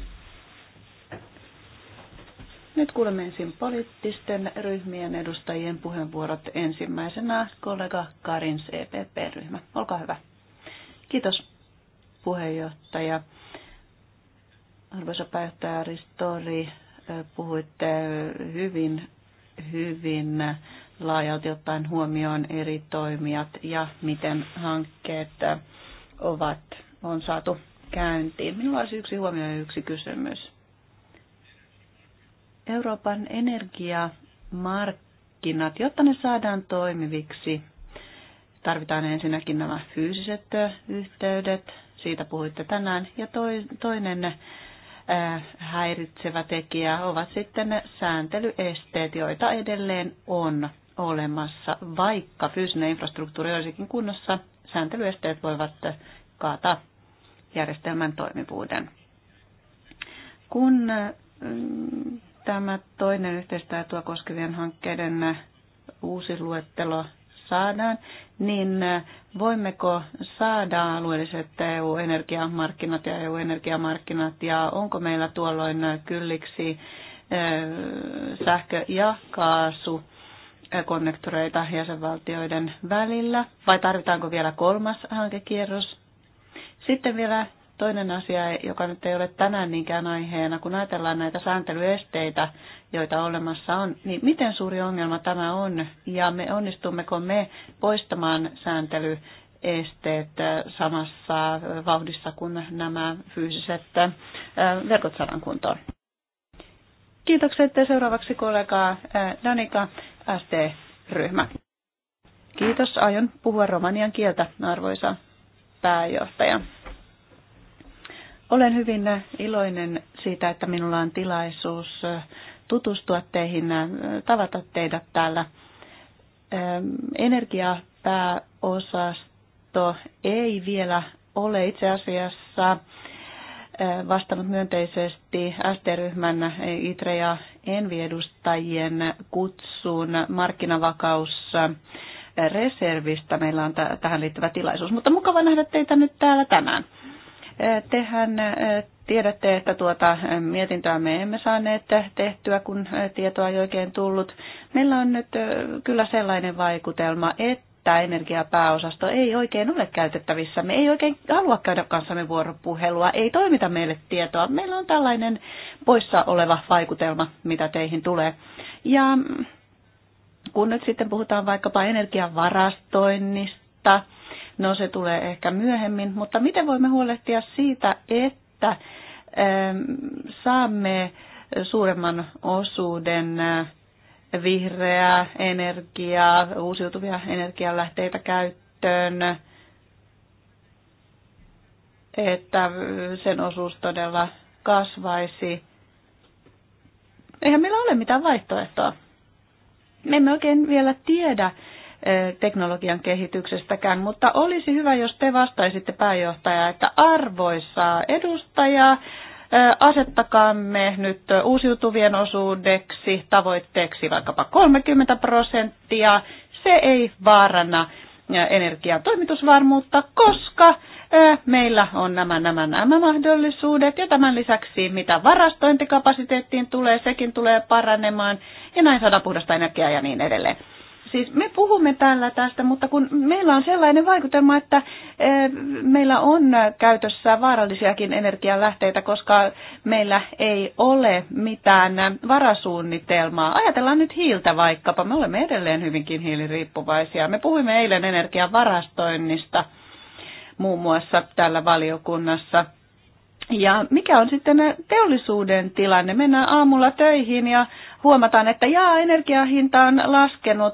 Nyt kuulemme ensin poliittisten ryhmien edustajien puheenvuorot. Ensimmäisenä kollega Karin cpp e ryhmä Olkaa hyvä. Kiitos puheenjohtaja. Arvoisa päättäjä Ristori, puhuitte hyvin, hyvin laajalti ottaen huomioon eri toimijat ja miten hankkeet ovat, on saatu käyntiin. Minulla olisi yksi huomio ja yksi kysymys. Euroopan energiamarkkinat, jotta ne saadaan toimiviksi, Tarvitaan ensinnäkin nämä fyysiset yhteydet, siitä puhuitte tänään, ja toinen häiritsevä tekijä ovat sitten sääntelyesteet, joita edelleen on olemassa. Vaikka fyysinen infrastruktuuri olisikin kunnossa, sääntelyesteet voivat kaata järjestelmän toimivuuden. Kun tämä toinen yhteistyötä koskevien hankkeiden uusi luettelo saadaan, niin voimmeko saada alueelliset EU-energiamarkkinat ja EU-energiamarkkinat ja onko meillä tuolloin kylliksi sähkö- ja kaasu konnektoreita jäsenvaltioiden välillä vai tarvitaanko vielä kolmas hankekierros? Sitten vielä Toinen asia, joka nyt ei ole tänään niinkään aiheena, kun ajatellaan näitä sääntelyesteitä, joita olemassa on, niin miten suuri ongelma tämä on ja me onnistummeko me poistamaan sääntelyesteet samassa vauhdissa kuin nämä fyysiset äh, verkot saadaan kuntoon? Kiitokset seuraavaksi kollega äh, Danika ST-ryhmä. Kiitos, aion puhua romanian kieltä, arvoisa pääjohtaja. Olen hyvin iloinen siitä, että minulla on tilaisuus tutustua teihin, tavata teidät täällä. Energiapääosasto ei vielä ole itse asiassa eh, vastannut myönteisesti ST-ryhmän ITRE- ja ENVI-edustajien kutsuun markkinavakausreservistä. reservistä. Meillä on tähän liittyvä tilaisuus, mutta mukava nähdä teitä nyt täällä tänään. Tehän tiedätte, että tuota mietintöä me emme saaneet tehtyä, kun tietoa ei oikein tullut. Meillä on nyt kyllä sellainen vaikutelma, että tämä energiapääosasto ei oikein ole käytettävissä. Me ei oikein halua käydä kanssamme vuoropuhelua, ei toimita meille tietoa. Meillä on tällainen poissa oleva vaikutelma, mitä teihin tulee. Ja mm, kun nyt sitten puhutaan vaikkapa energiavarastoinnista, No se tulee ehkä myöhemmin, mutta miten voimme huolehtia siitä, että ähm, saamme suuremman osuuden äh, vihreää energiaa, uusiutuvia energialähteitä käyttöön, että sen osuus todella kasvaisi. Eihän meillä ole mitään vaihtoehtoa. Me emme oikein vielä tiedä, teknologian kehityksestäkään, mutta olisi hyvä, jos te vastaisitte pääjohtaja, että arvoissa edustaja, asettakaamme nyt uusiutuvien osuudeksi tavoitteeksi vaikkapa 30 prosenttia. Se ei vaaranna energiatoimitusvarmuutta, koska meillä on nämä, nämä, nämä mahdollisuudet ja tämän lisäksi mitä varastointikapasiteettiin tulee, sekin tulee paranemaan ja näin saadaan puhdasta energiaa ja niin edelleen. Siis me puhumme täällä tästä, mutta kun meillä on sellainen vaikutelma, että eh, meillä on käytössä vaarallisiakin energialähteitä, koska meillä ei ole mitään varasuunnitelmaa. Ajatellaan nyt hiiltä vaikkapa. Me olemme edelleen hyvinkin hiiliriippuvaisia. Me puhuimme eilen energian varastoinnista muun muassa täällä valiokunnassa. Ja mikä on sitten teollisuuden tilanne? Mennään aamulla töihin ja huomataan, että jaa, energiahinta on laskenut,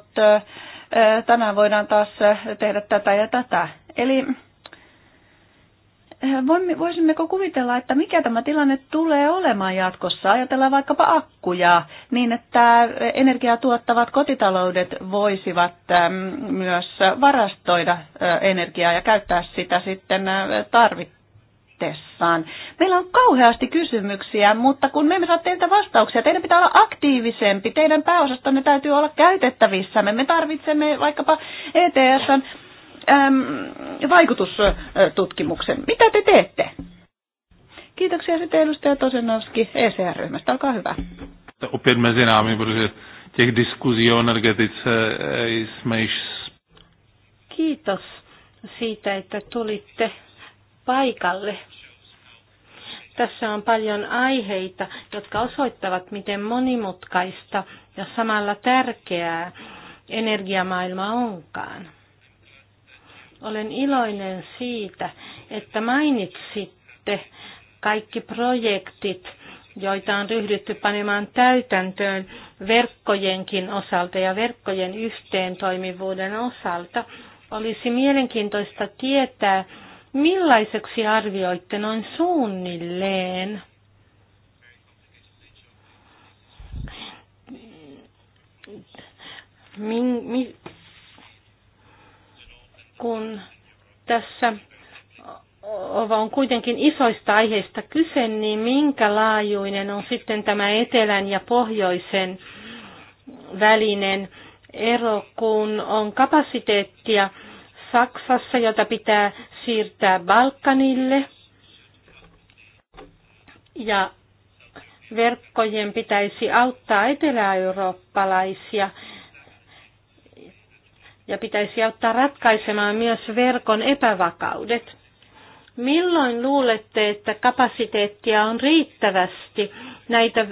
tänään voidaan taas tehdä tätä ja tätä. Eli voisimmeko kuvitella, että mikä tämä tilanne tulee olemaan jatkossa? Ajatellaan vaikkapa akkuja, niin että energiaa tuottavat kotitaloudet voisivat myös varastoida energiaa ja käyttää sitä sitten tarvittaessa halutessaan. Meillä on kauheasti kysymyksiä, mutta kun me emme saa teiltä vastauksia, teidän pitää olla aktiivisempi, teidän pääosastonne täytyy olla käytettävissä. Me tarvitsemme vaikkapa ETSn äm, vaikutustutkimuksen. Mitä te teette? Kiitoksia sitten edustaja Tosenovski ECR-ryhmästä. Olkaa hyvä. Opět mezi námi, protože těch diskuzí o energetice eh, jsme již... Kiitos siitä, että tulitte paikalle. Tässä on paljon aiheita, jotka osoittavat, miten monimutkaista ja samalla tärkeää energiamaailma onkaan. Olen iloinen siitä, että mainitsitte kaikki projektit, joita on ryhdytty panemaan täytäntöön verkkojenkin osalta ja verkkojen yhteen toimivuuden osalta. Olisi mielenkiintoista tietää, Millaiseksi arvioitte noin suunnilleen min, mi, kun tässä on kuitenkin isoista aiheista kyse, niin minkä laajuinen on sitten tämä etelän ja pohjoisen välinen ero, kun on kapasiteettia Saksassa, jota pitää siirtää Balkanille. Ja verkkojen pitäisi auttaa etelä-eurooppalaisia ja pitäisi auttaa ratkaisemaan myös verkon epävakaudet. Milloin luulette, että kapasiteettia on riittävästi näitä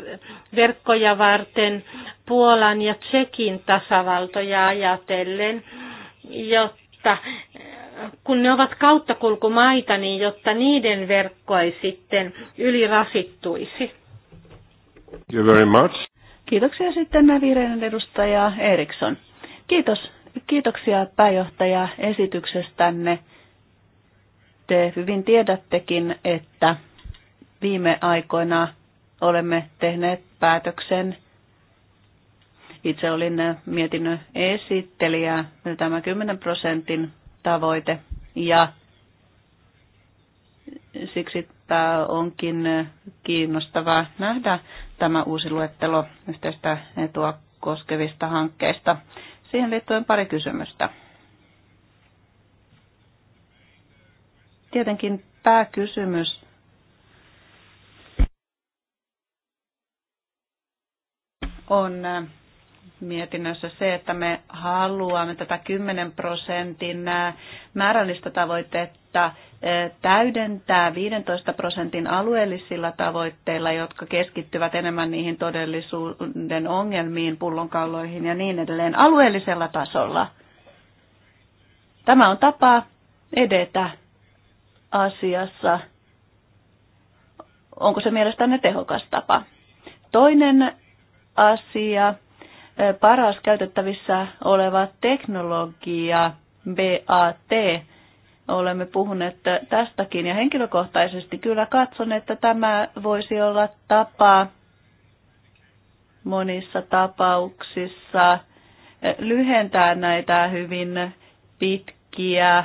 verkkoja varten Puolan ja Tsekin tasavaltoja ajatellen, jotta että kun ne ovat kauttakulkumaita, niin jotta niiden verkko ei sitten ylirasittuisi. Thank you very much. Kiitoksia sitten vihreän edustaja Eriksson. Kiitos. Kiitoksia pääjohtaja esityksestänne. Te hyvin tiedättekin, että viime aikoina olemme tehneet päätöksen itse olin äh, mietinnön esittelijä, tämä 10 prosentin tavoite, ja siksi tämä onkin äh, kiinnostavaa nähdä tämä uusi luettelo yhteistä etua koskevista hankkeista. Siihen liittyen pari kysymystä. Tietenkin pääkysymys on äh, mietinnössä se, että me haluamme tätä 10 prosentin määrällistä tavoitetta täydentää 15 prosentin alueellisilla tavoitteilla, jotka keskittyvät enemmän niihin todellisuuden ongelmiin, pullonkauloihin ja niin edelleen alueellisella tasolla. Tämä on tapa edetä asiassa. Onko se mielestäni tehokas tapa? Toinen asia paras käytettävissä oleva teknologia, BAT, olemme puhuneet tästäkin. Ja henkilökohtaisesti kyllä katson, että tämä voisi olla tapa monissa tapauksissa lyhentää näitä hyvin pitkiä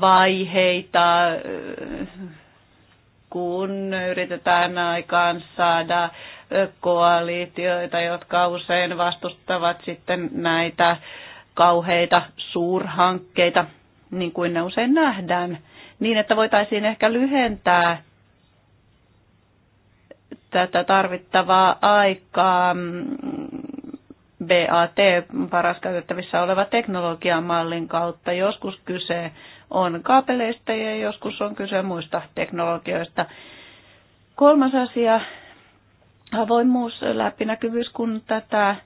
vaiheita, kun yritetään aikaan saada koalitioita, jotka usein vastustavat sitten näitä kauheita suurhankkeita, niin kuin ne usein nähdään, niin että voitaisiin ehkä lyhentää tätä tarvittavaa aikaa BAT, paras käytettävissä oleva teknologiamallin kautta. Joskus kyse on kaapeleista ja joskus on kyse muista teknologioista. Kolmas asia avoimuus, läpinäkyvyys, kun tätä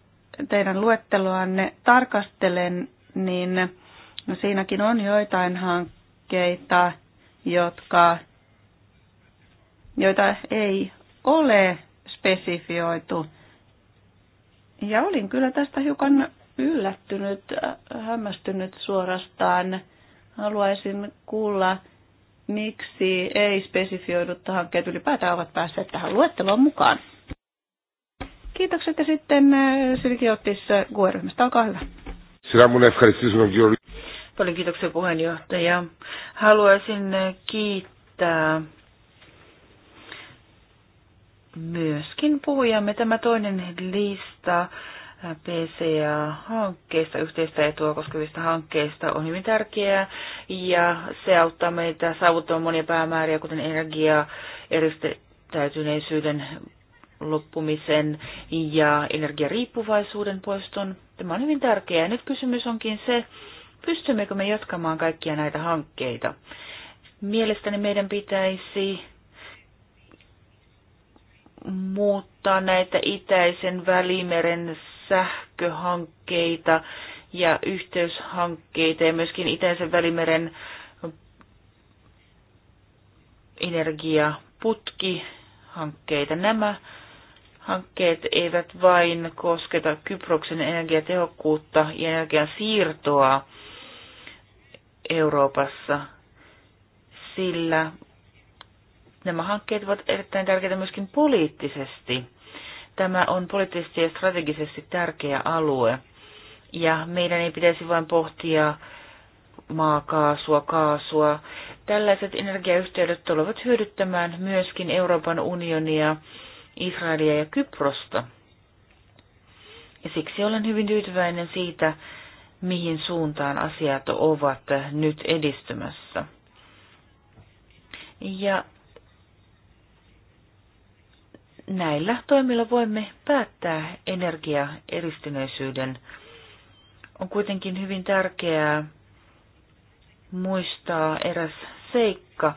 teidän luetteloanne tarkastelen, niin no siinäkin on joitain hankkeita, jotka, joita ei ole spesifioitu. Ja olin kyllä tästä hiukan yllättynyt, hämmästynyt suorastaan. Haluaisin kuulla, miksi ei spesifioidut hankkeet ylipäätään ovat päässeet tähän luetteloon mukaan. Kiitokset ja sitten äh, Sylkiottis QE-ryhmästä. Äh, Olkaa hyvä. mun Paljon kiitoksia puheenjohtaja. Haluaisin äh, kiittää myöskin puhujamme tämä toinen lista PCA-hankkeista, yhteistä etua koskevista hankkeista on hyvin tärkeää ja se auttaa meitä saavuttamaan monia päämääriä, kuten energia, eristetäytyneisyyden loppumisen ja energiariippuvaisuuden poiston. Tämä on hyvin tärkeää. Nyt kysymys onkin se, pystymmekö me jatkamaan kaikkia näitä hankkeita. Mielestäni meidän pitäisi muuttaa näitä itäisen välimeren sähköhankkeita ja yhteyshankkeita ja myöskin itäisen välimeren energiaputkihankkeita. Nämä hankkeet eivät vain kosketa Kyproksen energiatehokkuutta ja energian siirtoa Euroopassa, sillä nämä hankkeet ovat erittäin tärkeitä myöskin poliittisesti. Tämä on poliittisesti ja strategisesti tärkeä alue. Ja meidän ei pitäisi vain pohtia maakaasua, kaasua. Tällaiset energiayhteydet tulevat hyödyttämään myöskin Euroopan unionia Israelia ja Kyprosta. Ja siksi olen hyvin tyytyväinen siitä, mihin suuntaan asiat ovat nyt edistymässä. Ja näillä toimilla voimme päättää energiaeristyneisyyden. On kuitenkin hyvin tärkeää muistaa eräs seikka.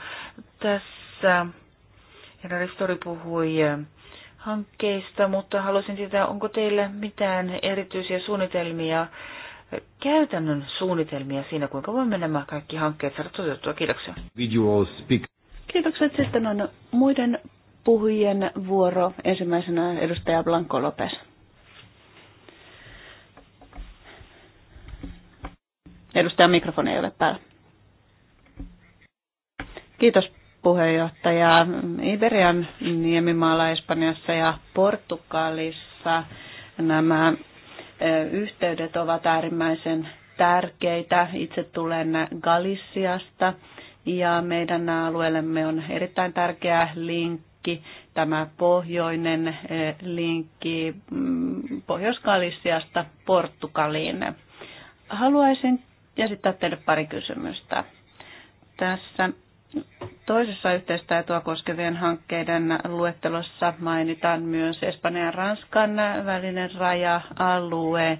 Tässä herra Stori puhui hankkeista, mutta haluaisin tietää, onko teillä mitään erityisiä suunnitelmia, käytännön suunnitelmia siinä, kuinka voimme nämä kaikki hankkeet saada toteutettua. Kiitoksia. Kiitokset. Sitten on muiden puhujien vuoro. Ensimmäisenä edustaja Blanco Lopes. Edustajan mikrofoni ei ole päällä. Kiitos puheenjohtaja Iberian niemimaalla Espanjassa ja Portugalissa. Nämä yhteydet ovat äärimmäisen tärkeitä. Itse tulen Galissiasta ja meidän alueellemme on erittäin tärkeä linkki, tämä pohjoinen linkki mm, Pohjois-Galisiasta Portugaliin. Haluaisin esittää teille pari kysymystä. Tässä Toisessa yhteistä etua koskevien hankkeiden luettelossa mainitaan myös Espanjan ja Ranskan välinen raja-alue. Eh,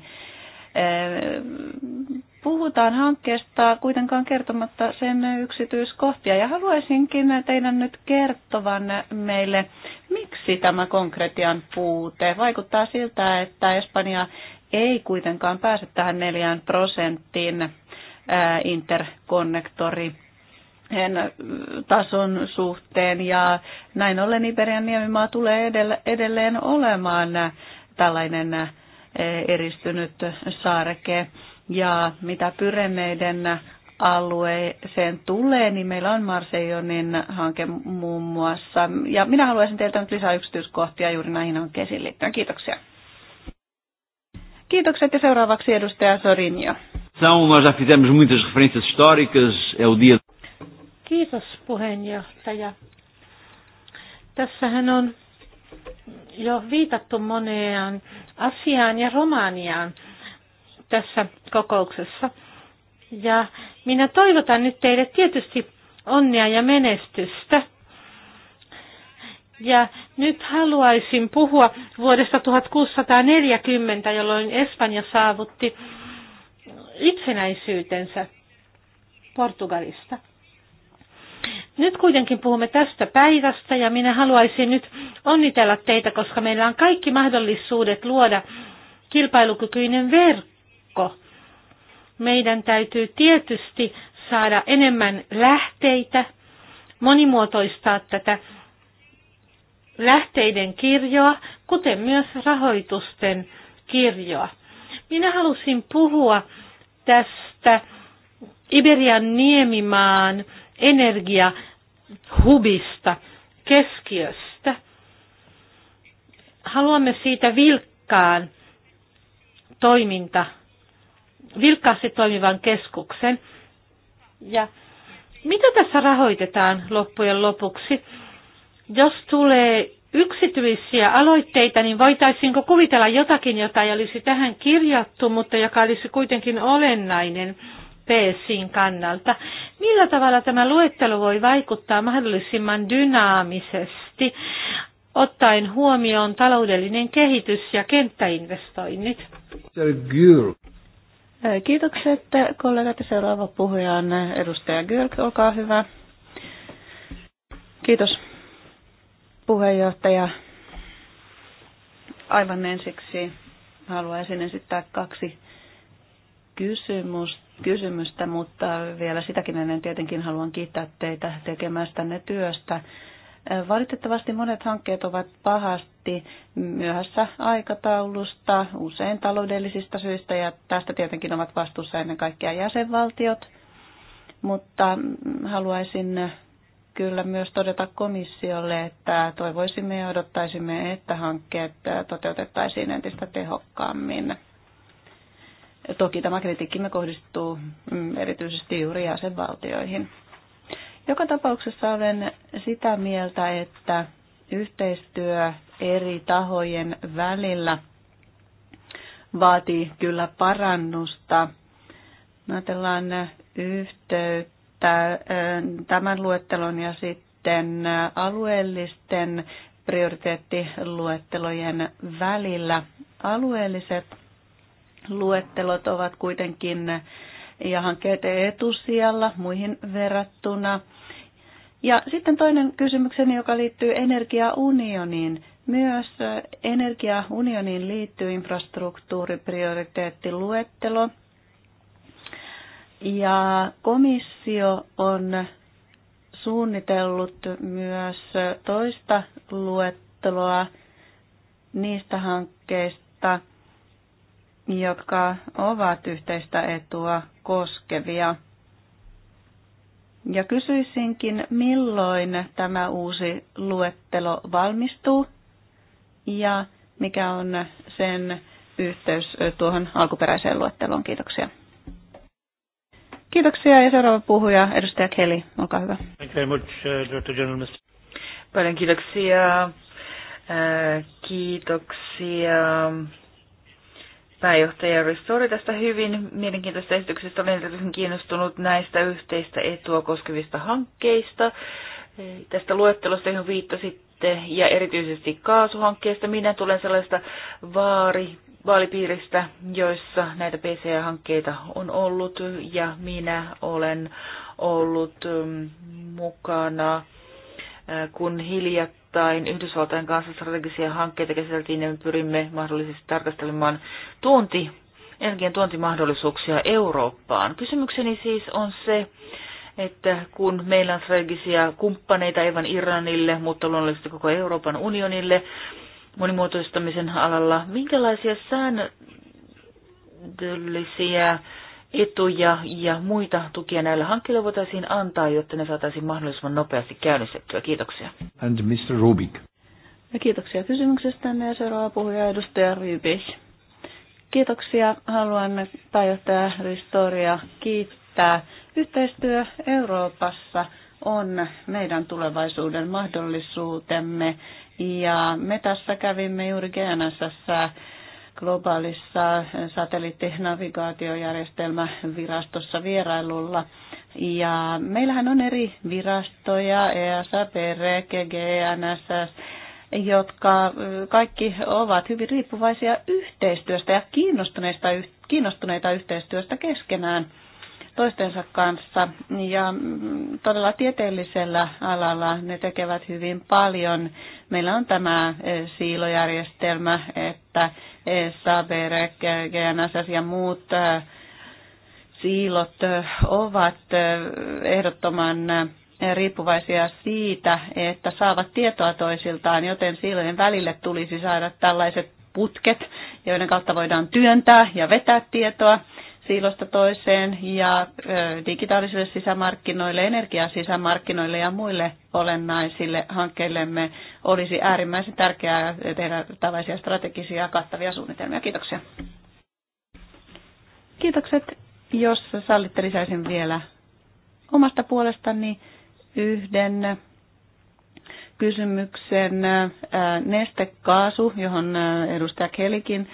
puhutaan hankkeesta kuitenkaan kertomatta sen yksityiskohtia ja haluaisinkin teidän nyt kertovan meille, miksi tämä konkretian puute vaikuttaa siltä, että Espanja ei kuitenkaan pääse tähän neljään prosenttiin eh, interkonnektori tason suhteen ja näin ollen Iberian niemimaa tulee edelleen olemaan tällainen eristynyt saareke. Ja mitä pyreneiden alueeseen tulee, niin meillä on Marseillonin hanke muun muassa. Ja minä haluaisin teiltä nyt lisää yksityiskohtia juuri näihin hankkeisiin liittyen. Kiitoksia. Kiitokset ja seuraavaksi edustaja Sorinio. São, nós já fizemos muitas referências históricas, é o dia... Kiitos puheenjohtaja. Tässähän on jo viitattu moneen asiaan ja Romaniaan tässä kokouksessa. Ja minä toivotan nyt teille tietysti onnea ja menestystä. Ja nyt haluaisin puhua vuodesta 1640, jolloin Espanja saavutti itsenäisyytensä Portugalista. Nyt kuitenkin puhumme tästä päivästä ja minä haluaisin nyt onnitella teitä, koska meillä on kaikki mahdollisuudet luoda kilpailukykyinen verkko. Meidän täytyy tietysti saada enemmän lähteitä, monimuotoistaa tätä lähteiden kirjoa, kuten myös rahoitusten kirjoa. Minä halusin puhua tästä Iberian niemimaan energiahubista, keskiöstä. Haluamme siitä vilkkaan toiminta, vilkkaasti toimivan keskuksen. Ja mitä tässä rahoitetaan loppujen lopuksi? Jos tulee yksityisiä aloitteita, niin voitaisiinko kuvitella jotakin, jota ei olisi tähän kirjattu, mutta joka olisi kuitenkin olennainen BKTsin kannalta. Millä tavalla tämä luettelo voi vaikuttaa mahdollisimman dynaamisesti, ottaen huomioon taloudellinen kehitys ja kenttäinvestoinnit? Kiitokset kollegat ja seuraava puhuja on edustaja Gyrk, olkaa hyvä. Kiitos puheenjohtaja. Aivan ensiksi haluaisin esittää kaksi kysymystä kysymystä, mutta vielä sitäkin ennen tietenkin haluan kiittää teitä tekemästänne työstä. Valitettavasti monet hankkeet ovat pahasti myöhässä aikataulusta, usein taloudellisista syistä, ja tästä tietenkin ovat vastuussa ennen kaikkea jäsenvaltiot. Mutta haluaisin kyllä myös todeta komissiolle, että toivoisimme ja odottaisimme, että hankkeet toteutettaisiin entistä tehokkaammin. Toki tämä kritiikkimme kohdistuu mm, erityisesti juuri jäsenvaltioihin. Joka tapauksessa olen sitä mieltä, että yhteistyö eri tahojen välillä vaatii kyllä parannusta. Ajatellaan yhteyttä tämän luettelon ja sitten alueellisten prioriteettiluettelojen välillä. Alueelliset luettelot ovat kuitenkin ja hankkeet etusijalla muihin verrattuna. Ja sitten toinen kysymykseni, joka liittyy energiaunioniin. Myös energiaunioniin liittyy infrastruktuuriprioriteettiluettelo. Ja komissio on suunnitellut myös toista luetteloa niistä hankkeista, jotka ovat yhteistä etua koskevia. Ja kysyisinkin, milloin tämä uusi luettelo valmistuu ja mikä on sen yhteys tuohon alkuperäiseen luetteloon. Kiitoksia. Kiitoksia ja seuraava puhuja, edustaja Kelly, olkaa hyvä. Thank you very much, uh, Dr. Journalist. Paljon kiitoksia. Äh, kiitoksia pääjohtaja Ristori tästä hyvin mielenkiintoisesta esityksestä. Olen erityisen kiinnostunut näistä yhteistä etua koskevista hankkeista, tästä luettelosta, johon viittasitte, ja erityisesti kaasuhankkeesta. Minä tulen sellaista vaari vaalipiiristä, joissa näitä PCA-hankkeita on ollut, ja minä olen ollut mm, mukana kun hiljattain Yhdysvaltain kanssa strategisia hankkeita käsiteltiin, ja niin me pyrimme mahdollisesti tarkastelemaan tuonti, energian tuontimahdollisuuksia Eurooppaan. Kysymykseni siis on se, että kun meillä on strategisia kumppaneita Evan Iranille, mutta luonnollisesti koko Euroopan unionille monimuotoistamisen alalla, minkälaisia säännöllisiä etuja ja muita tukia näille hankkeille voitaisiin antaa, jotta ne saataisiin mahdollisimman nopeasti käynnistettyä. Kiitoksia. And Mr. Rubik. Ja kiitoksia kysymyksestänne ja seuraava puhuja edustaja Rybik. Kiitoksia. Haluan pääjohtaja Ristoria kiittää. Yhteistyö Euroopassa on meidän tulevaisuuden mahdollisuutemme ja me tässä kävimme juuri GNSS globaalissa satelliittinavigaatiojärjestelmävirastossa vierailulla. Ja meillähän on eri virastoja, EASA, PREC, GNSS, jotka kaikki ovat hyvin riippuvaisia yhteistyöstä ja kiinnostuneista, kiinnostuneita yhteistyöstä keskenään toistensa kanssa ja mm, todella tieteellisellä alalla ne tekevät hyvin paljon. Meillä on tämä eh, siilojärjestelmä, että eh, Saberek, eh, GNSS ja muut siilot ovat ehdottoman riippuvaisia siitä, että saavat tietoa toisiltaan, joten siilojen välille tulisi saada tällaiset putket, joiden kautta voidaan työntää ja vetää tietoa siilosta toiseen ja digitaalisille sisämarkkinoille, energiasisämarkkinoille ja muille olennaisille hankkeillemme olisi äärimmäisen tärkeää tehdä tällaisia strategisia kattavia suunnitelmia. Kiitoksia. Kiitokset. Jos sallitte, lisäisin vielä omasta puolestani yhden kysymyksen nestekaasu, johon edustaja Kelikin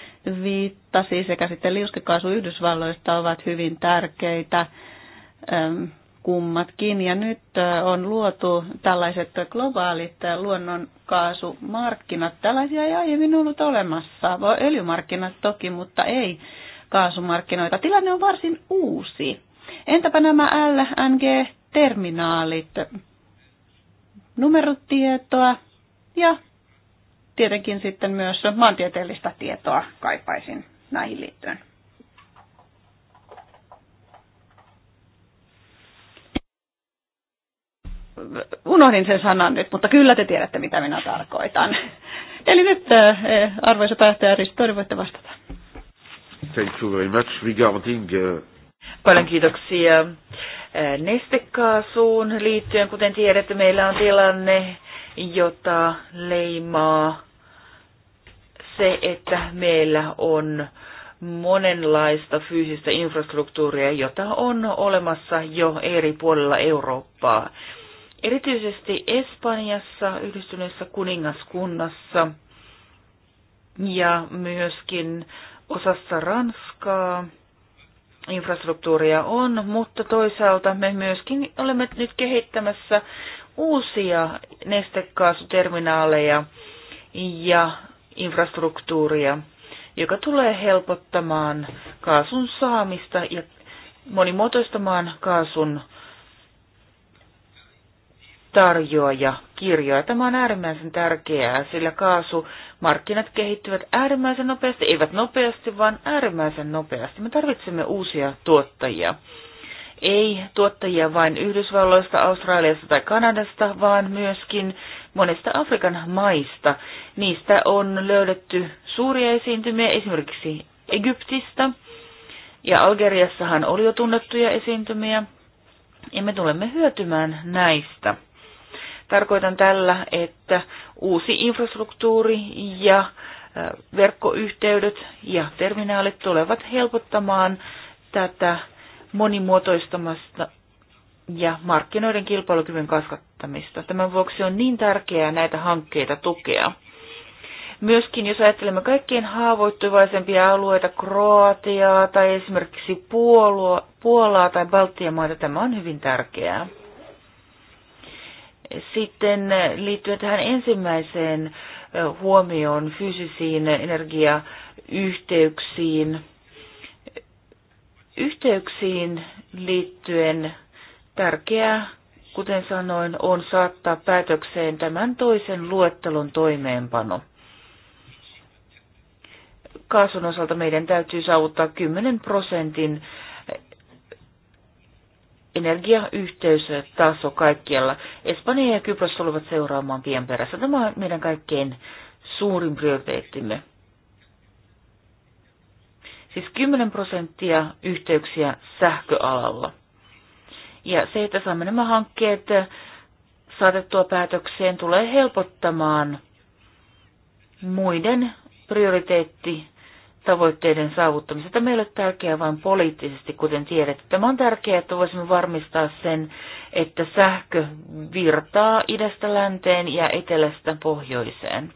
viittasi, sekä sitten liuskekaasu Yhdysvalloista ovat hyvin tärkeitä kummatkin. Ja nyt on luotu tällaiset globaalit luonnonkaasumarkkinat. Tällaisia ei aiemmin ollut olemassa. Öljymarkkinat toki, mutta ei kaasumarkkinoita. Tilanne on varsin uusi. Entäpä nämä LNG-terminaalit? numerotietoa ja tietenkin sitten myös maantieteellistä tietoa kaipaisin näihin liittyen. Unohdin sen sanan nyt, mutta kyllä te tiedätte, mitä minä tarkoitan. Eli nyt, eh, arvoisa päättäjä Risto, voitte vastata. Thank you very much regarding uh... Paljon kiitoksia nestekaasuun liittyen. Kuten tiedätte, meillä on tilanne, jota leimaa se, että meillä on monenlaista fyysistä infrastruktuuria, jota on olemassa jo eri puolilla Eurooppaa. Erityisesti Espanjassa, Yhdistyneessä kuningaskunnassa ja myöskin osassa Ranskaa – infrastruktuuria on, mutta toisaalta me myöskin olemme nyt kehittämässä uusia nestekaasuterminaaleja ja infrastruktuuria, joka tulee helpottamaan kaasun saamista ja monimuotoistamaan kaasun tarjoaja kirjoja. Tämä on äärimmäisen tärkeää, sillä kaasumarkkinat kehittyvät äärimmäisen nopeasti, eivät nopeasti, vaan äärimmäisen nopeasti. Me tarvitsemme uusia tuottajia. Ei tuottajia vain Yhdysvalloista, Australiasta tai Kanadasta, vaan myöskin monesta Afrikan maista. Niistä on löydetty suuria esiintymiä esimerkiksi Egyptistä, ja Algeriassahan oli jo tunnettuja esiintymiä, ja me tulemme hyötymään näistä. Tarkoitan tällä, että uusi infrastruktuuri ja äh, verkkoyhteydet ja terminaalit tulevat helpottamaan tätä monimuotoistamasta ja markkinoiden kilpailukyvyn kasvattamista. Tämän vuoksi on niin tärkeää näitä hankkeita tukea. Myöskin jos ajattelemme kaikkein haavoittuvaisempia alueita, Kroatiaa tai esimerkiksi Puolua, Puolaa tai Baltian maita, tämä on hyvin tärkeää. Sitten eh, liittyen tähän ensimmäiseen eh, huomioon fyysisiin energiayhteyksiin, yhteyksiin liittyen tärkeää, kuten sanoin, on saattaa päätökseen tämän toisen luettelon toimeenpano. Kaasun osalta meidän täytyy saavuttaa 10 prosentin energiayhteysötaso kaikkialla. Espanja ja Kypros tulevat seuraamaan pian perässä. Tämä on meidän kaikkein suurin prioriteettimme. Siis 10 prosenttia yhteyksiä sähköalalla. Ja se, että saamme nämä hankkeet äh, saatettua päätökseen, tulee helpottamaan muiden prioriteetti tavoitteiden saavuttamista. Tämä ei ole tärkeää vain poliittisesti, kuten tiedät. Tämä on tärkeää, että voisimme varmistaa sen, että sähkö virtaa idästä länteen ja etelästä pohjoiseen.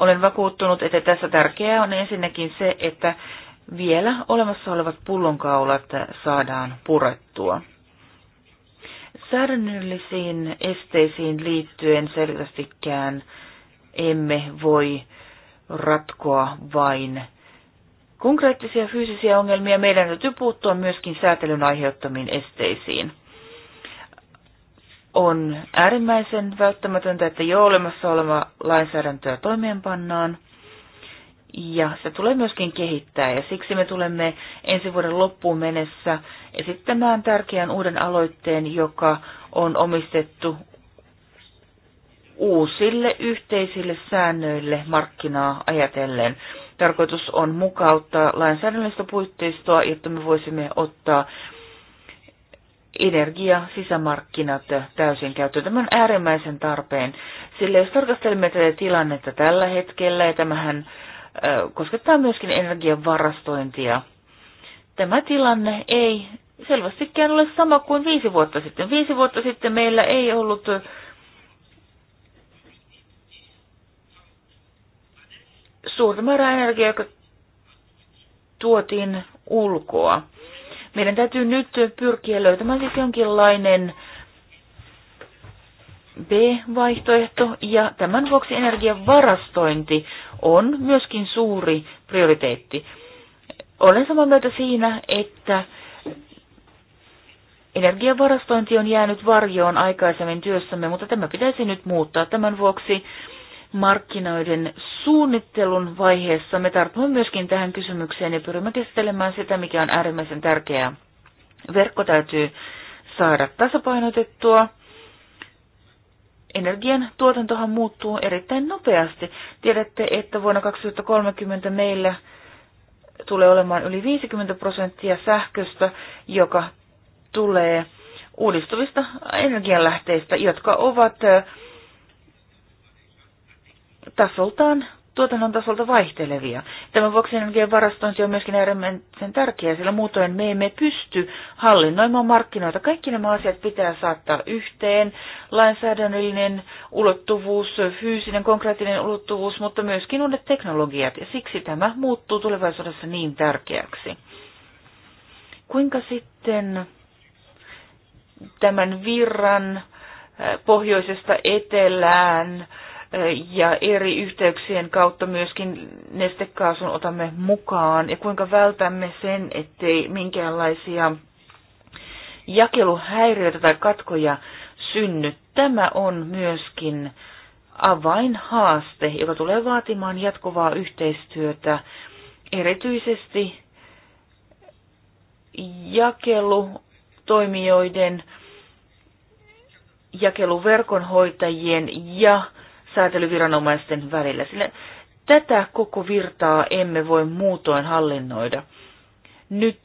Olen vakuuttunut, että tässä tärkeää on ensinnäkin se, että vielä olemassa olevat pullonkaulat saadaan purettua. Säädännöllisiin esteisiin liittyen selvästikään emme voi ratkoa vain konkreettisia fyysisiä ongelmia. Meidän täytyy puuttua myöskin säätelyn aiheuttamiin esteisiin. On äärimmäisen välttämätöntä, että jo olemassa oleva lainsäädäntöä toimeenpannaan. Ja se tulee myöskin kehittää ja siksi me tulemme ensi vuoden loppuun mennessä esittämään tärkeän uuden aloitteen, joka on omistettu uusille yhteisille säännöille markkinaa ajatellen. Tarkoitus on mukauttaa lainsäädännöllistä puitteistoa, jotta me voisimme ottaa energia sisämarkkinat täysin käyttöön. Tämä on äärimmäisen tarpeen, sillä jos tarkastelemme tätä tilannetta tällä hetkellä, ja tämähän koskettaa myöskin energian varastointia, tämä tilanne ei selvästikään ole sama kuin viisi vuotta sitten. Viisi vuotta sitten meillä ei ollut suurta määrää energiaa, joka tuotiin ulkoa. Meidän täytyy nyt pyrkiä löytämään siis jonkinlainen B-vaihtoehto ja tämän vuoksi energian varastointi on myöskin suuri prioriteetti. Olen samaa mieltä siinä, että energian varastointi on jäänyt varjoon aikaisemmin työssämme, mutta tämä pitäisi nyt muuttaa. Tämän vuoksi markkinoiden suunnittelun vaiheessa. Me tartumme myöskin tähän kysymykseen ja pyrimme käsittelemään sitä, mikä on äärimmäisen tärkeää. Verkko täytyy saada tasapainotettua. Energian tuotantohan muuttuu erittäin nopeasti. Tiedätte, että vuonna 2030 meillä tulee olemaan yli 50 prosenttia sähköstä, joka tulee uudistuvista energianlähteistä, jotka ovat tasoltaan tuotannon tasolta vaihtelevia. Tämän vuoksi energian varastointi on myöskin äärimmäisen tärkeää, sillä muutoin me emme pysty hallinnoimaan markkinoita. Kaikki nämä asiat pitää saattaa yhteen, lainsäädännöllinen ulottuvuus, fyysinen, konkreettinen ulottuvuus, mutta myöskin uudet teknologiat, ja siksi tämä muuttuu tulevaisuudessa niin tärkeäksi. Kuinka sitten tämän virran eh, pohjoisesta etelään, äh, ja eri yhteyksien kautta myöskin nestekaasun otamme mukaan ja kuinka vältämme sen, ettei minkäänlaisia jakeluhäiriöitä tai katkoja synny. Tämä on myöskin avainhaaste, joka tulee vaatimaan jatkuvaa yhteistyötä erityisesti jakelutoimijoiden, jakeluverkonhoitajien ja säätelyviranomaisten välillä, sillä tätä koko virtaa emme voi muutoin hallinnoida. Nyt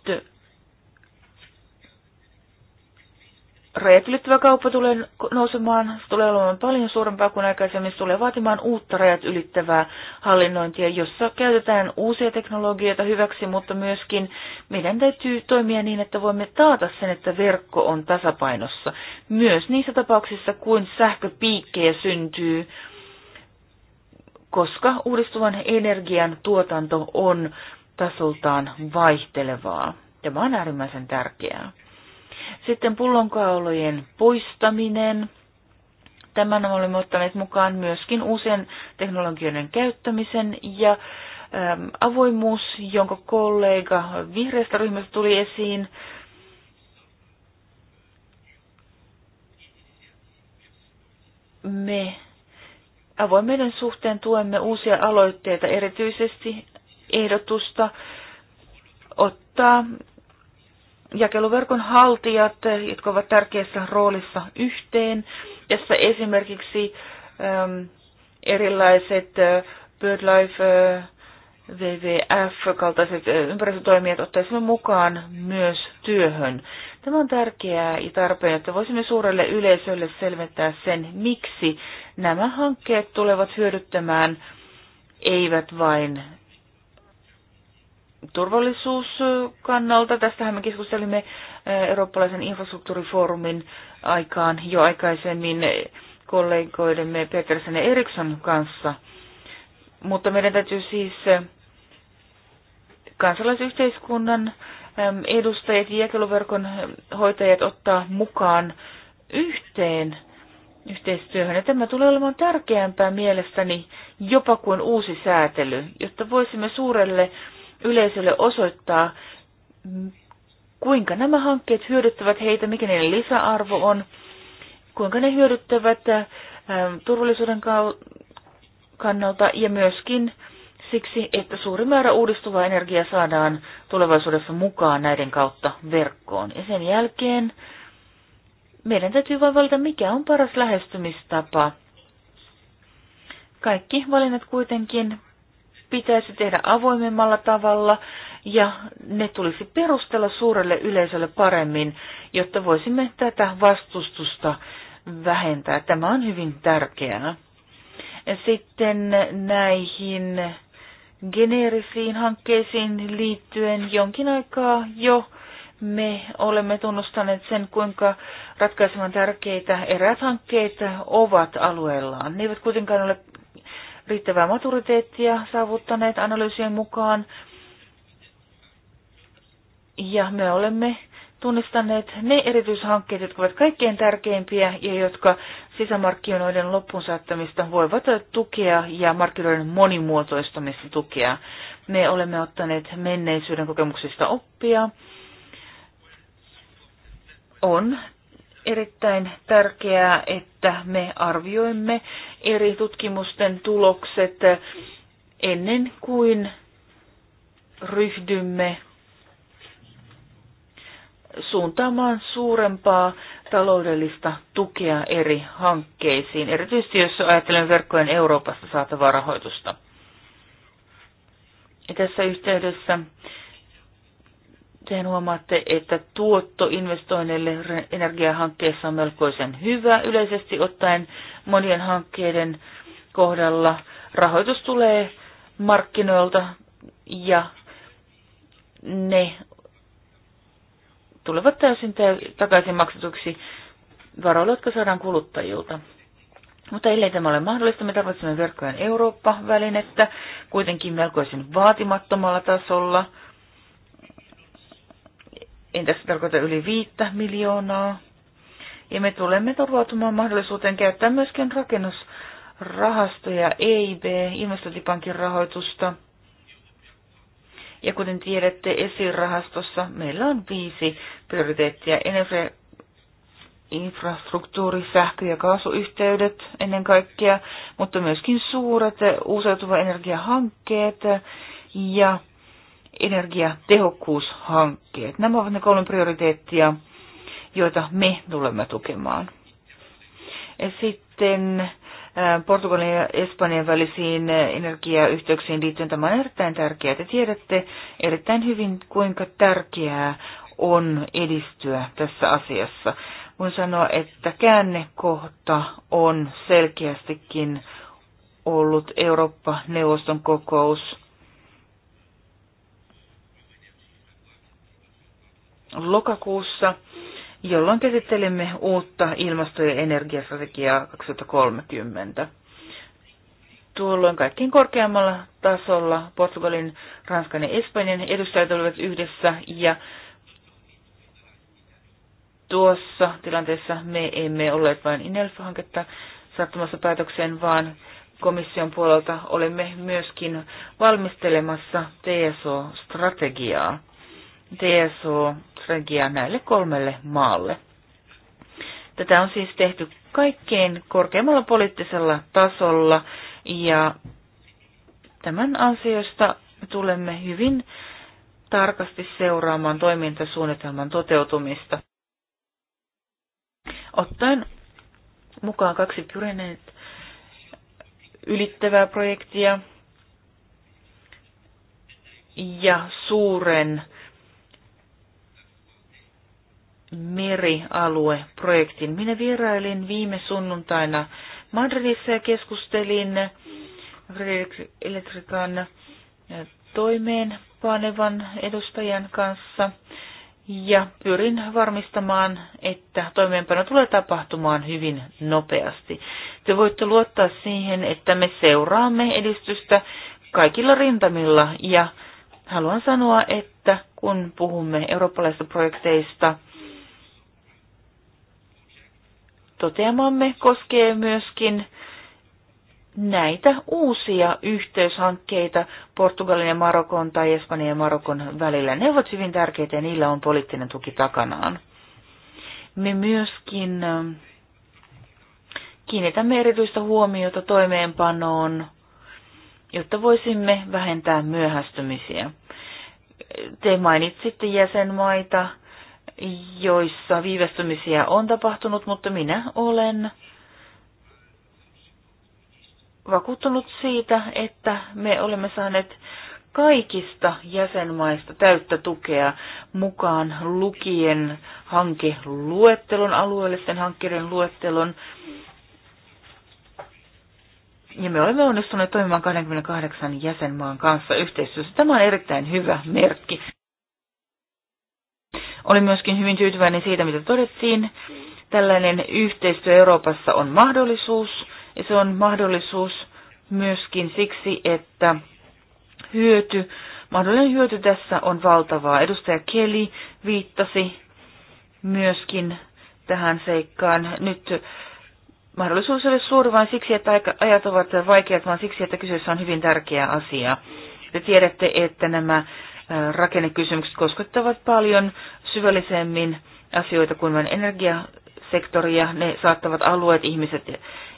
rajat ylittävä kauppa tulee nousemaan, se tulee olemaan paljon suurempaa kuin aikaisemmin, se tulee vaatimaan uutta rajat ylittävää hallinnointia, jossa käytetään uusia teknologioita hyväksi, mutta myöskin meidän täytyy toimia niin, että voimme taata sen, että verkko on tasapainossa. Myös niissä tapauksissa, kuin sähköpiikkejä syntyy, koska uudistuvan energian tuotanto on tasoltaan vaihtelevaa. Tämä on äärimmäisen tärkeää. Sitten pullonkaulojen poistaminen. Tämän olemme ottaneet mukaan myöskin uusien teknologioiden käyttämisen ja ähm, avoimuus, jonka kollega vihreästä ryhmästä tuli esiin. Me avoimuuden suhteen tuemme uusia aloitteita, erityisesti ehdotusta ottaa jakeluverkon haltijat, jotka ovat tärkeässä roolissa yhteen. Tässä esimerkiksi äm, erilaiset äh, BirdLife, äh, WWF, kaltaiset äh, ympäristötoimijat ottaisimme mukaan myös työhön. Tämä on tärkeää ja tarpeen, että voisimme suurelle yleisölle selventää sen, miksi nämä hankkeet tulevat hyödyttämään eivät vain turvallisuuskannalta. Tästähän me keskustelimme eh, eurooppalaisen infrastruktuurifoorumin aikaan jo aikaisemmin kollegoidemme Petersen ja Eriksson kanssa. Mutta meidän täytyy siis eh, kansalaisyhteiskunnan edustajat ja jakeluverkon hoitajat ottaa mukaan yhteen yhteistyöhön. Ja tämä tulee olemaan tärkeämpää mielestäni jopa kuin uusi säätely, jotta voisimme suurelle yleisölle osoittaa, kuinka nämä hankkeet hyödyttävät heitä, mikä niiden lisäarvo on, kuinka ne hyödyttävät turvallisuuden kannalta ja myöskin siksi, että suuri määrä uudistuvaa energiaa saadaan tulevaisuudessa mukaan näiden kautta verkkoon. Ja sen jälkeen meidän täytyy vain valita, mikä on paras lähestymistapa. Kaikki valinnat kuitenkin pitäisi tehdä avoimemmalla tavalla ja ne tulisi perustella suurelle yleisölle paremmin, jotta voisimme tätä vastustusta vähentää. Tämä on hyvin tärkeää. Sitten näihin geneerisiin hankkeisiin liittyen jonkin aikaa jo me olemme tunnustaneet sen, kuinka ratkaisevan tärkeitä eräät hankkeet ovat alueellaan. Ne eivät kuitenkaan ole riittävää maturiteettia saavuttaneet analyysien mukaan. Ja me olemme tunnistaneet ne erityishankkeet, jotka ovat kaikkein tärkeimpiä ja jotka sisämarkkinoiden loppuun saattamista voivat tukea ja markkinoiden monimuotoistamista tukea. Me olemme ottaneet menneisyyden kokemuksista oppia. On erittäin tärkeää, että me arvioimme eri tutkimusten tulokset ennen kuin ryhdymme suuntaamaan suurempaa taloudellista tukea eri hankkeisiin, erityisesti jos ajattelen verkkojen Euroopasta saatavaa rahoitusta. Ja tässä yhteydessä sen huomaatte, että tuotto investoinneille energiahankkeessa on melkoisen hyvä yleisesti ottaen monien hankkeiden kohdalla. Rahoitus tulee markkinoilta ja ne tulevat täysin takaisin maksetuksi varoilla, jotka saadaan kuluttajilta. Mutta ellei tämä ole mahdollista, me tarvitsemme verkkojen Eurooppa-välinettä kuitenkin melkoisen vaatimattomalla tasolla. En tässä tarkoita yli viittä miljoonaa. Ja me tulemme turvautumaan mahdollisuuteen käyttää myöskin rakennusrahastoja, EIB, investointipankin rahoitusta – ja kuten tiedätte, esirahastossa meillä on viisi prioriteettia. Energia, infrastruktuuri, sähkö- ja kaasuyhteydet ennen kaikkea, mutta myöskin suuret uusiutuva energiahankkeet ja energiatehokkuushankkeet. Nämä ovat ne kolme prioriteettia, joita me tulemme tukemaan. Ja sitten Portugalin ja Espanjan välisiin energiayhteyksiin liittyen tämä on erittäin tärkeää. Te tiedätte erittäin hyvin, kuinka tärkeää on edistyä tässä asiassa. Voin sanoa, että käännekohta on selkeästikin ollut Eurooppa-neuvoston kokous lokakuussa jolloin käsittelemme uutta ilmasto- ja energiastrategiaa 2030. Tuolloin kaikkein korkeammalla tasolla Portugalin, Ranskan ja Espanjan edustajat olivat yhdessä ja tuossa tilanteessa me emme olleet vain INELF-hanketta saattamassa päätökseen, vaan komission puolelta olemme myöskin valmistelemassa TSO-strategiaa. DSO-strategiaa näille kolmelle maalle. Tätä on siis tehty kaikkein korkeammalla poliittisella tasolla ja tämän ansiosta tulemme hyvin tarkasti seuraamaan toimintasuunnitelman toteutumista. Ottaen mukaan kaksi pyreneet ylittävää projektia ja suuren merialueprojektin. Minä vierailin viime sunnuntaina Madridissa ja keskustelin Elektrikan äh, toimeenpanevan edustajan kanssa ja pyrin varmistamaan, että toimeenpano tulee tapahtumaan hyvin nopeasti. Te voitte luottaa siihen, että me seuraamme edistystä kaikilla rintamilla ja haluan sanoa, että kun puhumme eurooppalaisista projekteista, toteamamme koskee myöskin näitä uusia yhteyshankkeita Portugalin ja Marokon tai Espanjan ja Marokon välillä. Ne ovat hyvin tärkeitä ja niillä on poliittinen tuki takanaan. Me myöskin ähm, kiinnitämme erityistä huomiota toimeenpanoon, jotta voisimme vähentää myöhästymisiä. Te mainitsitte jäsenmaita, joissa viivästymisiä on tapahtunut, mutta minä olen vakuuttunut siitä, että me olemme saaneet kaikista jäsenmaista täyttä tukea mukaan lukien hankeluettelon, alueellisten hankkeiden luettelon. Ja me olemme onnistuneet toimimaan 28 jäsenmaan kanssa yhteistyössä. Tämä on erittäin hyvä merkki. Olin myöskin hyvin tyytyväinen siitä, mitä todettiin. Tällainen yhteistyö Euroopassa on mahdollisuus, ja se on mahdollisuus myöskin siksi, että hyöty, mahdollinen hyöty tässä on valtavaa. Edustaja Kelly viittasi myöskin tähän seikkaan. Nyt mahdollisuus olisi suuri vain siksi, että ajat ovat vaikeat, vaan siksi, että kyseessä on hyvin tärkeä asia. Te tiedätte, että nämä rakennekysymykset koskettavat paljon syvällisemmin asioita kuin vain energiasektoria. Ne saattavat alueet, ihmiset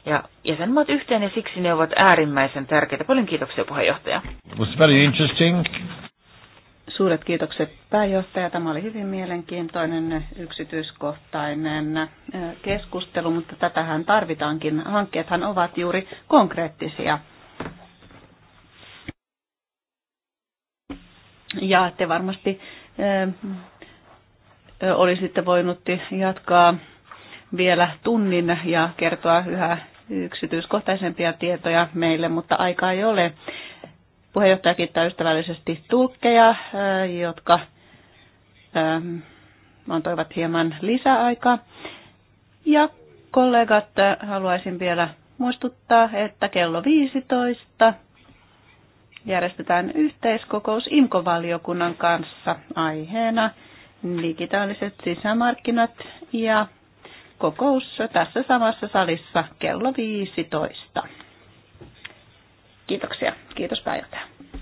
ja jäsenmaat yhteen ja siksi ne ovat äärimmäisen tärkeitä. Paljon kiitoksia puheenjohtaja. Was very interesting. Suuret kiitokset pääjohtaja. Tämä oli hyvin mielenkiintoinen yksityiskohtainen keskustelu, mutta tätähän tarvitaankin. Hankkeethan ovat juuri konkreettisia Ja te varmasti olisitte voinut jatkaa vielä tunnin ja kertoa yhä yksityiskohtaisempia tietoja meille, mutta aikaa ei ole. Puheenjohtaja kiittää ystävällisesti tulkkeja, jotka antoivat hieman lisäaikaa. Ja kollegat, haluaisin vielä muistuttaa, että kello 15 järjestetään yhteiskokous IMKO-valiokunnan kanssa aiheena digitaaliset sisämarkkinat ja kokous tässä samassa salissa kello 15. Kiitoksia. Kiitos päivää.